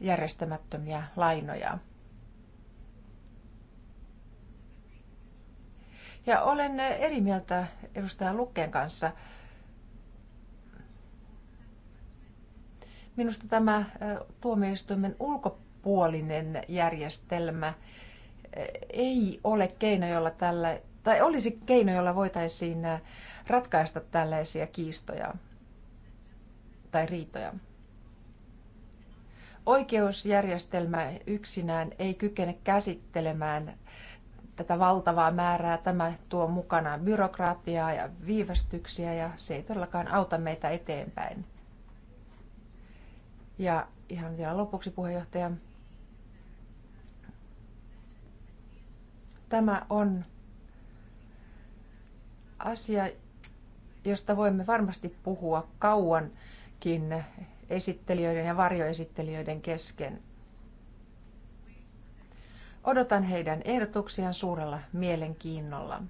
järjestämättömiä lainoja. Ja olen eri mieltä edustaja Lukken kanssa Minusta tämä tuomioistuimen ulkopuolinen järjestelmä ei ole keino, jolla tällä, tai olisi keino, jolla voitaisiin ratkaista tällaisia kiistoja tai riitoja. Oikeusjärjestelmä yksinään ei kykene käsittelemään tätä valtavaa määrää. Tämä tuo mukanaan byrokratiaa ja viivästyksiä ja se ei todellakaan auta meitä eteenpäin. Ja ihan vielä lopuksi puheenjohtaja. Tämä on asia, josta voimme varmasti puhua kauankin esittelijöiden ja varjoesittelijöiden kesken. Odotan heidän ehdotuksiaan suurella mielenkiinnolla.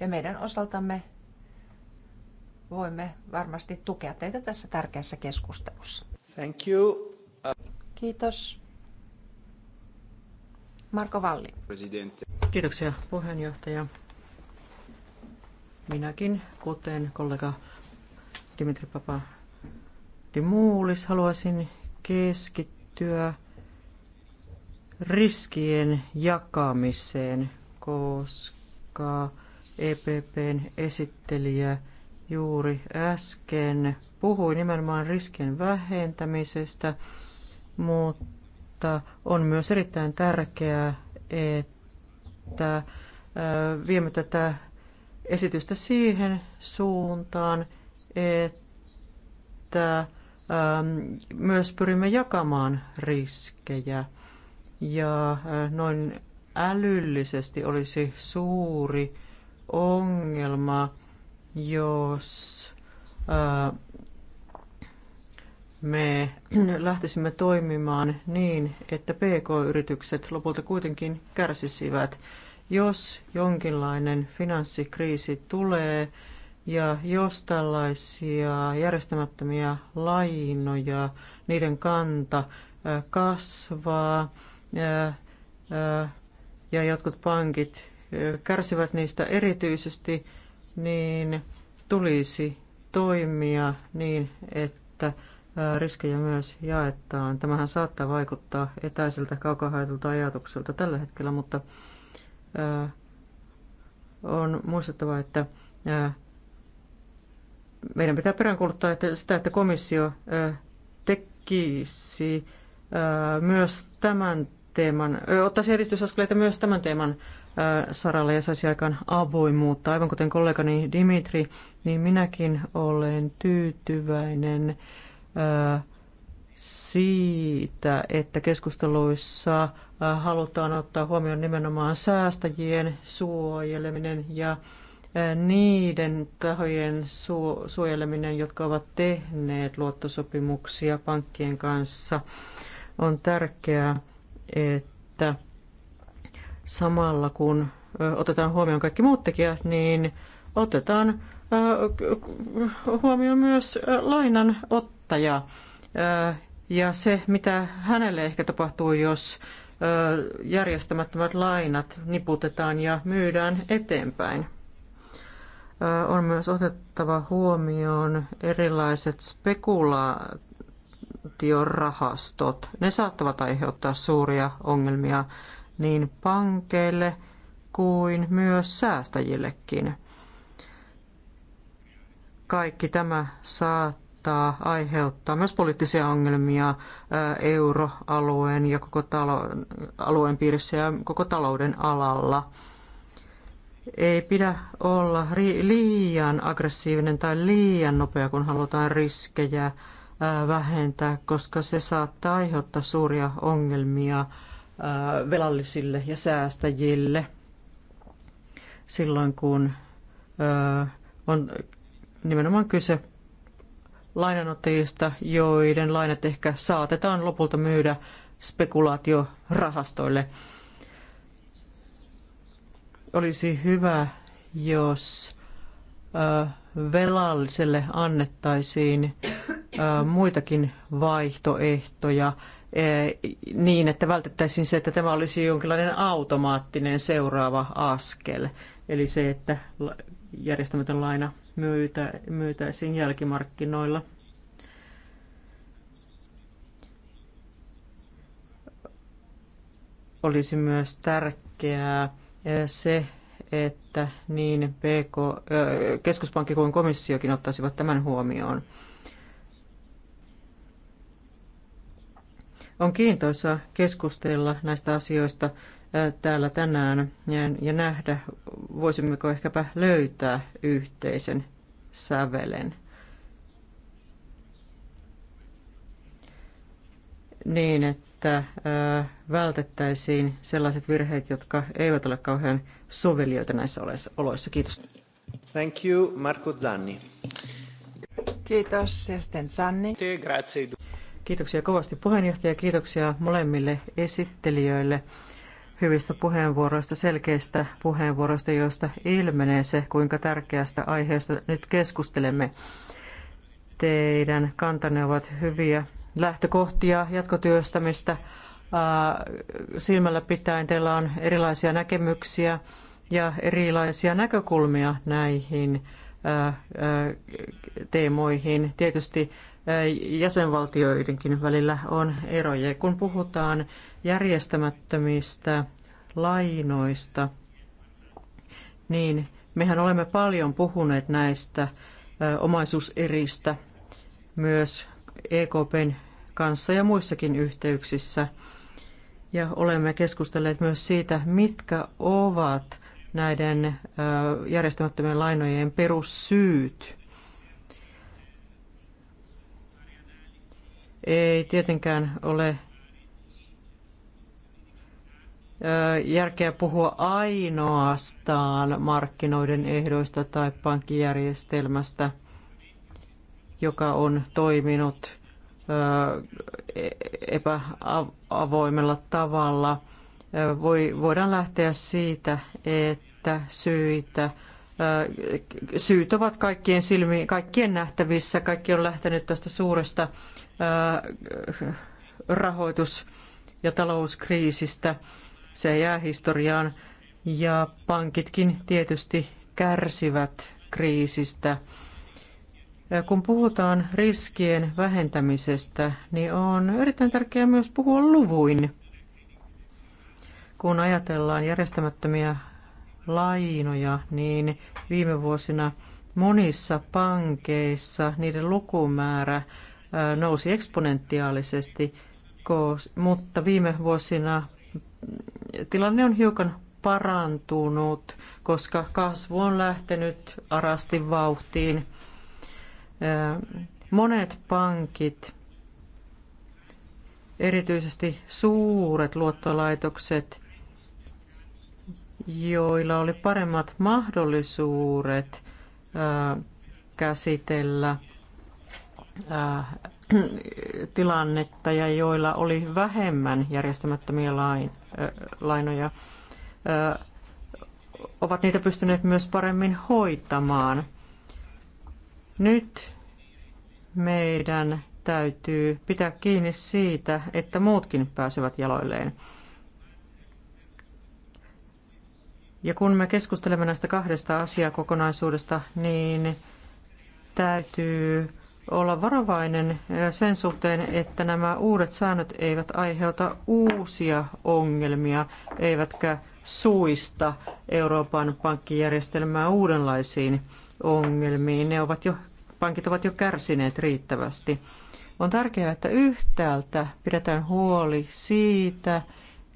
Ja meidän osaltamme voimme varmasti tukea teitä tässä tärkeässä keskustelussa. Thank you. Kiitos. Marko Valli. President. Kiitoksia puheenjohtaja. Minäkin, kuten kollega Dimitri Papa Dimuulis, haluaisin keskittyä riskien jakamiseen, koska EPPn esittelijä – juuri äsken puhui nimenomaan riskien vähentämisestä, mutta on myös erittäin tärkeää, että viemme tätä esitystä siihen suuntaan, että myös pyrimme jakamaan riskejä ja noin älyllisesti olisi suuri ongelma jos äh, me lähtisimme toimimaan niin, että PK-yritykset lopulta kuitenkin kärsisivät, jos jonkinlainen finanssikriisi tulee ja jos tällaisia järjestämättömiä lainoja, niiden kanta äh, kasvaa äh, ja jotkut pankit kärsivät niistä erityisesti, niin tulisi toimia niin, että riskejä myös jaetaan. Tämähän saattaa vaikuttaa etäiseltä kaukahaitulta ajatukselta tällä hetkellä, mutta on muistettava, että meidän pitää peräänkuuluttaa että sitä, että komissio tekisi myös tämän teeman, ottaisi edistysaskeleita myös tämän teeman saralla ja saisi aikaan avoimuutta. Aivan kuten kollegani Dimitri, niin minäkin olen tyytyväinen siitä, että keskusteluissa halutaan ottaa huomioon nimenomaan säästäjien suojeleminen ja niiden tahojen suojeleminen, jotka ovat tehneet luottosopimuksia pankkien kanssa. On tärkeää, että samalla kun otetaan huomioon kaikki muut tekijät, niin otetaan huomioon myös lainanottaja ja se, mitä hänelle ehkä tapahtuu, jos järjestämättömät lainat niputetaan ja myydään eteenpäin. On myös otettava huomioon erilaiset spekulaatiorahastot. Ne saattavat aiheuttaa suuria ongelmia niin pankeille kuin myös säästäjillekin. Kaikki tämä saattaa aiheuttaa myös poliittisia ongelmia euroalueen ja koko talo- alueen piirissä ja koko talouden alalla ei pidä olla liian aggressiivinen tai liian nopea, kun halutaan riskejä vähentää, koska se saattaa aiheuttaa suuria ongelmia Äh, velallisille ja säästäjille silloin, kun äh, on nimenomaan kyse lainanottajista, joiden lainat ehkä saatetaan lopulta myydä spekulaatiorahastoille. Olisi hyvä, jos äh, velalliselle annettaisiin muitakin vaihtoehtoja Eh, niin, että vältettäisiin se, että tämä olisi jonkinlainen automaattinen seuraava askel. Eli se, että järjestämätön laina myytä, myytäisiin jälkimarkkinoilla. Olisi myös tärkeää eh, se, että niin PK, eh, keskuspankki kuin komissiokin ottaisivat tämän huomioon. On kiintoisaa keskustella näistä asioista täällä tänään ja nähdä, voisimmeko ehkäpä löytää yhteisen sävelen. Niin, että vältettäisiin sellaiset virheet, jotka eivät ole kauhean sovelijoita näissä oloissa. Kiitos. Thank you, Marco Zanni. Kiitos, Sanni. Kiitoksia kovasti puheenjohtaja, kiitoksia molemmille esittelijöille hyvistä puheenvuoroista, selkeistä puheenvuoroista, joista ilmenee se, kuinka tärkeästä aiheesta nyt keskustelemme. Teidän kantanne ovat hyviä lähtökohtia jatkotyöstämistä. Silmällä pitäen teillä on erilaisia näkemyksiä ja erilaisia näkökulmia näihin teemoihin. Tietysti jäsenvaltioidenkin välillä on eroja. Kun puhutaan järjestämättömistä lainoista, niin mehän olemme paljon puhuneet näistä omaisuuseristä myös EKPn kanssa ja muissakin yhteyksissä. Ja olemme keskustelleet myös siitä, mitkä ovat näiden järjestämättömien lainojen perussyyt. ei tietenkään ole järkeä puhua ainoastaan markkinoiden ehdoista tai pankkijärjestelmästä, joka on toiminut e-, epäavoimella tavalla. Voi, voidaan lähteä siitä, että syitä, syyt ovat kaikkien, silmiin, kaikkien nähtävissä. Kaikki on lähtenyt tästä suuresta rahoitus- ja talouskriisistä. Se jää historiaan ja pankitkin tietysti kärsivät kriisistä. Kun puhutaan riskien vähentämisestä, niin on erittäin tärkeää myös puhua luvuin. Kun ajatellaan järjestämättömiä lainoja, niin viime vuosina monissa pankeissa niiden lukumäärä nousi eksponentiaalisesti, mutta viime vuosina tilanne on hiukan parantunut, koska kasvu on lähtenyt arasti vauhtiin. Monet pankit, erityisesti suuret luottolaitokset, joilla oli paremmat mahdollisuudet käsitellä – Äh, tilannetta ja joilla oli vähemmän järjestämättömiä lain, äh, lainoja, äh, ovat niitä pystyneet myös paremmin hoitamaan. Nyt meidän täytyy pitää kiinni siitä, että muutkin pääsevät jaloilleen. Ja kun me keskustelemme näistä kahdesta asiakokonaisuudesta, niin täytyy olla varovainen äh, sen suhteen, että nämä uudet säännöt eivät aiheuta uusia ongelmia, eivätkä suista Euroopan pankkijärjestelmää uudenlaisiin ongelmiin. Ne ovat jo, pankit ovat jo kärsineet riittävästi. On tärkeää, että yhtäältä pidetään huoli siitä,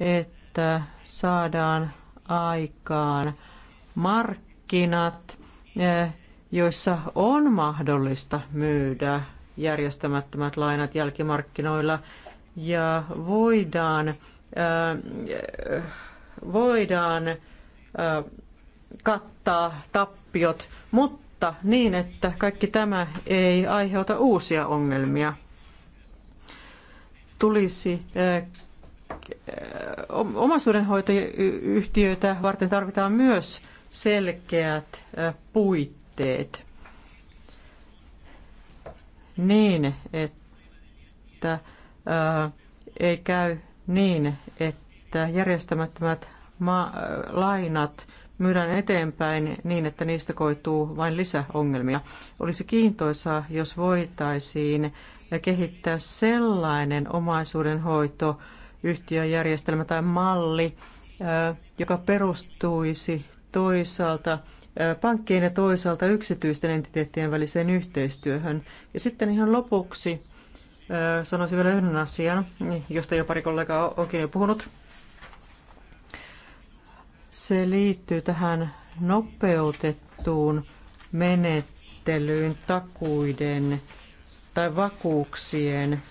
että saadaan aikaan markkinat, äh, joissa on mahdollista myydä järjestämättömät lainat jälkimarkkinoilla ja voidaan, äh, voidaan äh, kattaa tappiot, mutta niin, että kaikki tämä ei aiheuta uusia ongelmia. Tulisi äh, omaisuudenhoitoyhtiöitä varten tarvitaan myös selkeät äh, puitteet teet niin, että ää, ei käy niin, että järjestämättömät ma- lainat myydään eteenpäin niin, että niistä koituu vain lisäongelmia. Olisi kiintoisaa, jos voitaisiin kehittää sellainen omaisuudenhoito, yhtiöjärjestelmä tai malli, joka perustuisi toisaalta – pankkien ja toisaalta yksityisten entiteettien väliseen yhteistyöhön. Ja sitten ihan lopuksi sanoisin vielä yhden asian, josta jo pari kollegaa onkin jo puhunut. Se liittyy tähän nopeutettuun menettelyyn takuiden tai vakuuksien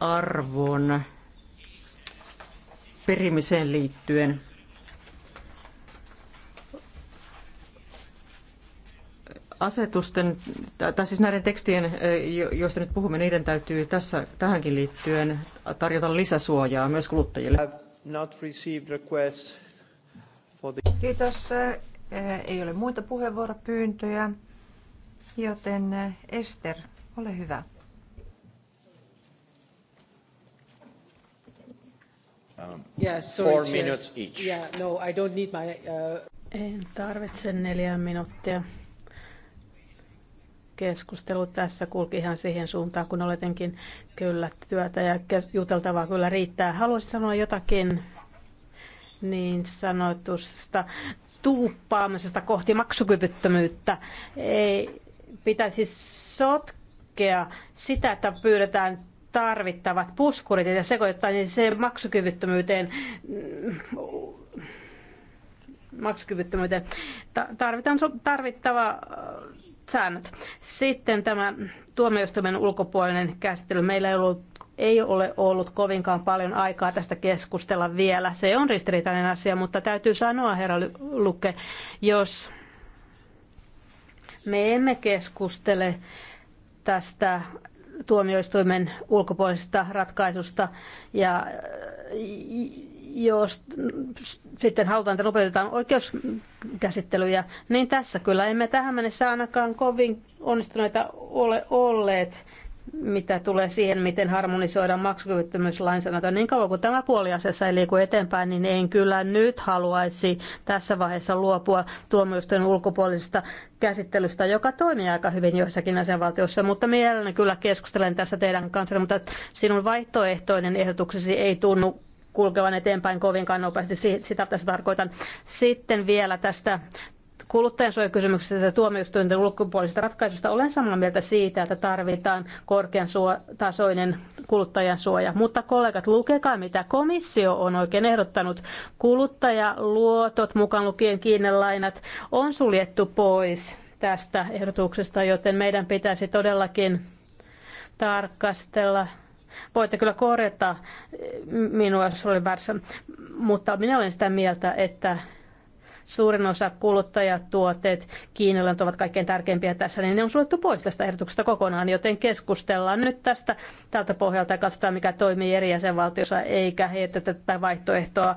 arvon perimiseen liittyen. asetusten, tai siis näiden tekstien, eh, joista nyt puhumme, niiden täytyy tässä, tähänkin liittyen tarjota lisäsuojaa myös kuluttajille. Kiitos. Eh, ei ole muita puheenvuoropyyntöjä, joten eh, Ester, ole hyvä. Um, yeah, sorry, four uh, minutes each. Yeah, no, I don't need my, uh... En tarvitse neljää minuuttia keskustelu tässä kulki ihan siihen suuntaan, kun oletinkin kyllä työtä ja juteltavaa kyllä riittää. Haluaisin sanoa jotakin niin sanotusta tuuppaamisesta kohti maksukyvyttömyyttä. Ei pitäisi sotkea sitä, että pyydetään tarvittavat puskurit ja sekoittaa niin se maksukyvyttömyyteen mm, maksukyvyttömyyteen. Tarvitaan tarvittava säännöt. Sitten tämä tuomioistuimen ulkopuolinen käsittely. Meillä ei, ollut, ei ole ollut kovinkaan paljon aikaa tästä keskustella vielä. Se on ristiriitainen asia, mutta täytyy sanoa, herra Luke, jos me emme keskustele tästä tuomioistuimen ulkopuolisesta ratkaisusta ja jos sitten halutaan, että nopeutetaan oikeuskäsittelyjä, niin tässä kyllä emme tähän mennessä ainakaan kovin onnistuneita ole olleet, mitä tulee siihen, miten harmonisoidaan maksukyvyttömyyslainsäädäntöä. Niin kauan kuin tämä puoliasiassa ei liiku eteenpäin, niin en kyllä nyt haluaisi tässä vaiheessa luopua tuomioistuin ulkopuolisesta käsittelystä, joka toimii aika hyvin joissakin asianvaltioissa, mutta mielelläni kyllä keskustelen tässä teidän kanssanne, mutta sinun vaihtoehtoinen ehdotuksesi ei tunnu kulkevan eteenpäin kovinkaan nopeasti. Sitä tässä tarkoitan. Sitten vielä tästä kuluttajansuojakysymyksestä ja tuomioistuinten ulkopuolisesta ratkaisusta olen samaa mieltä siitä, että tarvitaan korkean tasoinen kuluttajansuoja. Mutta kollegat, lukekaa mitä komissio on oikein ehdottanut. Kuluttajaluotot, mukaan lukien kiinnelainat, on suljettu pois tästä ehdotuksesta, joten meidän pitäisi todellakin tarkastella Voitte kyllä korjata eh, minua, jos olen väärässä, mutta minä olen sitä mieltä, että suurin osa kuluttajatuotteet Kiinalle ovat kaikkein tärkeimpiä tässä, niin ne on suljettu pois tästä ehdotuksesta kokonaan, joten keskustellaan nyt tästä tältä pohjalta ja katsotaan, mikä toimii eri jäsenvaltiossa, eikä heitä tätä vaihtoehtoa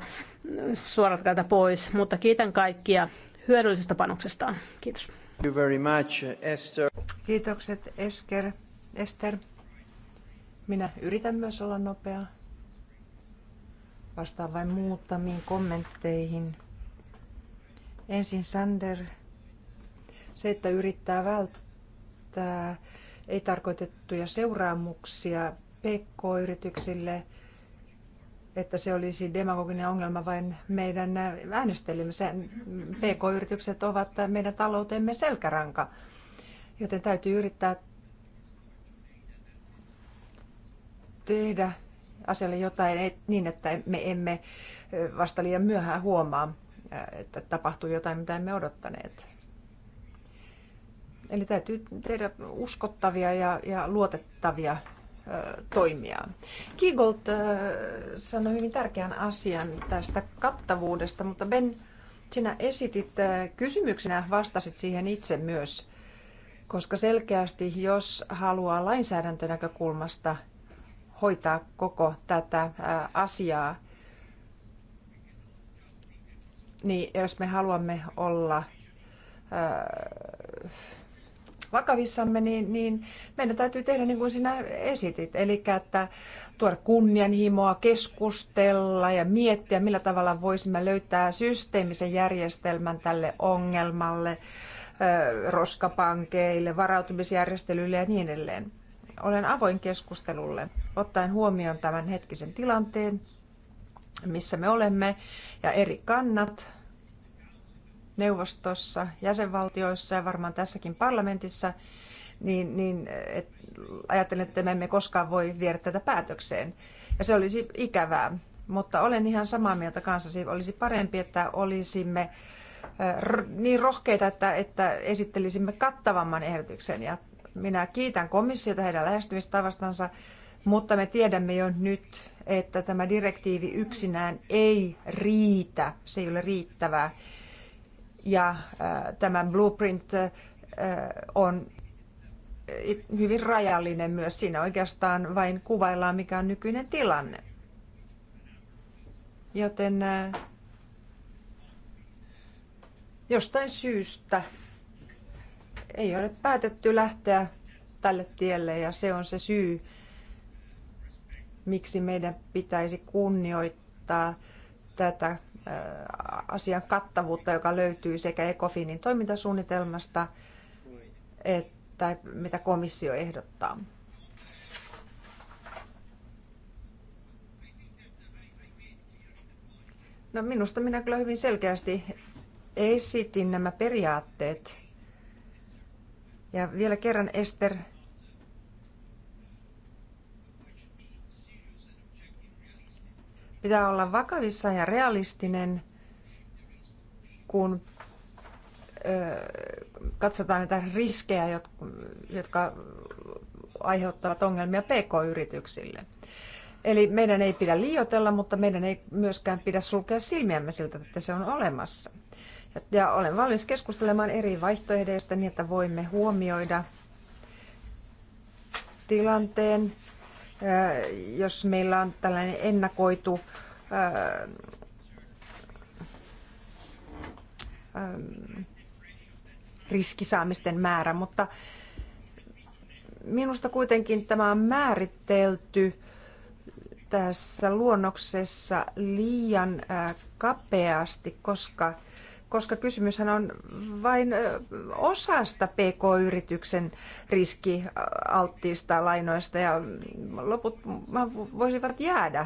suoraan pois. Mutta kiitän kaikkia hyödyllisestä panoksestaan. Kiitos. Thank you very much, Esther. Kiitokset Esker. Esther. Minä yritän myös olla nopea. Vastaan vain muutamiin kommentteihin. Ensin Sander. Se, että yrittää välttää ei tarkoitettuja seuraamuksia PK-yrityksille, että se olisi demagoginen ongelma vain meidän äänestelimme PK-yritykset ovat meidän taloutemme selkäranka, joten täytyy yrittää tehdä asialle jotain niin, että me emme vasta liian myöhään huomaa, että tapahtuu jotain, mitä emme odottaneet. Eli täytyy tehdä uskottavia ja, ja luotettavia toimia. Kigolt sanoi hyvin tärkeän asian tästä kattavuudesta, mutta Ben, sinä esitit kysymyksenä, vastasit siihen itse myös, koska selkeästi, jos haluaa lainsäädäntönäkökulmasta hoitaa koko tätä asiaa. Niin jos me haluamme olla vakavissamme, niin, niin meidän täytyy tehdä niin kuin sinä esitit, eli että tuoda kunnianhimoa, keskustella ja miettiä, millä tavalla voisimme löytää systeemisen järjestelmän tälle ongelmalle, roskapankeille, varautumisjärjestelyille ja niin edelleen olen avoin keskustelulle, ottaen huomioon tämän hetkisen tilanteen, missä me olemme, ja eri kannat neuvostossa, jäsenvaltioissa ja varmaan tässäkin parlamentissa, niin, niin et, ajattelen, että me emme koskaan voi viedä tätä päätökseen. Ja se olisi ikävää, mutta olen ihan samaa mieltä kanssasi. Olisi parempi, että olisimme niin rohkeita, että, että esittelisimme kattavamman ehdotuksen. Ja minä kiitän komissiota heidän lähestymistavastansa, mutta me tiedämme jo nyt, että tämä direktiivi yksinään ei riitä, se ei ole riittävää. Ja äh, tämä blueprint äh, on hyvin rajallinen myös. Siinä oikeastaan vain kuvaillaan, mikä on nykyinen tilanne. Joten äh, jostain syystä ei ole päätetty lähteä tälle tielle ja se on se syy, miksi meidän pitäisi kunnioittaa tätä asian kattavuutta, joka löytyy sekä ECOFINin toimintasuunnitelmasta että mitä komissio ehdottaa. No minusta minä kyllä hyvin selkeästi esitin nämä periaatteet ja vielä kerran Ester. Pitää olla vakavissa ja realistinen, kun katsotaan näitä riskejä, jotka aiheuttavat ongelmia pk-yrityksille. Eli meidän ei pidä liioitella, mutta meidän ei myöskään pidä sulkea silmiämme siltä, että se on olemassa. Ja olen valmis keskustelemaan eri vaihtoehdoista niin, että voimme huomioida tilanteen, äh, jos meillä on tällainen ennakoitu äh, ähm, riskisaamisten määrä, mutta minusta kuitenkin tämä on määritelty tässä luonnoksessa liian äh, kapeasti, koska koska kysymyshän on vain osasta PK-yrityksen riskialttiista lainoista ja loput voisivat jäädä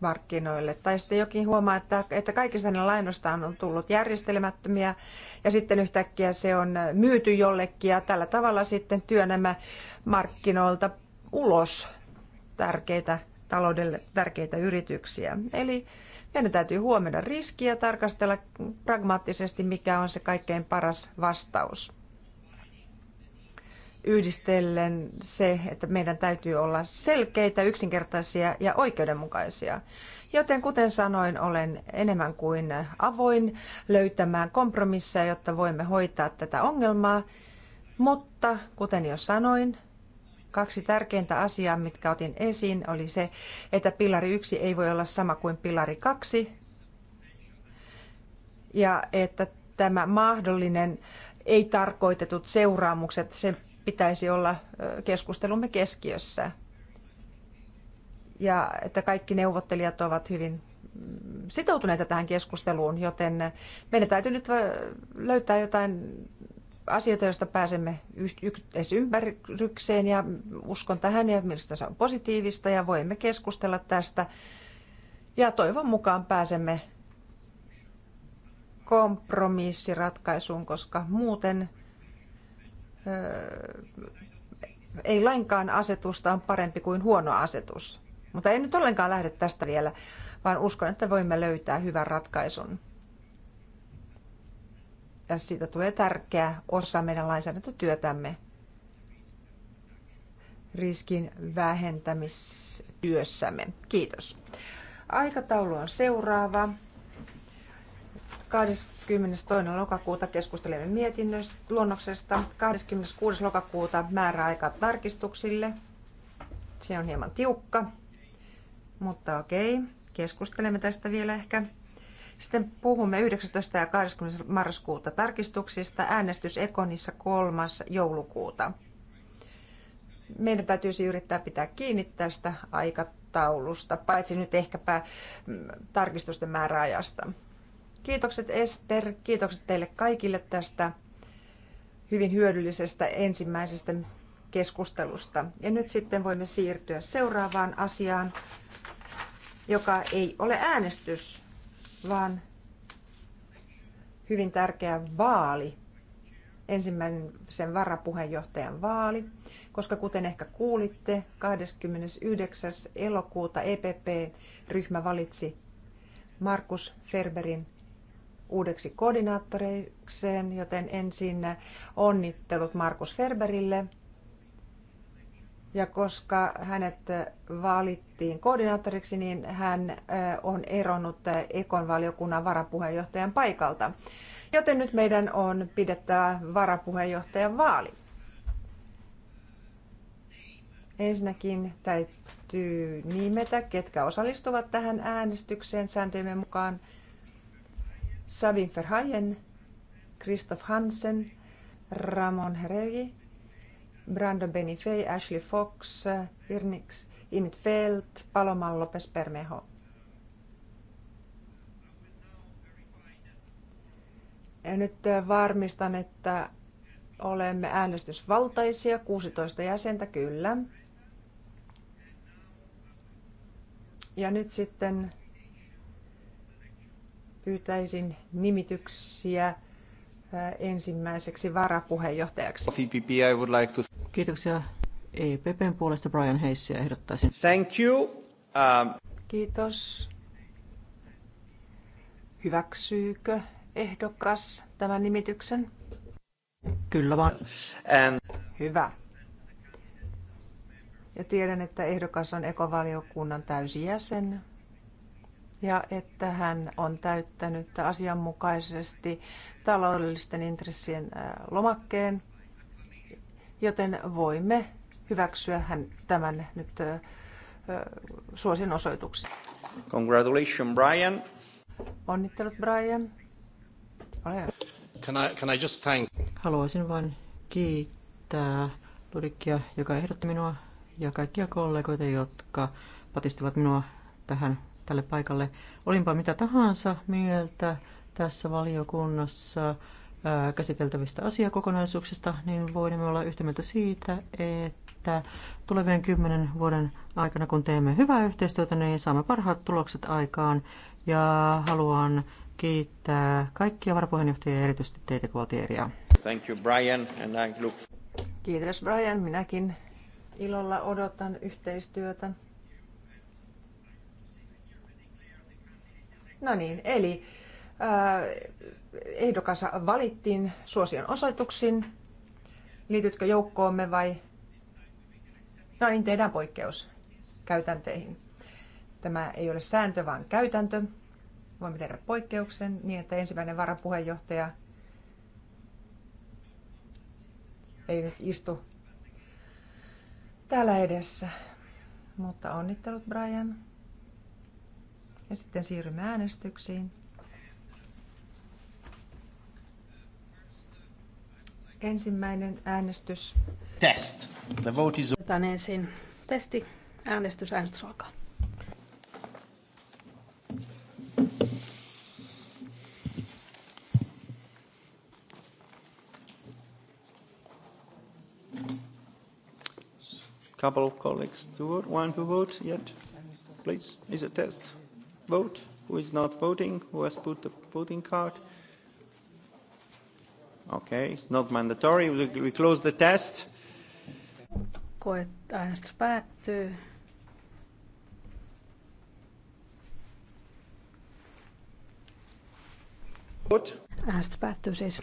markkinoille. Tai sitten jokin huomaa, että, että kaikista hänen lainoista on tullut järjestelemättömiä ja sitten yhtäkkiä se on myyty jollekin ja tällä tavalla sitten työnämä markkinoilta ulos tärkeitä taloudelle tärkeitä yrityksiä. Eli meidän täytyy huomioida riskiä ja tarkastella pragmaattisesti, mikä on se kaikkein paras vastaus. Yhdistellen se, että meidän täytyy olla selkeitä, yksinkertaisia ja oikeudenmukaisia. Joten kuten sanoin, olen enemmän kuin avoin löytämään kompromisseja, jotta voimme hoitaa tätä ongelmaa. Mutta kuten jo sanoin, Kaksi tärkeintä asiaa, mitkä otin esiin, oli se, että pilari yksi ei voi olla sama kuin pilari kaksi ja että tämä mahdollinen ei tarkoitetut seuraamukset, se pitäisi olla keskustelumme keskiössä. Ja että kaikki neuvottelijat ovat hyvin mm, sitoutuneita tähän keskusteluun, joten meidän täytyy nyt löytää jotain asioita, joista pääsemme yhteisymmärrykseen ja uskon tähän ja mielestäni se on positiivista ja voimme keskustella tästä. Ja toivon mukaan pääsemme kompromissiratkaisuun, koska muuten öö, ei lainkaan asetusta on parempi kuin huono asetus. Mutta en nyt ollenkaan lähde tästä vielä, vaan uskon, että voimme löytää hyvän ratkaisun siitä tulee tärkeä osa meidän lainsäädäntötyötämme riskin vähentämistyössämme. Kiitos. Aikataulu on seuraava. 22. lokakuuta keskustelemme mietinnöstä luonnoksesta. 26. lokakuuta määräaika tarkistuksille. Se on hieman tiukka, mutta okei, keskustelemme tästä vielä ehkä. Sitten puhumme 19. ja 20. marraskuuta tarkistuksista. Äänestys Ekonissa 3. joulukuuta. Meidän täytyisi yrittää pitää kiinni tästä aikataulusta, paitsi nyt ehkäpä mm, tarkistusten määräajasta. Kiitokset Ester, kiitokset teille kaikille tästä hyvin hyödyllisestä ensimmäisestä keskustelusta. Ja nyt sitten voimme siirtyä seuraavaan asiaan, joka ei ole äänestys, vaan hyvin tärkeä vaali, ensimmäinen sen varapuheenjohtajan vaali, koska kuten ehkä kuulitte, 29. elokuuta EPP-ryhmä valitsi Markus Ferberin uudeksi koordinaattoreikseen, joten ensin onnittelut Markus Ferberille ja koska hänet valittiin koordinaattoriksi, niin hän on eronnut Ekon valiokunnan varapuheenjohtajan paikalta. Joten nyt meidän on pidettävä varapuheenjohtajan vaali. Ensinnäkin täytyy nimetä, ketkä osallistuvat tähän äänestykseen sääntöjemme mukaan. Sabin Verhaien, Christoph Hansen, Ramon Herevi, Brando Benifei, Ashley Fox, Irnix, Init Felt, Paloma Lopez permeho Ja nyt äh, varmistan, että olemme äänestysvaltaisia, 16 jäsentä kyllä. Ja nyt sitten pyytäisin nimityksiä Äh, ensimmäiseksi varapuheenjohtajaksi. E Kiitoksia EPPn puolesta Brian Heissiä ehdottaisin. Thank you. Uh... Kiitos. Hyväksyykö ehdokas tämän nimityksen? Kyllä vaan. And... Hyvä. Ja tiedän, että ehdokas on ekovaliokunnan täysjäsen ja että hän on täyttänyt asianmukaisesti taloudellisten intressien lomakkeen, joten voimme hyväksyä hän tämän nyt suosin osoituksen. Congratulations, Brian. Onnittelut, Brian. Ole hyvä. Can I, can I just thank... Haluaisin vain kiittää Ludikia, joka ehdotti minua, ja kaikkia kollegoita, jotka patistivat minua tähän tälle paikalle. Olinpa mitä tahansa mieltä tässä valiokunnassa käsiteltävistä asiakokonaisuuksista, niin voimme olla yhtä mieltä siitä, että tulevien kymmenen vuoden aikana, kun teemme hyvää yhteistyötä, niin saamme parhaat tulokset aikaan. Ja haluan kiittää kaikkia varapuheenjohtajia ja erityisesti teitä Kualtieria. Thank you, Brian, and I look... Kiitos Brian, minäkin ilolla odotan yhteistyötä. No niin, eli äh, ehdokas valittiin suosion osoituksin. Liitytkö joukkoomme vai? No niin, tehdään poikkeus käytänteihin. Tämä ei ole sääntö, vaan käytäntö. Voimme tehdä poikkeuksen niin, että ensimmäinen varapuheenjohtaja ei nyt istu täällä edessä. Mutta onnittelut, Brian. Ja sitten siirrymme äänestyksiin. Ensimmäinen äänestys. Test. The vote is... Otan ensin testi. Äänestys, äänestys alkaa. Couple of colleagues to vote. One to vote yet. Please, is it test? vote? Who is not voting? Who has put the voting card? Okay, it's not mandatory. We we close the test. Koe Vote. Äänestys päättyy siis.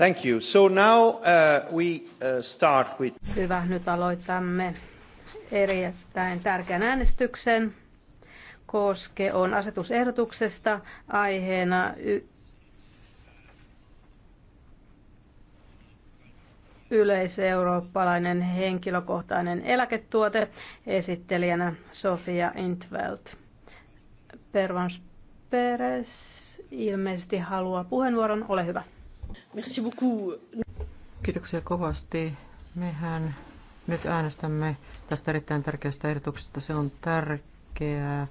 Thank you. So now uh, we uh, start with... Hyvä, nyt aloitamme erittäin tärkeän äänestyksen. Koske on asetusehdotuksesta aiheena y- yleiseurooppalainen henkilökohtainen eläketuote, esittelijänä Sofia Intveld. Pervans Peres ilmeisesti haluaa puheenvuoron. Ole hyvä. Merci beaucoup. Kiitoksia kovasti. Mehän nyt äänestämme tästä erittäin tärkeästä ehdotuksesta. Se on tärkeää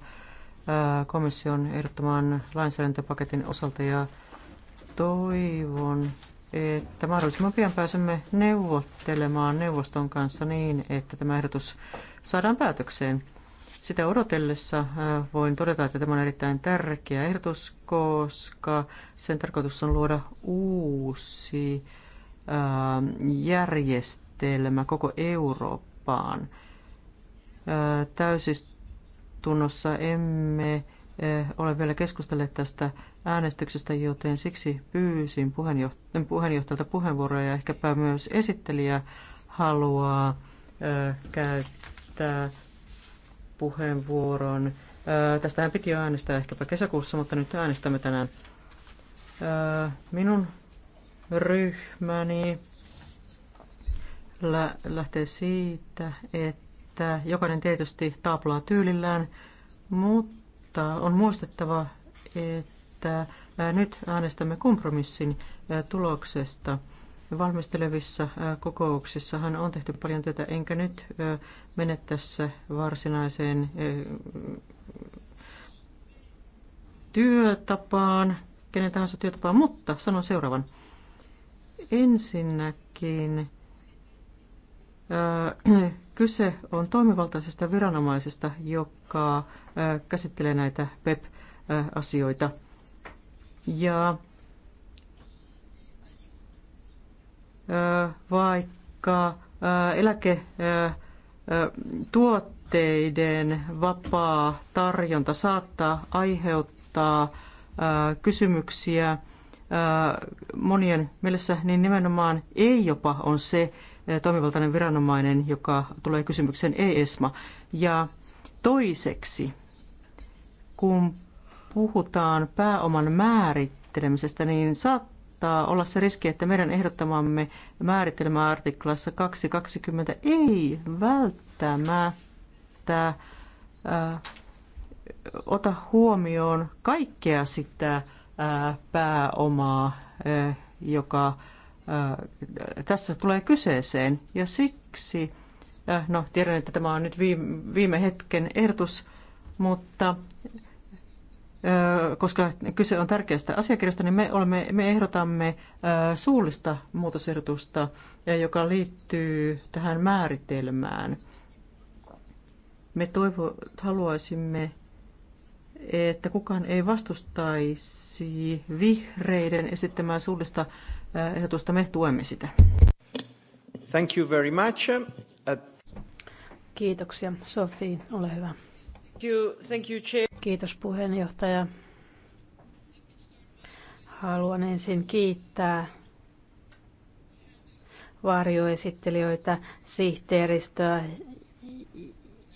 komission ehdottoman lainsäädäntöpaketin osalta ja toivon, että mahdollisimman pian pääsemme neuvottelemaan neuvoston kanssa niin, että tämä ehdotus saadaan päätökseen. Sitä odotellessa äh, voin todeta, että tämä on erittäin tärkeä ehdotus, koska sen tarkoitus on luoda uusi äh, järjestelmä koko Eurooppaan. Äh, täysistunnossa emme ole vielä keskustelleet tästä äänestyksestä, joten siksi pyysin puheenjohtajalta puheenvuoroja ja ehkäpä myös esittelijä haluaa käyttää puheenvuoron. Tästähän piti äänestää ehkäpä kesäkuussa, mutta nyt äänestämme tänään. Minun ryhmäni lähtee siitä, että jokainen tietysti taaplaa tyylillään, mutta on muistettava, että nyt äänestämme kompromissin tuloksesta – valmistelevissa kokouksissahan on tehty paljon työtä, enkä nyt mene tässä varsinaiseen työtapaan, kenen tahansa työtapaan, mutta sanon seuraavan. Ensinnäkin kyse on toimivaltaisesta viranomaisesta, joka käsittelee näitä PEP-asioita. Ja vaikka eläketuotteiden vapaa tarjonta saattaa aiheuttaa kysymyksiä monien mielessä, niin nimenomaan ei jopa on se toimivaltainen viranomainen, joka tulee kysymykseen, ei ESMA. Ja toiseksi, kun puhutaan pääoman määrittelemisestä, niin saattaa saattaa olla se riski, että meidän ehdottamamme määritelmä artiklassa 2.20 ei välttämättä äh, ota huomioon kaikkea sitä äh, pääomaa, äh, joka äh, tässä tulee kyseeseen. Ja siksi, äh, no tiedän, että tämä on nyt viime, viime hetken ehdotus, mutta koska kyse on tärkeästä asiakirjasta, niin me, olemme, me ehdotamme suullista muutosehdotusta, joka liittyy tähän määritelmään. Me toivo, haluaisimme, että kukaan ei vastustaisi vihreiden esittämää suullista ehdotusta. Me tuemme sitä. Thank you very much. Kiitoksia. Sofi, ole hyvä. Kiitos puheenjohtaja. Haluan ensin kiittää varjoesittelijöitä, sihteeristöä,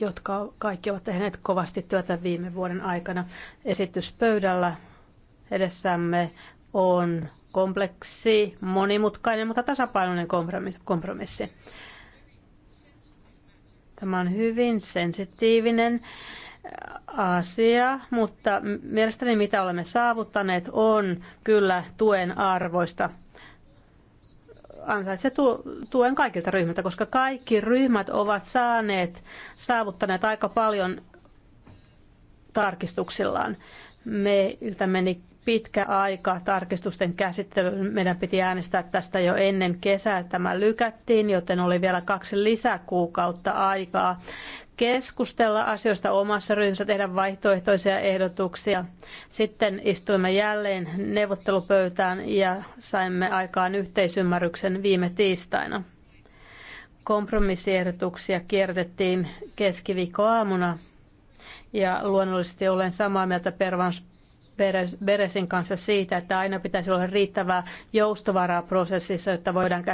jotka kaikki ovat tehneet kovasti työtä viime vuoden aikana. Esityspöydällä edessämme on kompleksi, monimutkainen, mutta tasapainoinen kompromissi. Tämä on hyvin sensitiivinen asia, mutta mielestäni mitä olemme saavuttaneet on kyllä tuen arvoista. Ansaitsee tuen kaikilta ryhmiltä, koska kaikki ryhmät ovat saaneet, saavuttaneet aika paljon tarkistuksillaan. Meiltä meni niin pitkä aika tarkistusten käsittelyyn. Meidän piti äänestää tästä jo ennen kesää. Tämä lykättiin, joten oli vielä kaksi lisäkuukautta aikaa keskustella asioista omassa ryhmässä, tehdä vaihtoehtoisia ehdotuksia. Sitten istuimme jälleen neuvottelupöytään ja saimme aikaan yhteisymmärryksen viime tiistaina. Kompromissiehdotuksia kierrettiin keskiviikkoaamuna ja luonnollisesti olen samaa mieltä Pervans Beresin kanssa siitä, että aina pitäisi olla riittävää joustovaraa prosessissa, jotta voidaan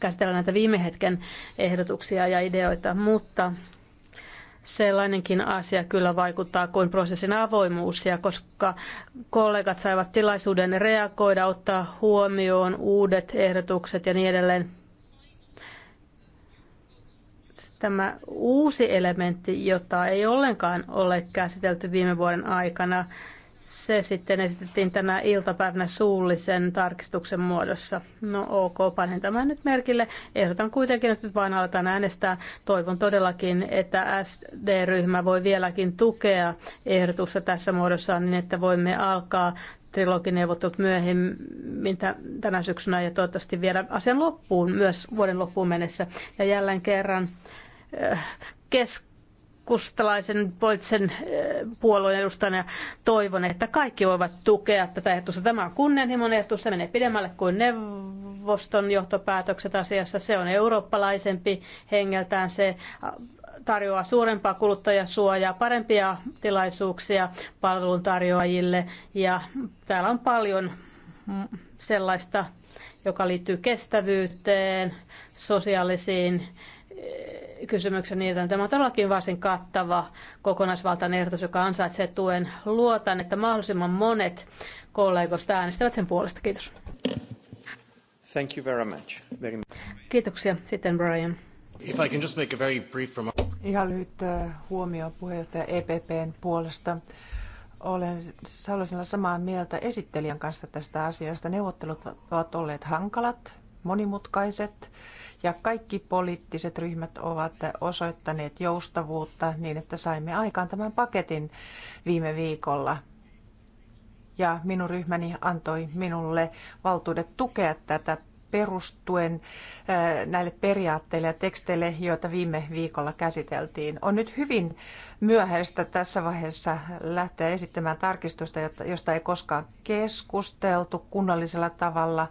käsitellä näitä viime hetken ehdotuksia ja ideoita, mutta Sellainenkin asia kyllä vaikuttaa kuin prosessin avoimuus, ja koska kollegat saivat tilaisuuden reagoida, ottaa huomioon uudet ehdotukset ja niin edelleen. Tämä uusi elementti, jota ei ollenkaan ole käsitelty viime vuoden aikana, se sitten esitettiin tänä iltapäivänä suullisen tarkistuksen muodossa. No ok, panen tämän nyt merkille. Ehdotan kuitenkin, että nyt vain aletaan äänestää. Toivon todellakin, että SD-ryhmä voi vieläkin tukea ehdotusta tässä muodossa niin, että voimme alkaa trilogineuvottelut myöhemmin tänä syksynä ja toivottavasti viedä asian loppuun myös vuoden loppuun mennessä. Ja jälleen kerran eh, kesk keskustalaisen poliittisen puolueen edustajana toivon, että kaikki voivat tukea tätä ehdotusta. Tämä on kunnianhimoinen ehdotus, se menee pidemmälle kuin neuvoston johtopäätökset asiassa. Se on eurooppalaisempi hengeltään, se tarjoaa suurempaa kuluttajasuojaa, parempia tilaisuuksia palveluntarjoajille ja täällä on paljon sellaista, joka liittyy kestävyyteen, sosiaalisiin kysymyksen niin, Tämä on todellakin varsin kattava kokonaisvaltainen ehdotus, joka ansaitsee tuen. Luotan, että mahdollisimman monet kollegoista äänestävät sen puolesta. Kiitos. Thank you very much. Very much. Kiitoksia. Sitten Brian. If I can just make a very brief remark. Ihan lyhyt huomio puheenjohtaja EPPn puolesta. Olen Salosella samaa mieltä esittelijän kanssa tästä asiasta. Neuvottelut ovat olleet hankalat, monimutkaiset ja kaikki poliittiset ryhmät ovat osoittaneet joustavuutta niin, että saimme aikaan tämän paketin viime viikolla. Ja minun ryhmäni antoi minulle valtuudet tukea tätä perustuen näille periaatteille ja teksteille, joita viime viikolla käsiteltiin. On nyt hyvin myöhäistä tässä vaiheessa lähteä esittämään tarkistusta, josta ei koskaan keskusteltu kunnallisella tavalla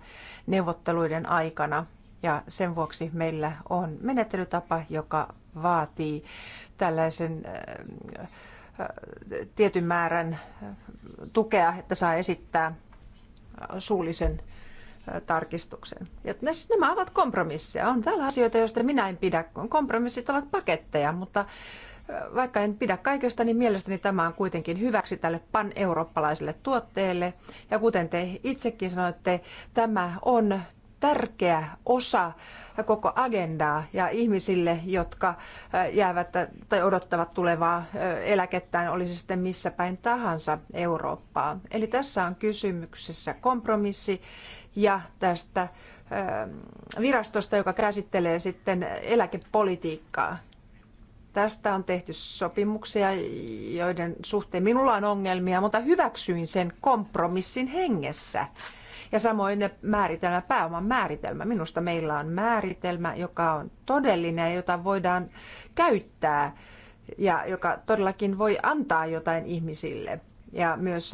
neuvotteluiden aikana. Ja sen vuoksi meillä on menettelytapa, joka vaatii tällaisen äh, äh, tietyn määrän äh, tukea, että saa esittää suullisen tarkistuksen. Ja nämä ovat kompromisseja. On tällä asioita, joista minä en pidä. Kompromissit ovat paketteja, mutta vaikka en pidä kaikesta, niin mielestäni tämä on kuitenkin hyväksi tälle pan-eurooppalaiselle tuotteelle. Ja kuten te itsekin sanoitte, tämä on tärkeä osa koko agendaa ja ihmisille, jotka äh, jäävät tai odottavat tulevaa äh, eläkettään, olisi sitten missä päin tahansa Eurooppaa. Eli tässä on kysymyksessä kompromissi ja tästä äh, virastosta, joka käsittelee sitten eläkepolitiikkaa. Tästä on tehty sopimuksia, joiden suhteen minulla on ongelmia, mutta hyväksyin sen kompromissin hengessä. Ja samoin määritelmä, pääoman määritelmä. Minusta meillä on määritelmä, joka on todellinen ja jota voidaan käyttää ja joka todellakin voi antaa jotain ihmisille ja myös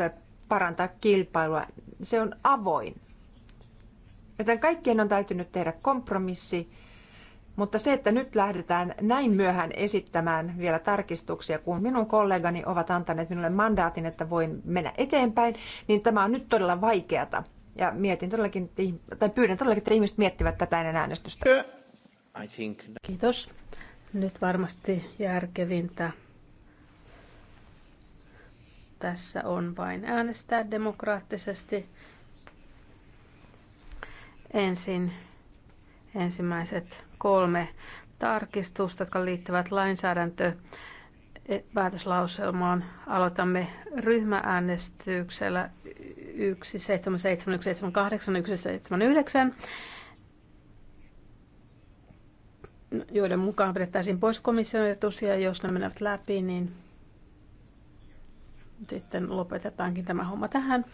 parantaa kilpailua. Se on avoin. Joten kaikkien on täytynyt tehdä kompromissi, mutta se, että nyt lähdetään näin myöhään esittämään vielä tarkistuksia, kun minun kollegani ovat antaneet minulle mandaatin, että voin mennä eteenpäin, niin tämä on nyt todella vaikeata. Ja mietin todellakin, tai pyydän todellakin, että ihmiset miettivät tätä ennen äänestystä. Kiitos. Nyt varmasti järkevintä tässä on vain äänestää demokraattisesti. Ensin ensimmäiset kolme tarkistusta, jotka liittyvät lainsäädäntöpäätöslauselmaan. E- Aloitamme ryhmääänestyksellä 1, 7, 7, 1, joiden mukaan pidettäisiin pois komission ja jos ne menevät läpi, niin sitten lopetetaankin tämä homma tähän.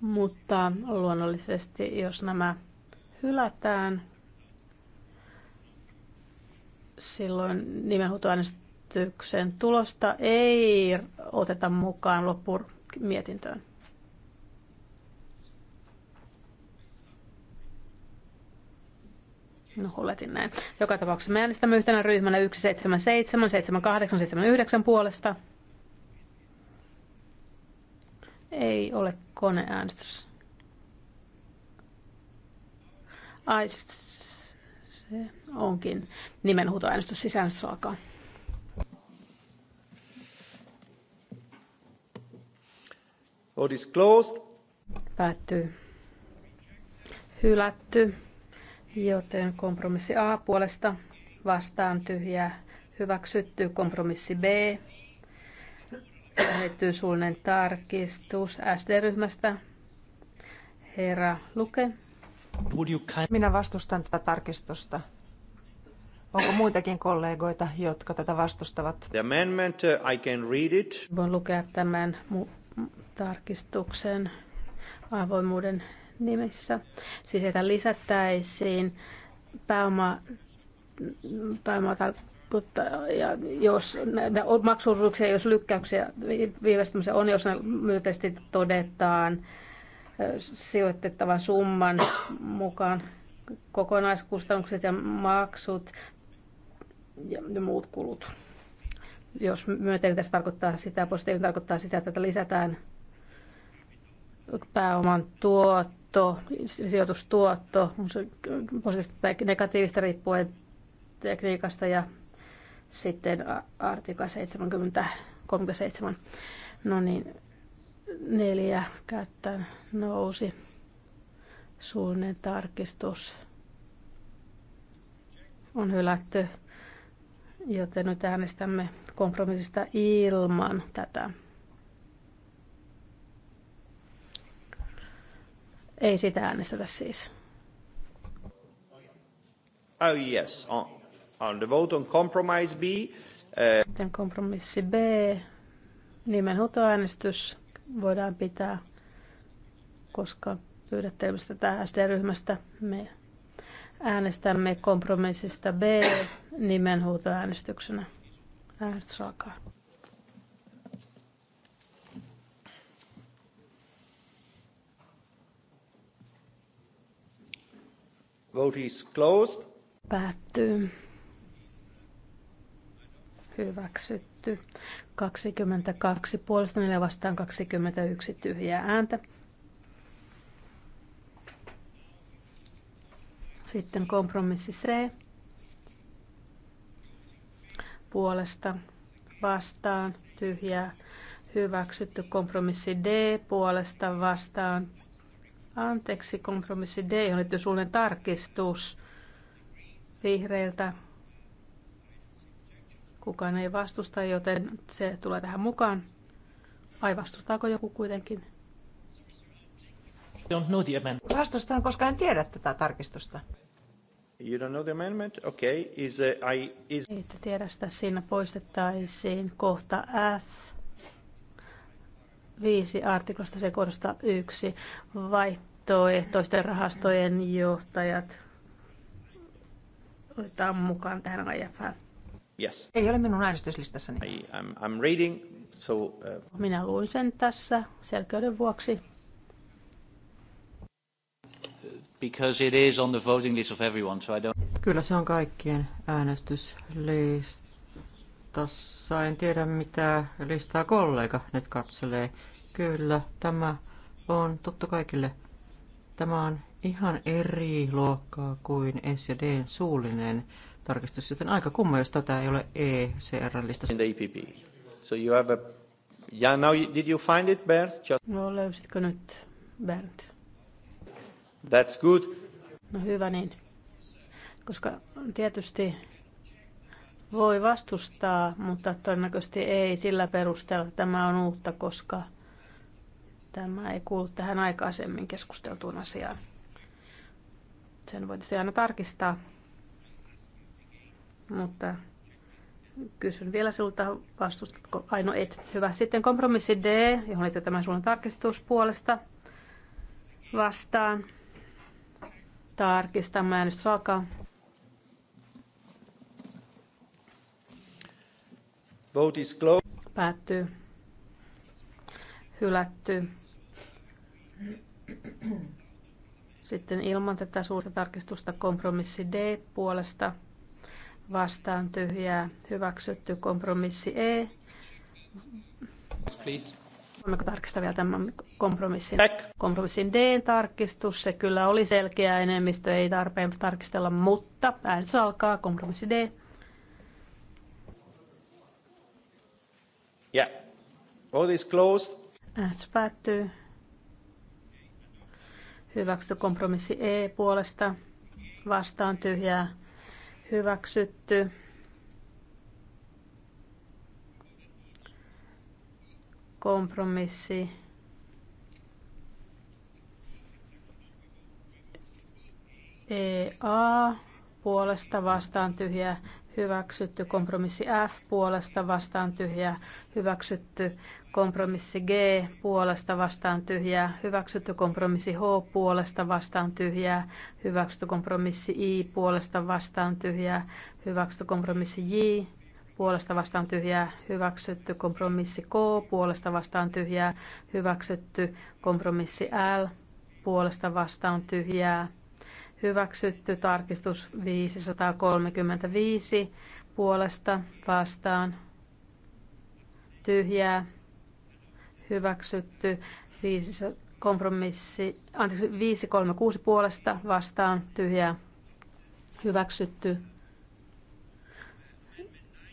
Mutta luonnollisesti, jos nämä hylätään, silloin nimenhuutoäänestyksen tulosta ei oteta mukaan loppumietintöön. No, oletin näin. Joka tapauksessa me äänestämme yhtenä ryhmänä 177, 78, 79 puolesta. Ei ole koneäänestys. Ai, se onkin nimenhuutoäänestys, sisäänestys alkaa. Vote is closed. Päättyy. Hylätty. Joten kompromissi A puolesta vastaan tyhjää hyväksytty. Kompromissi B lähetetty suullinen tarkistus SD-ryhmästä. Herra Luke. Minä vastustan tätä tarkistusta. Onko muitakin kollegoita, jotka tätä vastustavat? The amendment, uh, I can read it. Voin lukea tämän mu- tarkistuksen avoimuuden nimissä, siis että lisättäisiin pääoma, pääoma ja jos maksuosuuksia, jos lykkäyksiä viivästymisen on, jos ne myönteisesti todetaan sijoitettavan summan mukaan kokonaiskustannukset ja maksut ja muut kulut. Jos myönteinen tässä tarkoittaa sitä, positiivinen tarkoittaa sitä, että lisätään pääoman tuot, tuotto, sijoitustuotto, positiivista tai negatiivista riippuen tekniikasta ja sitten artikla 70, 37. No niin, neljä kättä nousi. Suullinen tarkistus on hylätty, joten nyt äänestämme kompromissista ilman tätä Ei sitä äänestetä siis. Oh yes, on, on the vote on compromise B. Uh... kompromissi B, nimenhuutoäänestys voidaan pitää, koska pyydätte ilmeisesti tätä SD-ryhmästä. Me äänestämme kompromissista B nimenhuutoäänestyksenä. Äänestys alkaa. Vote is closed. Päättyy. Hyväksytty. 22 puolesta 4 vastaan 21 tyhjää ääntä. Sitten kompromissi C puolesta vastaan tyhjää hyväksytty kompromissi D puolesta vastaan Anteeksi, kompromissi D oli suullinen tarkistus vihreiltä. Kukaan ei vastusta, joten se tulee tähän mukaan. Vai vastustaako joku kuitenkin? Vastustan, koska en tiedä tätä tarkistusta. You don't know the amendment? Okay. Is, uh, I, is... Ette tiedä sitä. Siinä poistettaisiin kohta F 5 artiklasta se kohdasta yksi vaihtoehtoisten rahastojen johtajat otetaan mukaan tähän IFR. Yes. Ei ole minun äänestyslistassani. I, I'm, I'm reading, so, uh... Minä luin sen tässä selkeyden vuoksi. Because it is on the voting list of everyone, so I don't... Kyllä se on kaikkien äänestyslist vastassa. En tiedä, mitä listaa kollega nyt katselee. Kyllä, tämä on tuttu kaikille. Tämä on ihan eri luokkaa kuin S ja suullinen tarkistus, joten aika kumma, jos tätä ei ole ECR-listassa. E so you have a... Yeah, now you, did you find it, Bert? Just... No löysitkö nyt, Bert? That's good. No hyvä niin, koska tietysti voi vastustaa, mutta todennäköisesti ei sillä perusteella, tämä on uutta, koska tämä ei kuulu tähän aikaisemmin keskusteltuun asiaan. Sen voitaisiin aina tarkistaa, mutta kysyn vielä sinulta, vastustatko Aino et. Hyvä. Sitten kompromissi D, johon liittyy tämä suunnan tarkistus puolesta vastaan. Tarkistamme nyt alkaa. Vote is closed. Päättyy. Hylätty. Sitten ilman tätä suurta tarkistusta kompromissi D puolesta vastaan tyhjää hyväksytty kompromissi E. Please. Voimmeko tarkistaa vielä tämän kompromissin? Back. Kompromissin D-tarkistus, se kyllä oli selkeä enemmistö, ei tarpeen tarkistella, mutta äänestys alkaa, kompromissi D. Yeah. Vote is closed. Äänestys päättyy. Hyväksytty kompromissi E puolesta. Vastaan tyhjää. Hyväksytty. Kompromissi. EA puolesta vastaan tyhjää hyväksytty kompromissi F puolesta vastaan tyhjää, hyväksytty kompromissi G puolesta vastaan tyhjää, hyväksytty kompromissi H puolesta vastaan tyhjää, hyväksytty kompromissi I puolesta vastaan tyhjää, hyväksytty kompromissi J puolesta vastaan tyhjää, hyväksytty kompromissi K puolesta vastaan tyhjää, hyväksytty kompromissi L puolesta vastaan tyhjää, Hyväksytty tarkistus 535 puolesta vastaan. Tyhjää. Hyväksytty 5, kompromissi, anteeksi, 536 puolesta vastaan. Tyhjää. Hyväksytty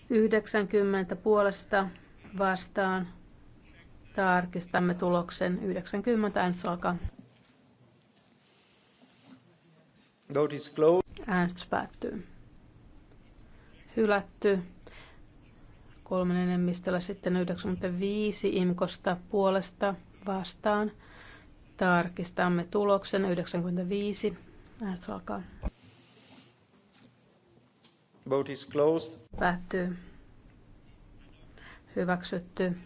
90 puolesta vastaan. Tarkistamme tuloksen 90 ensi alkaa. Äänestys päättyy. Hylätty. Kolmen enemmistöllä sitten 95 imkosta puolesta vastaan. Tarkistamme tuloksen 95. Äänestys alkaa. Vote is closed. Päättyy. Hyväksytty.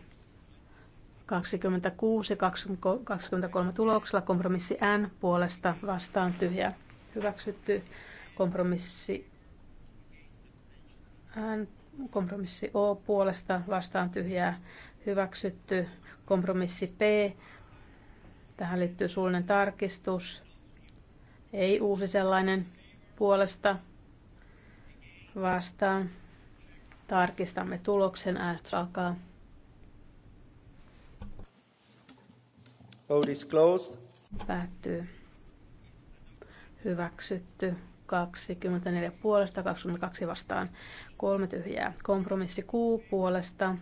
26 23 tuloksella kompromissi N puolesta vastaan tyhjä hyväksytty. Kompromissi N, kompromissi O puolesta vastaan tyhjää hyväksytty. Kompromissi P. Tähän liittyy suullinen tarkistus. Ei uusi sellainen puolesta vastaan. Tarkistamme tuloksen. Äänestys alkaa. Vote is closed. Päättyy hyväksytty 24 puolesta, 22 vastaan, kolme tyhjää. Kompromissi Q puolesta,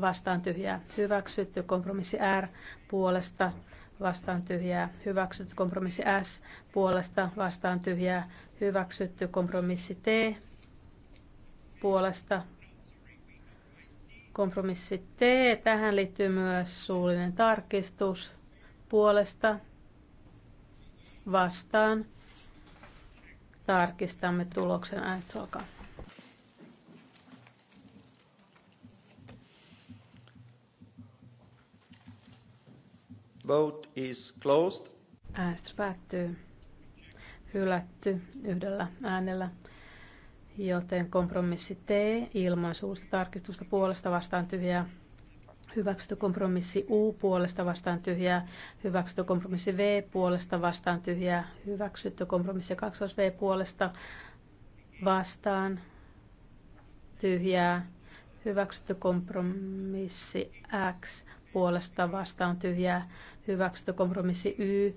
vastaan tyhjää, hyväksytty. Kompromissi R puolesta, vastaan tyhjää, hyväksytty. Kompromissi S puolesta, vastaan tyhjää, hyväksytty. Kompromissi T puolesta, kompromissi T. Tähän liittyy myös suullinen tarkistus puolesta, vastaan. Tarkistamme tuloksen. Äänestys Vote is closed. Äänestys päättyy. Hylätty yhdellä äänellä. Joten kompromissi T ilman suusta tarkistusta puolesta vastaan tyhjää Hyväksytty kompromissi U puolesta vastaan tyhjää, hyväksytty kompromissi V puolesta vastaan tyhjää, hyväksytty kompromissi 2 V puolesta vastaan tyhjää, hyväksytty kompromissi X puolesta vastaan tyhjää, hyväksytty kompromissi Y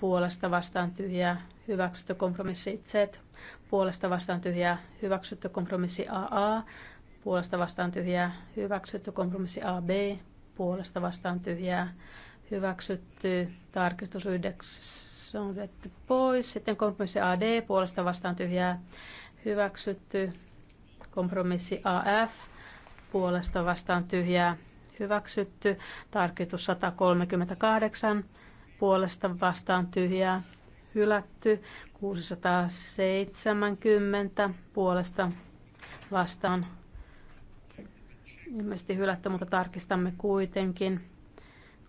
puolesta vastaan tyhjää, hyväksytty kompromissi Z puolesta vastaan tyhjää, hyväksytty kompromissi AA puolesta vastaan tyhjää hyväksytty, kompromissi AB puolesta vastaan tyhjää hyväksytty, tarkistus 9 on vetty pois, sitten kompromissi AD puolesta vastaan tyhjää hyväksytty, kompromissi AF puolesta vastaan tyhjää hyväksytty, tarkistus 138 puolesta vastaan tyhjää hylätty, 670 puolesta vastaan ilmeisesti hylätty, mutta tarkistamme kuitenkin.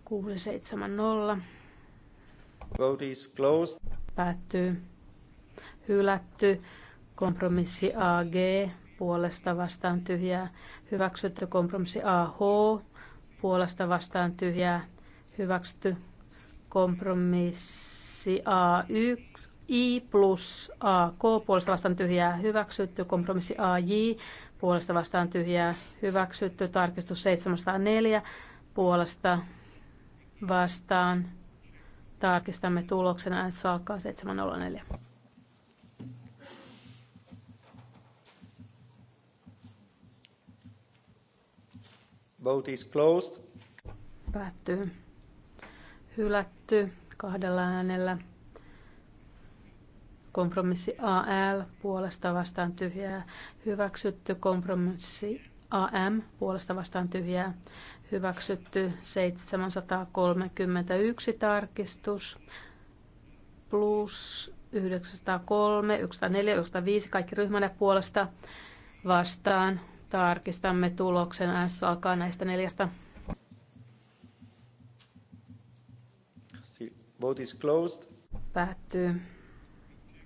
670. Päättyy. Hylätty. Kompromissi AG puolesta vastaan tyhjää. Hyväksytty kompromissi AH puolesta vastaan tyhjää. Hyväksytty kompromissi AY I plus AK puolesta vastaan tyhjää hyväksytty, kompromissi AJ puolesta vastaan tyhjää hyväksytty, tarkistus 704 puolesta vastaan. Tarkistamme tuloksen, äänestys alkaa 704. Vote is closed. Päättyy. Hylätty kahdella äänellä. Kompromissi AL puolesta vastaan tyhjää. Hyväksytty kompromissi AM puolesta vastaan tyhjää. Hyväksytty 731 tarkistus plus 903, 104, 105 kaikki ryhmänä puolesta vastaan. Tarkistamme tuloksen. S alkaa näistä neljästä. Vote is closed. Päättyy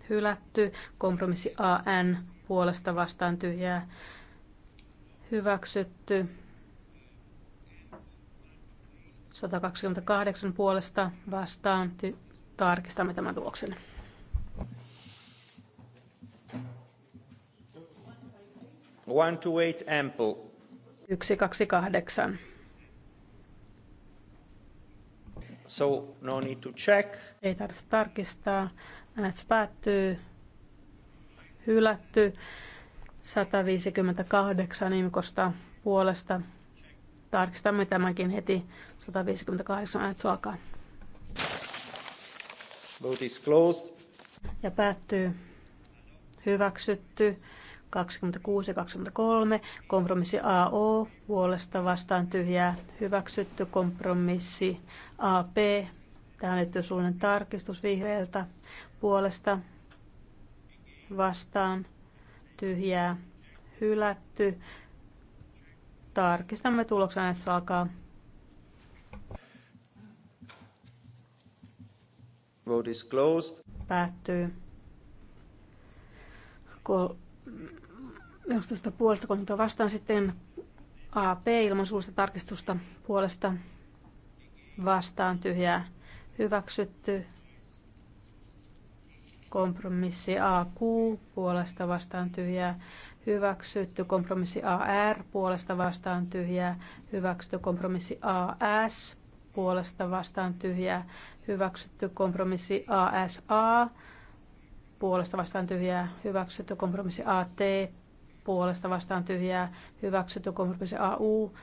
hylätty. Kompromissi AN puolesta vastaan tyhjää hyväksytty. 128 puolesta vastaan ty- tarkistamme tämän tuloksen. One to eight ample. Yksi, kaksi, kahdeksan. So no need to check. Ei tarvitse tarkistaa. Äänestys päättyy. Hylätty. 158 nimikosta puolesta. Tarkistamme tämänkin heti. 158 äänestys alkaa. Vote is closed. Ja päättyy. Hyväksytty. 26 23. Kompromissi AO puolesta vastaan tyhjää. Hyväksytty kompromissi AP. Tähän liittyy suullinen tarkistus vihreiltä puolesta vastaan tyhjää hylätty. Tarkistamme tuloksen äänessä alkaa. Vote is closed. Päättyy. Kol- 19 puolesta 30 vastaan sitten AP ilman suusta tarkistusta puolesta vastaan tyhjää hyväksytty. Kompromissi AQ puolesta vastaan tyhjää hyväksytty. Kompromissi AR puolesta vastaan tyhjää hyväksytty. Kompromissi AS puolesta vastaan tyhjää hyväksytty. Kompromissi ASA puolesta vastaan tyhjää hyväksytty. Kompromissi AT puolesta vastaan tyhjää hyväksytty. Kompromissi AU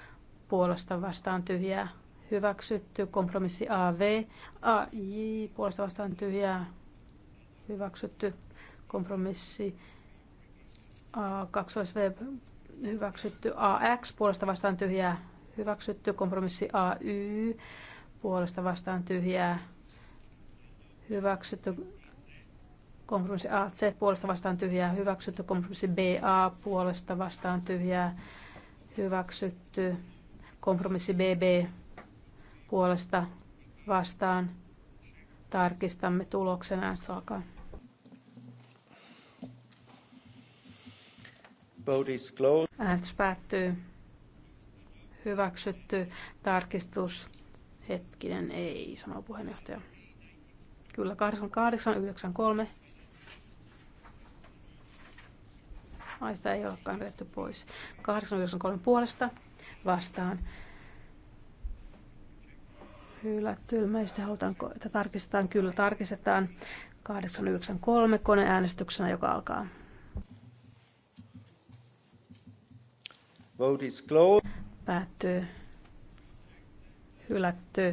puolesta vastaan tyhjää hyväksytty. Kompromissi AV, AJ puolesta vastaan tyhjää hyväksytty kompromissi A2V hyväksytty AX puolesta vastaan tyhjää hyväksytty kompromissi AY puolesta vastaan tyhjää hyväksytty kompromissi AC puolesta vastaan tyhjää hyväksytty kompromissi BA puolesta vastaan tyhjää hyväksytty kompromissi BB puolesta vastaan tarkistamme tuloksen äänestys alkaa. Vote Äänestys päättyy. Hyväksytty. Tarkistus. Hetkinen, ei, sanoo puheenjohtaja. Kyllä, 8893. Aista ei olekaan vedetty pois. 893 puolesta vastaan. Kyllä, tylmäistä Halutaanko, että tarkistetaan? Kyllä, tarkistetaan. 893 koneäänestyksenä, joka alkaa. Vote is closed. Päättyy. Hylätty.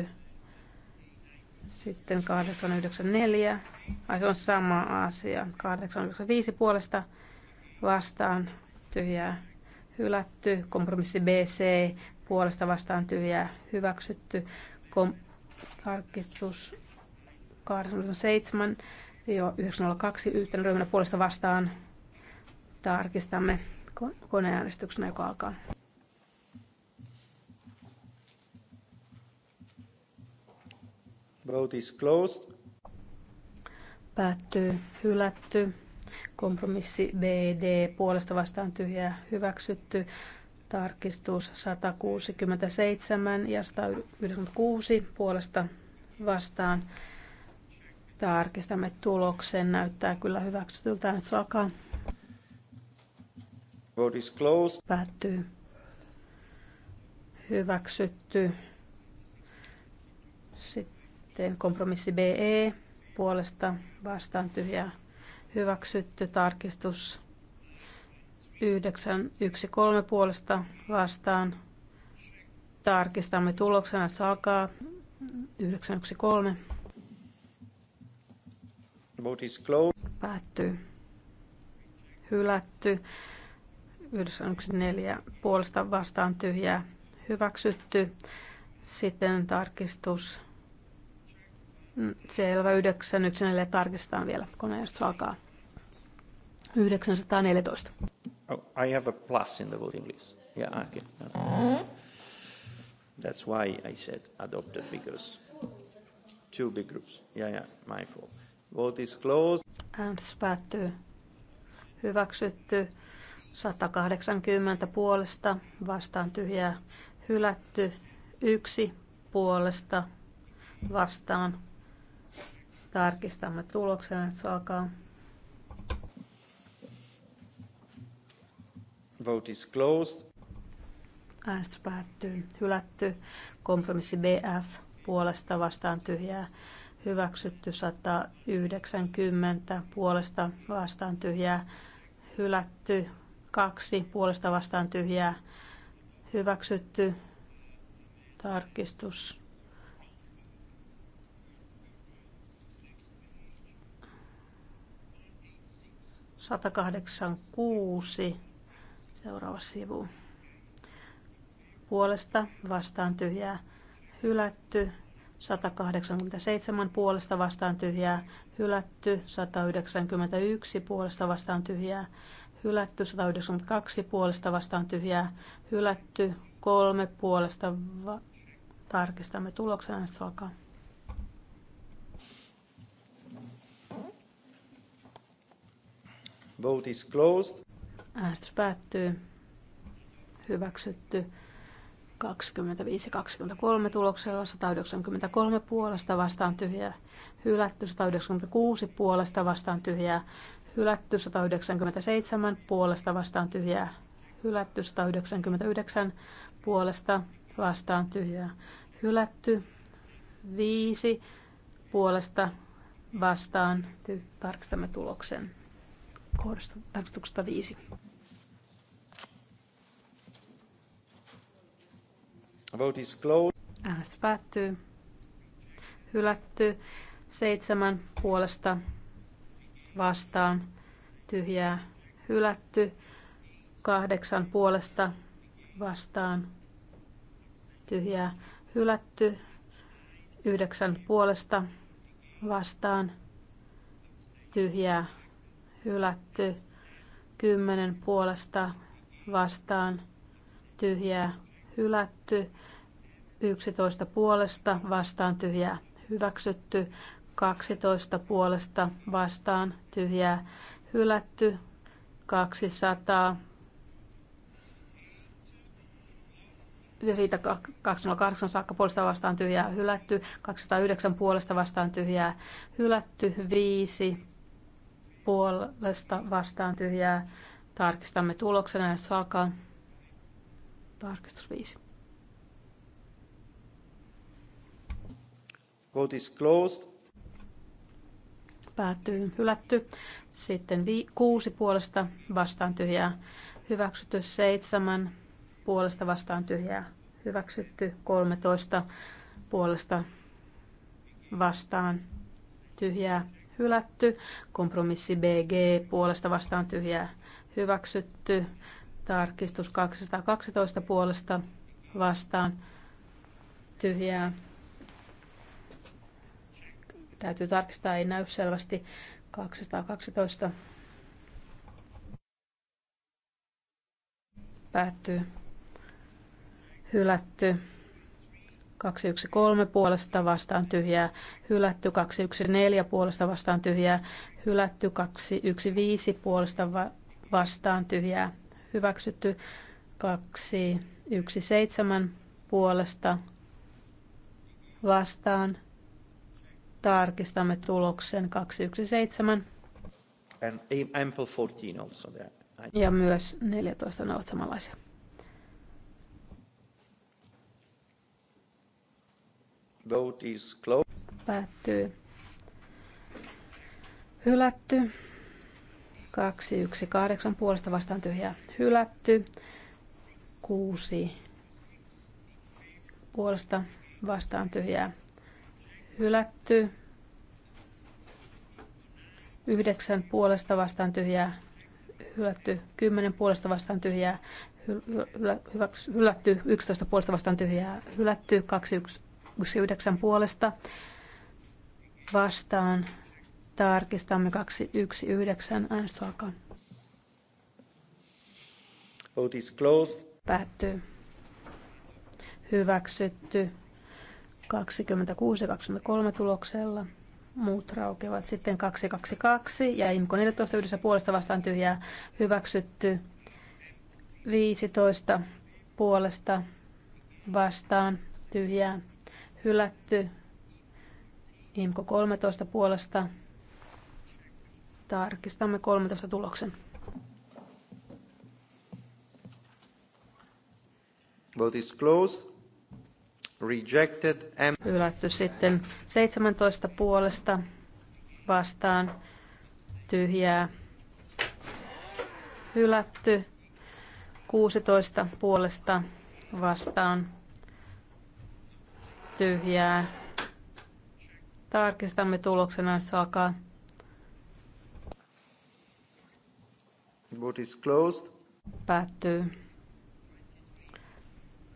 Sitten 894. Ai se on sama asia. 895 puolesta vastaan tyhjää hylätty. Kompromissi BC puolesta vastaan tyhjää hyväksytty. Kom- tarkistus 87-902 yhtenä ryhmänä puolesta vastaan tarkistamme koneäänestyksenä, joka alkaa. Vote is closed. Päättyy, hylätty. Kompromissi BD puolesta vastaan tyhjää hyväksytty. Tarkistus 167 ja 196 puolesta vastaan. Tarkistamme tuloksen. Näyttää kyllä hyväksytyltä. Nyt alkaa. Vote is closed. Päättyy. Hyväksytty. Sitten kompromissi BE puolesta vastaan tyhjää. Hyväksytty tarkistus 913 puolesta vastaan. Tarkistamme tuloksena, että se alkaa 913. Vote is closed. Päättyy. Hylätty neljä puolesta vastaan tyhjää hyväksytty. Sitten tarkistus mm, selvä 914 tarkistetaan vielä, koneesta äänestys alkaa. 914. Oh, I have a plus in the voting list. Yeah, okay. That's why I said adopted because two big groups. Yeah, yeah, my fault. Vote is closed. Äänestys päättyy. Hyväksytty. 180 puolesta vastaan tyhjää hylätty. Yksi puolesta vastaan. Tarkistamme tuloksen, että se alkaa. Vote is closed. Äänestys päättyy. Hylätty. Kompromissi BF puolesta vastaan tyhjää. Hyväksytty 190 puolesta vastaan tyhjää. Hylätty kaksi puolesta vastaan tyhjää hyväksytty tarkistus. kuusi Seuraava sivu. Puolesta vastaan tyhjää hylätty. 187 puolesta vastaan tyhjää hylätty. 191 puolesta vastaan tyhjää hylätty 192 puolesta vastaan tyhjää, hylätty kolme puolesta. Va- Tarkistamme tuloksen, äänestys alkaa. Vote is closed. Äänestys päättyy. Hyväksytty 25-23 tuloksella, 193 puolesta vastaan tyhjää, hylätty 196 puolesta vastaan tyhjää, hylätty 197 puolesta vastaan tyhjää, hylätty 199 puolesta vastaan tyhjää, hylätty 5 puolesta vastaan. Tarkistamme tuloksen kohdasta tarkistuksesta 5. Vote is closed. Äänestys päättyy. Hylätty. Seitsemän puolesta vastaan tyhjää hylätty. Kahdeksan puolesta vastaan tyhjää hylätty. Yhdeksän puolesta vastaan tyhjää hylätty. Kymmenen puolesta vastaan tyhjää hylätty. yksitoista puolesta vastaan tyhjää hyväksytty, 12 puolesta vastaan tyhjää hylätty. 200 ja siitä 208 saakka puolesta vastaan tyhjää hylätty, 209 puolesta vastaan tyhjää hylätty, 5 puolesta vastaan tyhjää. Tarkistamme tuloksena, ja saakaan tarkistus 5. Vote is closed päättyy, hylätty. Sitten vi- kuusi puolesta vastaan tyhjää, hyväksytty. Seitsemän puolesta vastaan tyhjää, hyväksytty. 13 puolesta vastaan tyhjää, hylätty. Kompromissi BG puolesta vastaan tyhjää, hyväksytty. Tarkistus 212 puolesta vastaan tyhjää, Täytyy tarkistaa, ei näy selvästi. 212 päättyy. Hylätty. 213 puolesta vastaan tyhjää, hylätty 214 puolesta vastaan tyhjää, hylätty 215 puolesta vastaan tyhjää, hyväksytty 217 puolesta vastaan Tarkistamme tuloksen 217. Ja myös 14 ne ovat samanlaisia. Vote is closed. Päättyy. Hylätty. 2, puolesta vastaan tyhjää. Hylätty. 6 puolesta vastaan tyhjää. Hylätty. Yhdeksän puolesta vastaan tyhjää. Hylätty. Kymmenen puolesta vastaan tyhjää. Hylätty. Yksitoista puolesta vastaan tyhjää. Hylätty. Kaksi yksi yhdeksän puolesta vastaan. Tarkistamme kaksi yksi yhdeksän. Äänestys alkaa. Vote is closed. Päättyy. Hyväksytty. 26-23 tuloksella. Muut raukeavat sitten 222 ja IMKO 14 yhdessä puolesta vastaan tyhjää hyväksytty 15 puolesta vastaan tyhjää hylätty IMKO 13 puolesta. Tarkistamme 13 tuloksen. Vote is closed. Rejected. and Hylätty sitten 17 puolesta vastaan tyhjää. Hylätty 16 puolesta vastaan tyhjää. Tarkistamme tuloksena, saakaa Vote is closed. Päättyy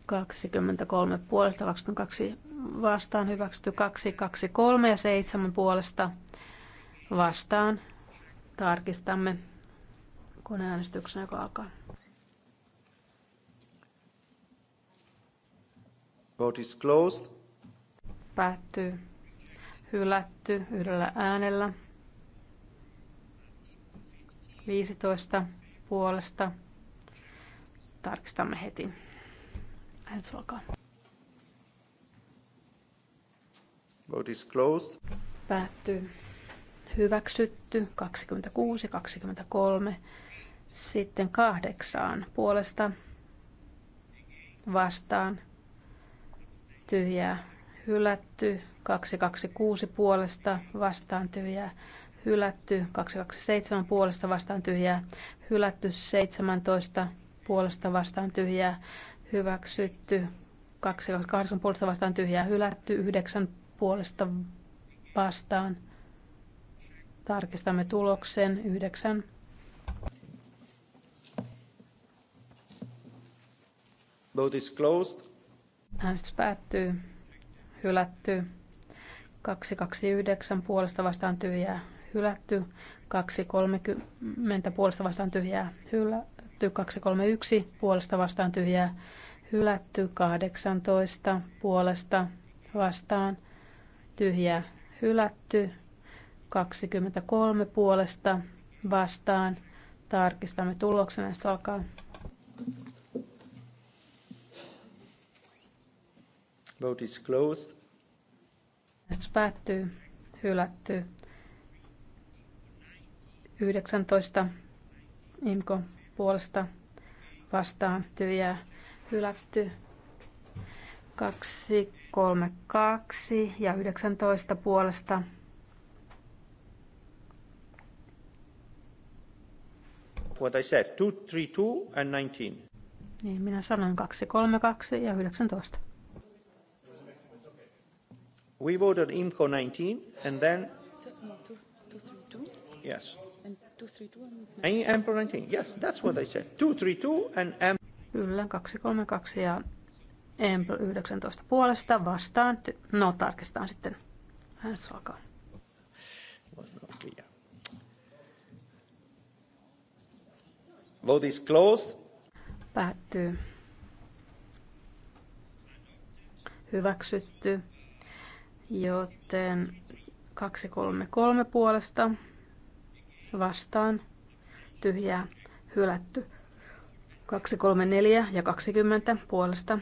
23 puolesta, 22 vastaan hyväksytty, 2, 2, 3 ja 7 puolesta vastaan. Tarkistamme koneäänestyksen, joka alkaa. Vote is closed. Päättyy. Hylätty yhdellä äänellä. 15 puolesta. Tarkistamme heti. Äänestys locker. Vote is closed. Päättyy. Hyväksytty 26, 23. Sitten kahdeksaan puolesta vastaan. Tyhjää hylätty. 226 puolesta vastaan tyhjää hylätty. 227 puolesta vastaan tyhjää hylätty. 17 puolesta vastaan tyhjää hyväksytty, 28 puolesta vastaan tyhjää hylätty, 9 puolesta vastaan. Tarkistamme tuloksen, 9. Vote is closed. Äänestys päättyy. Hylätty. 229 puolesta vastaan tyhjää. Hylätty. 230 puolesta vastaan tyhjää. Hylätty hylätty, 231 puolesta vastaan tyhjää hylätty, 18 puolesta vastaan tyhjää hylätty, 23 puolesta vastaan. Tarkistamme tuloksen, jos alkaa. Vote is closed. Äänestys päättyy. Hylätty. 19. Imko puolesta vastaan tyhjää hylätty. 2, 3, 2 ja 19 puolesta What I said, 2, 3, 2 and 19. Niin, minä sanon 2, 3, 2 ja 19. We voted IMCO 19 and then... No, two, two, three, two. Yes. 232 M19. Yes, that's what I said. 232 and M. Kyllä, 232 ja M19 puolesta vastaan. No, tarkistetaan sitten. Äänestys alkaa. Was not clear. Vote is closed. Päättyy. Hyväksytty. Joten 233 puolesta vastaan tyhjää hylätty. 2, 3, 4 ja 20 puolesta.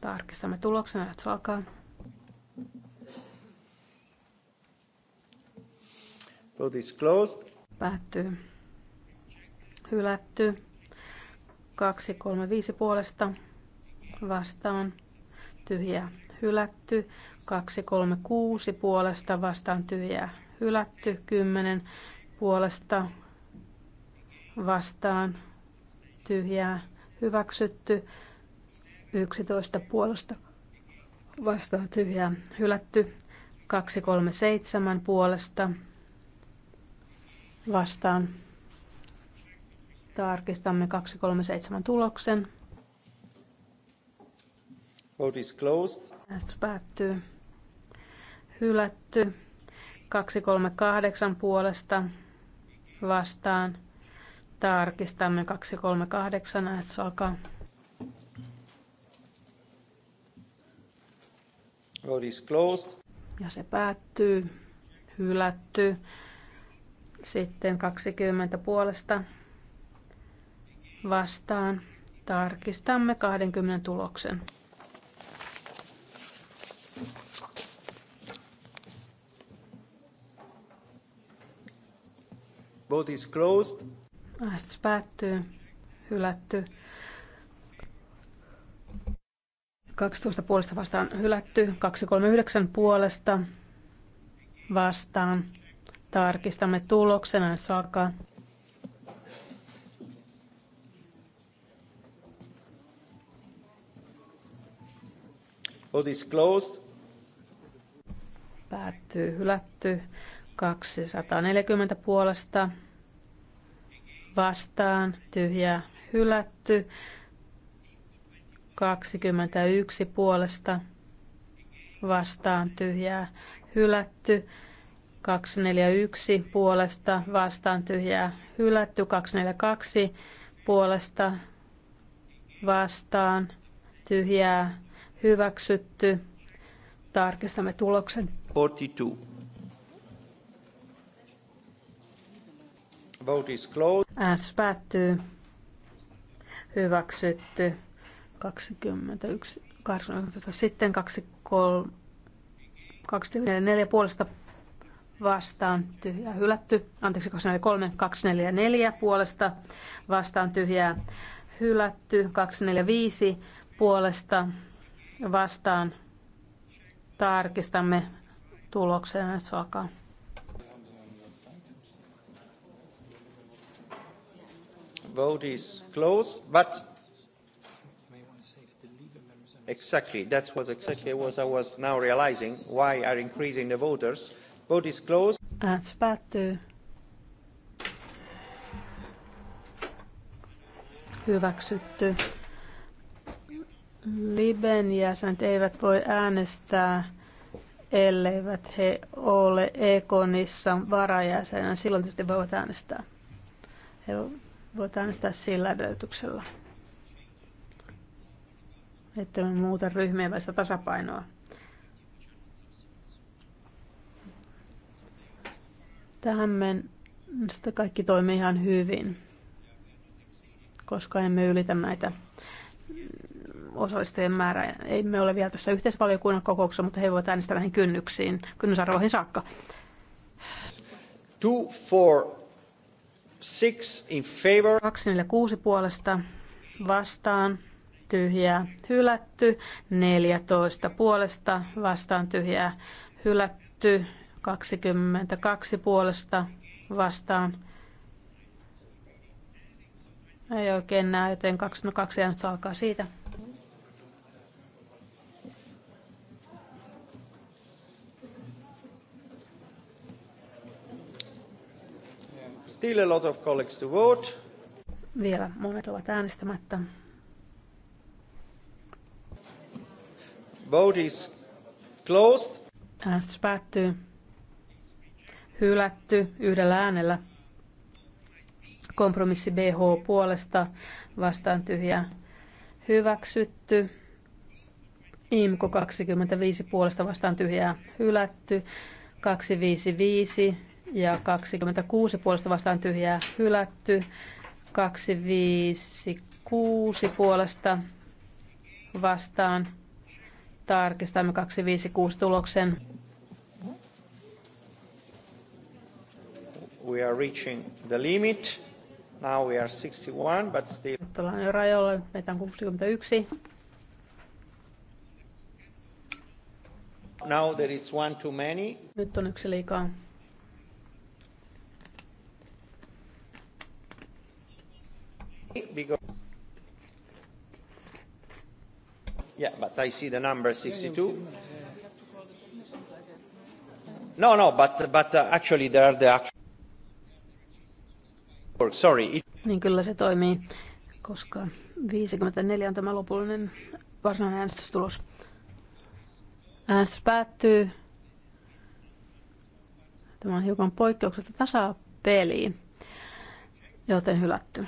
Tarkistamme tuloksen, että alkaa. Vote is closed. Päättyy. Hylätty. 2, 3, 5 puolesta. Vastaan. Tyhjää. Hylätty. 2, 3, 6 puolesta. Vastaan tyhjää hylätty, 10 puolesta vastaan tyhjää hyväksytty, 11 puolesta vastaan tyhjää hylätty, 237 puolesta vastaan. Tarkistamme 237 tuloksen. Vote is closed. Äänestys päättyy. Hylätty. 238 puolesta vastaan. Tarkistamme 238, äänestys alkaa. Vote is closed. Ja se päättyy. Hylätty. Sitten 20 puolesta vastaan. Tarkistamme 20 tuloksen. Vote is closed. päättyy. Hylätty. 12 puolesta vastaan hylätty. 239 puolesta vastaan. Tarkistamme tuloksena, jos alkaa. Vote is closed. Päättyy hylätty. 240 puolesta vastaan tyhjää hylätty. 21 puolesta vastaan tyhjää hylätty. 241 puolesta vastaan tyhjää hylätty. 242 puolesta vastaan tyhjää hyväksytty. Tarkistamme tuloksen. 42. Vote is closed. Äänestys päättyy. Hyväksytty. 21, 18. Sitten 24 puolesta vastaan tyhjää hylätty. Anteeksi, 23, 244 puolesta vastaan tyhjää hylätty. 245 puolesta vastaan tarkistamme tuloksen, se alkaa. Vote is closed, but exactly that was exactly what I was now realizing why are increasing the voters. Vote is closed. Äänestys päättyy. Hyväksytty. Liben jäsenet eivät voi äänestää, elleivät he ole Ekonissa varajäsenä. Silloin tietysti voivat äänestää. He Voit äänestää sillä edellytyksellä, että muuta ryhmien välistä tasapainoa. Tähän mennessä kaikki toimii ihan hyvin, koska emme ylitä näitä osallistujien määrää. Ei me ole vielä tässä yhteisvaliokunnan kokouksessa, mutta he voivat äänestää näihin kynnyksiin, kynnysarvoihin saakka. Two, four, Six in favor. 246 puolesta vastaan tyhjää hylätty. 14 puolesta vastaan tyhjää hylätty. 22 puolesta vastaan ei oikein näe, joten 22 jäänyt alkaa siitä. Still a lot of colleagues to vote. Vielä monet ovat äänestämättä. Vote is closed. Äänestys päättyy. Hylätty yhdellä äänellä. Kompromissi BH puolesta vastaan tyhjä. hyväksytty. IMKO 25 puolesta vastaan tyhjää hylätty. 255 ja 26 puolesta vastaan tyhjää hylätty. 256 puolesta vastaan. Tarkistamme 256 tuloksen. We are reaching the limit. Now we are 61, but still. Nyt ollaan jo rajoilla, meitä on 61. Now there is one too many. Nyt on yksi liikaa. Yeah, but I see the number 62. No, no, but, but uh, actually there are the actual... Sorry. it... Niin kyllä se toimii, koska 54 on tämä lopullinen varsinainen äänestystulos. Äänestys päättyy. Tämä on hiukan poikkeuksetta tasapeli, joten hylätty.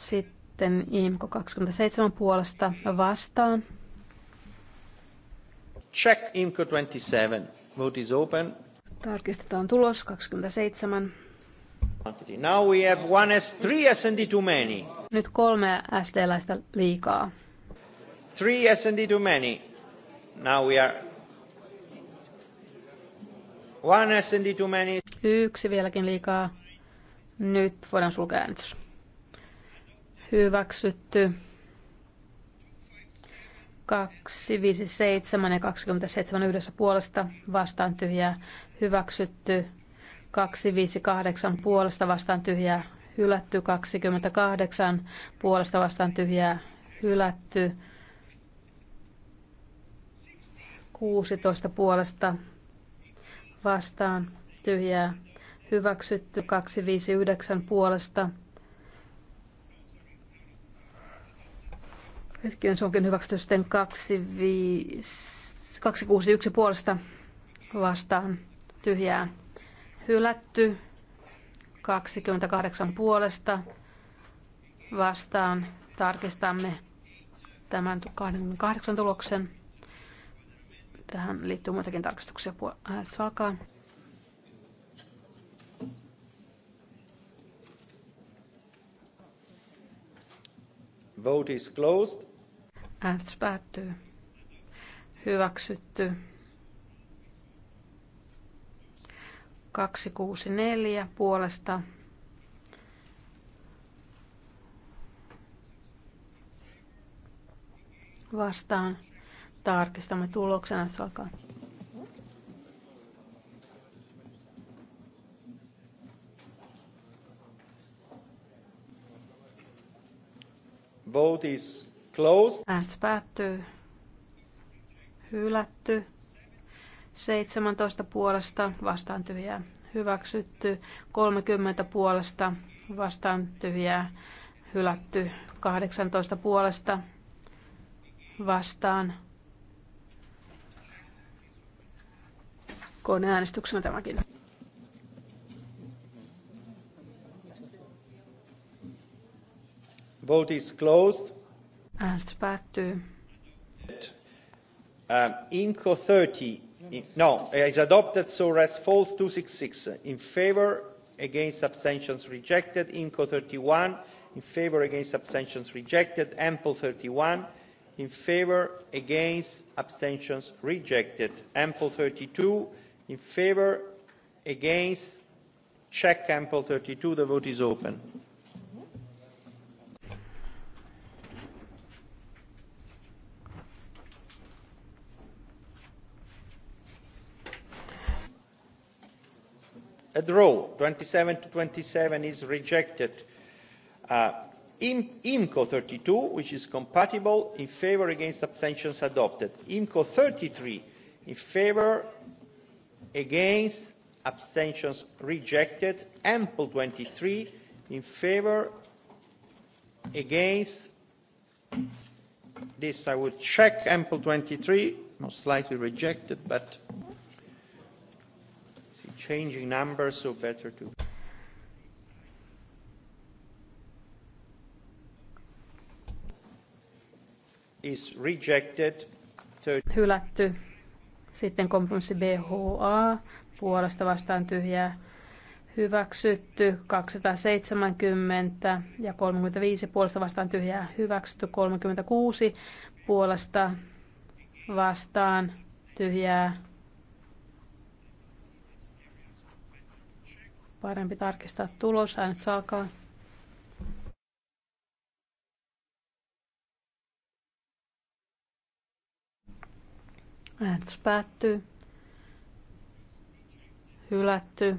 Sitten IMKO 27 puolesta vastaan. Check IMKO 27. Vote is open. Tarkistetaan tulos 27. Now we have one S3 SND too many. Nyt kolme SD-läistä liikaa. Three SND too many. Now we are one SND too many. Yksi vieläkin liikaa. Nyt voidaan sulkea äänitys hyväksytty. 257 ja 27 yhdessä puolesta vastaan tyhjää hyväksytty. 258 puolesta vastaan tyhjää hylätty. 28 puolesta vastaan tyhjää hylätty. 16 puolesta vastaan tyhjää hyväksytty. 259 puolesta Hetkinen, se onkin hyväksytty sitten 261 puolesta vastaan tyhjää hylätty. 28 puolesta vastaan tarkistamme tämän 28 tuloksen. Tähän liittyy muitakin tarkistuksia. Äänestys alkaa. Vote is closed. Äänestys päättyy. Hyväksytty. 264 puolesta. Vastaan. Tarkistamme tuloksena, jos alkaa. Vote is closed. Äänestys päättyy. Hylätty. 17 puolesta vastaan tyhjää. Hyväksytty. 30 puolesta vastaan tyhjää. Hylätty. 18 puolesta vastaan. Koneäänestyksenä tämäkin. Vote is closed. Äänestys päättyy. Uh, Inco 30. In, no, is adopted, so rest falls 266. In favor, against abstentions rejected. Inco 31. In favor, against abstentions rejected. Ample 31. In favor, against abstentions rejected. Ample 32. In favor, against check Ample 32. The vote is open. a draw. 27 to 27 is rejected. Uh, IMCO 32, which is compatible, in favor against abstentions adopted. IMCO 33, in favor against abstentions rejected. ample 23, in favor against this I will check ample 23 most likely rejected but changing numbers, so better to... Is rejected. Hylätty. Sitten kompromissi BHA. Puolesta vastaan tyhjää. Hyväksytty 270 ja 35 puolesta vastaan tyhjää. Hyväksytty 36 puolesta vastaan tyhjää Parempi tarkistaa tulos. Äänet saakaa. Äänestys päättyy. Hylätty.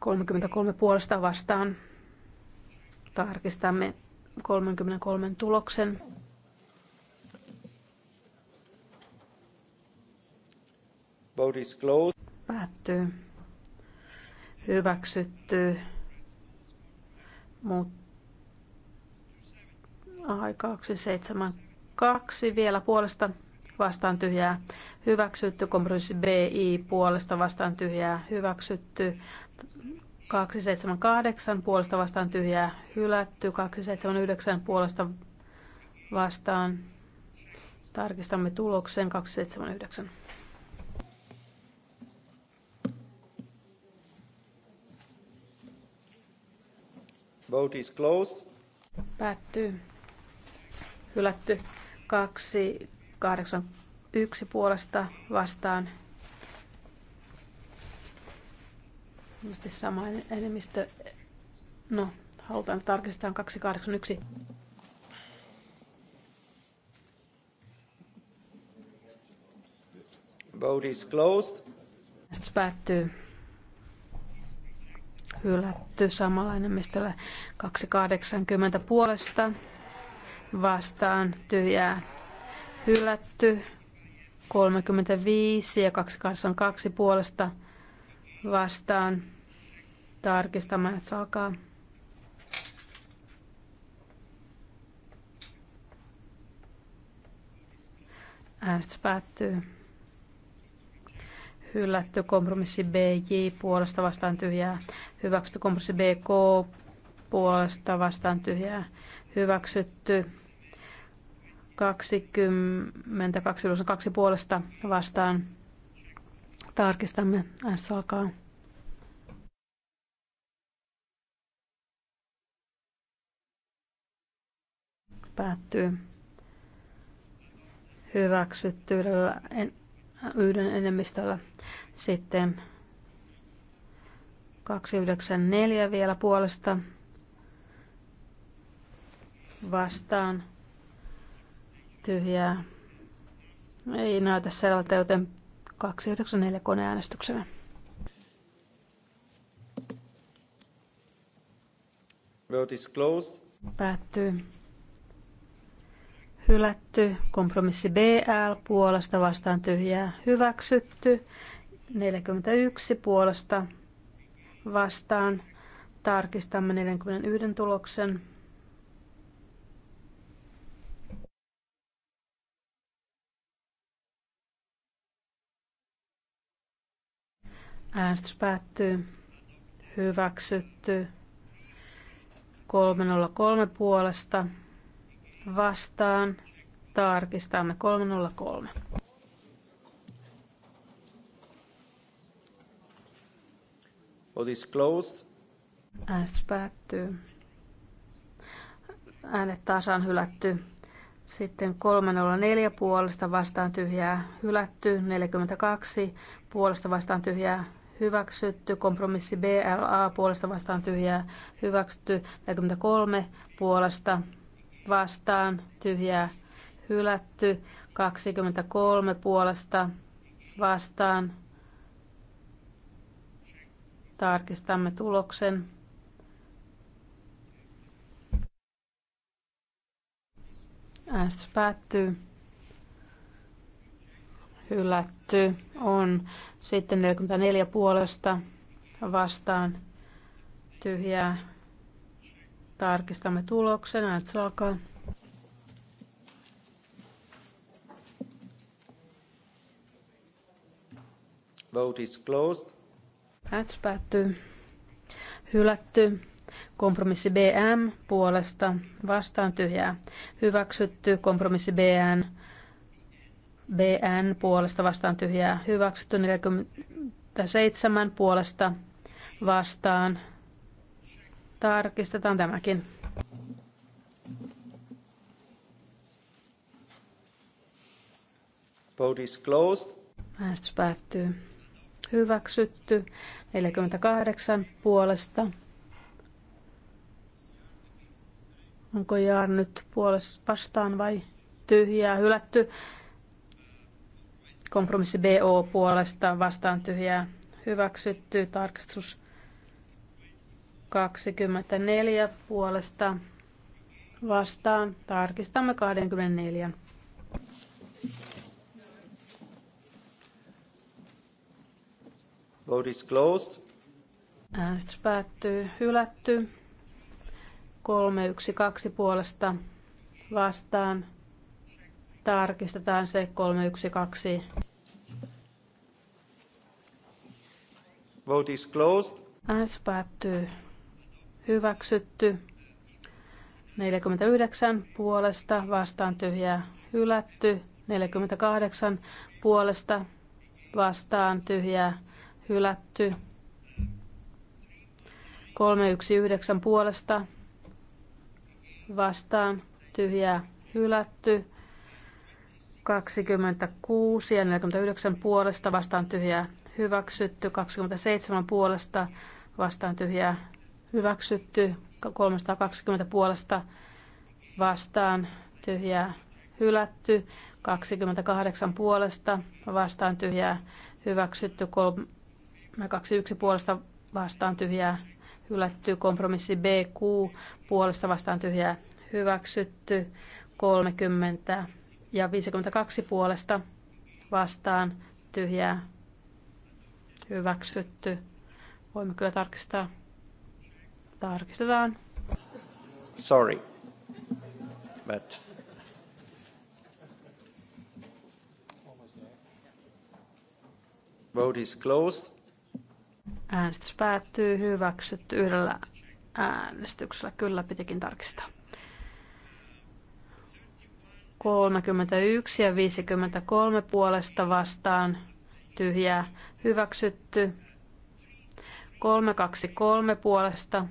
Kolmekymmentäkolme puolesta vastaan. Tarkistamme 33 tuloksen. Päättyy. Hyväksytty. Mut aika 272 vielä puolesta vastaan tyhjää hyväksytty, kompromissi BI puolesta vastaan tyhjää hyväksytty, 278 puolesta vastaan tyhjää hylätty, 279 puolesta vastaan tarkistamme tuloksen 279. Vote is closed. Päättyy. Hylätty. 2, 8, 1 puolesta vastaan. Ilmeisesti sama enemmistö. No, halutaan tarkistaa 281. Vote is closed. päättyy hylätty samalla enemmistöllä 280 puolesta vastaan tyhjää hylätty 35 ja 282 puolesta vastaan tarkistamaan, että se alkaa. Äänestys päättyy. Hylätty kompromissi BJ puolesta vastaan tyhjää. Hyväksytty kompromissi BK puolesta vastaan tyhjää. Hyväksytty 22 kaksi puolesta vastaan. Tarkistamme. S alkaa. Päättyy. Hyväksytty yhden enemmistöllä. Sitten 294 vielä puolesta vastaan tyhjää. Ei näytä selvältä, joten 294 koneäänestyksenä. Vote is closed. Päättyy. Hylätty. Kompromissi BL puolesta vastaan tyhjää. Hyväksytty. 41 puolesta vastaan. Tarkistamme 41 tuloksen. Äänestys päättyy. Hyväksytty. 303 puolesta vastaan. Tarkistamme 303. Vote this closed. Äänestys päättyy. Äänet taas on hylätty. Sitten 304 puolesta vastaan tyhjää hylätty, 42 puolesta vastaan tyhjää hyväksytty, kompromissi BLA puolesta vastaan tyhjää hyväksytty, 43 puolesta vastaan tyhjää hylätty, 23 puolesta vastaan Tarkistamme tuloksen. Äänestys päättyy. Hylätty on sitten 44 puolesta vastaan tyhjää. Tarkistamme tuloksen. Äänestys alkaa. Vote is closed. Päätös päättyy. Hylätty. Kompromissi BM puolesta vastaan tyhjää. Hyväksytty. Kompromissi BN. BN puolesta vastaan tyhjää. Hyväksytty 47 puolesta vastaan. Tarkistetaan tämäkin. Vote is closed. Äänestys päättyy. Hyväksytty. 48 puolesta. Onko Jaar nyt puolesta vastaan vai tyhjää hylätty? Kompromissi BO puolesta vastaan tyhjää hyväksytty. Tarkistus 24 puolesta vastaan. Tarkistamme 24. Vote is closed. Äänestys päättyy. Hylätty. 312 puolesta vastaan. Tarkistetaan se 312. Vote is closed. Äänestys päättyy. Hyväksytty. 49 puolesta vastaan tyhjää hylätty. 48 puolesta vastaan tyhjää hylätty. 319 puolesta vastaan tyhjää hylätty. 26 ja 49 puolesta vastaan tyhjää hyväksytty. 27 puolesta vastaan tyhjää hyväksytty. 320 puolesta vastaan tyhjää hylätty. 28 puolesta vastaan tyhjää hyväksytty. Kaksi yksi puolesta vastaan tyhjää hylätty. Kompromissi BQ puolesta vastaan tyhjää hyväksytty. 30 ja 52 puolesta vastaan tyhjää hyväksytty. Voimme kyllä tarkistaa. Tarkistetaan. Sorry. But Vote is closed. Äänestys päättyy hyväksytty yhdellä äänestyksellä. Kyllä pitikin tarkistaa. 31 ja 53 puolesta vastaan tyhjää hyväksytty. 323 puolesta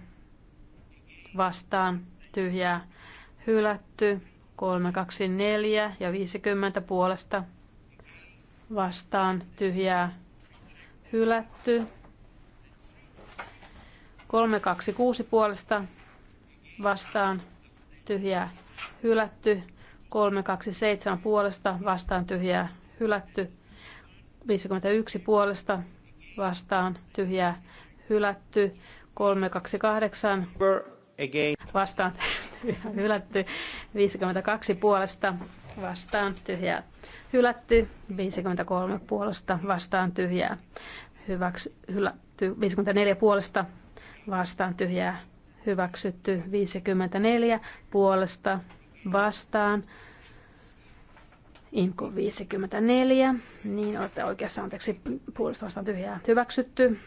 vastaan tyhjää hylätty. 324 ja 50 puolesta vastaan tyhjää hylätty. 326 puolesta vastaan tyhjää hylätty. 327 puolesta vastaan tyhjää hylätty. 51 puolesta vastaan tyhjää hylätty. 328 vastaan tyhjää hylätty. 52 puolesta vastaan tyhjää hylätty. 53 puolesta vastaan tyhjää hyväksy, hylätty. 54 puolesta vastaan tyhjää hyväksytty 54 puolesta vastaan. Imko 54, niin olette oikeassa, anteeksi, puolesta vastaan tyhjää hyväksytty.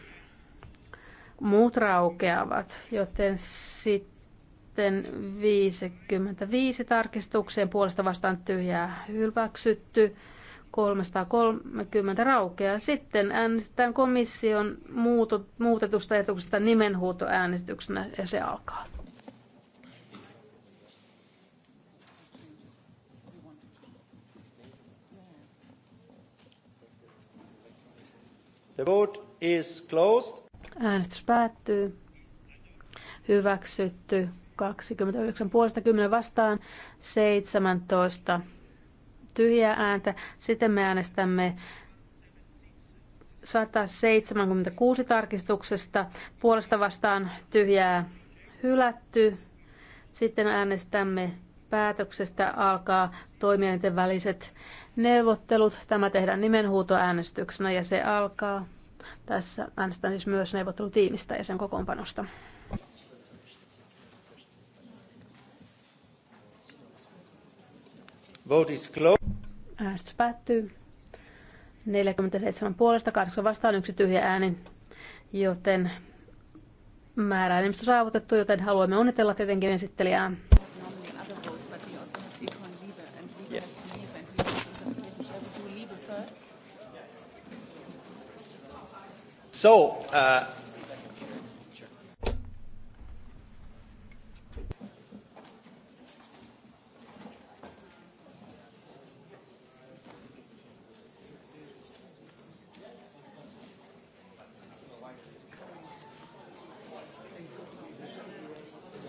Muut raukeavat, joten sitten 55 tarkistukseen puolesta vastaan tyhjää hyväksytty. 330 raukea. Sitten äänestetään komission muutetusta etuksesta nimenhuutoäänestyksenä ja se alkaa. The vote is closed. Äänestys päättyy. Hyväksytty 29 puolesta 10 vastaan 17 tyhjää ääntä. Sitten me äänestämme 176 tarkistuksesta puolesta vastaan tyhjää hylätty. Sitten äänestämme päätöksestä alkaa toimijoiden väliset neuvottelut. Tämä tehdään nimenhuutoäänestyksenä ja se alkaa. Tässä äänestän siis myös neuvottelutiimistä ja sen kokoonpanosta. Vote is closed. Äänestys päättyy. 47 puolesta, 8 vastaan, yksi tyhjä ääni, joten määräenemmistö saavutettu, joten haluamme onnitella tietenkin esittelijää. Yes. So, uh,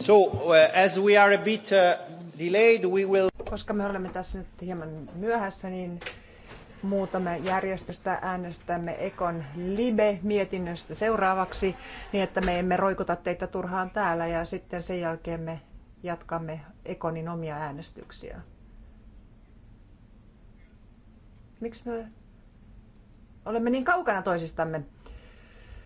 So, uh, as we are a bit uh, delayed, we will... Koska me olemme tässä nyt hieman myöhässä, niin muutamme järjestöstä äänestämme Ekon Libe-mietinnöstä seuraavaksi, niin että me emme roikuta teitä turhaan täällä ja sitten sen jälkeen me jatkamme Ekonin omia äänestyksiä. Miksi me olemme niin kaukana toisistamme?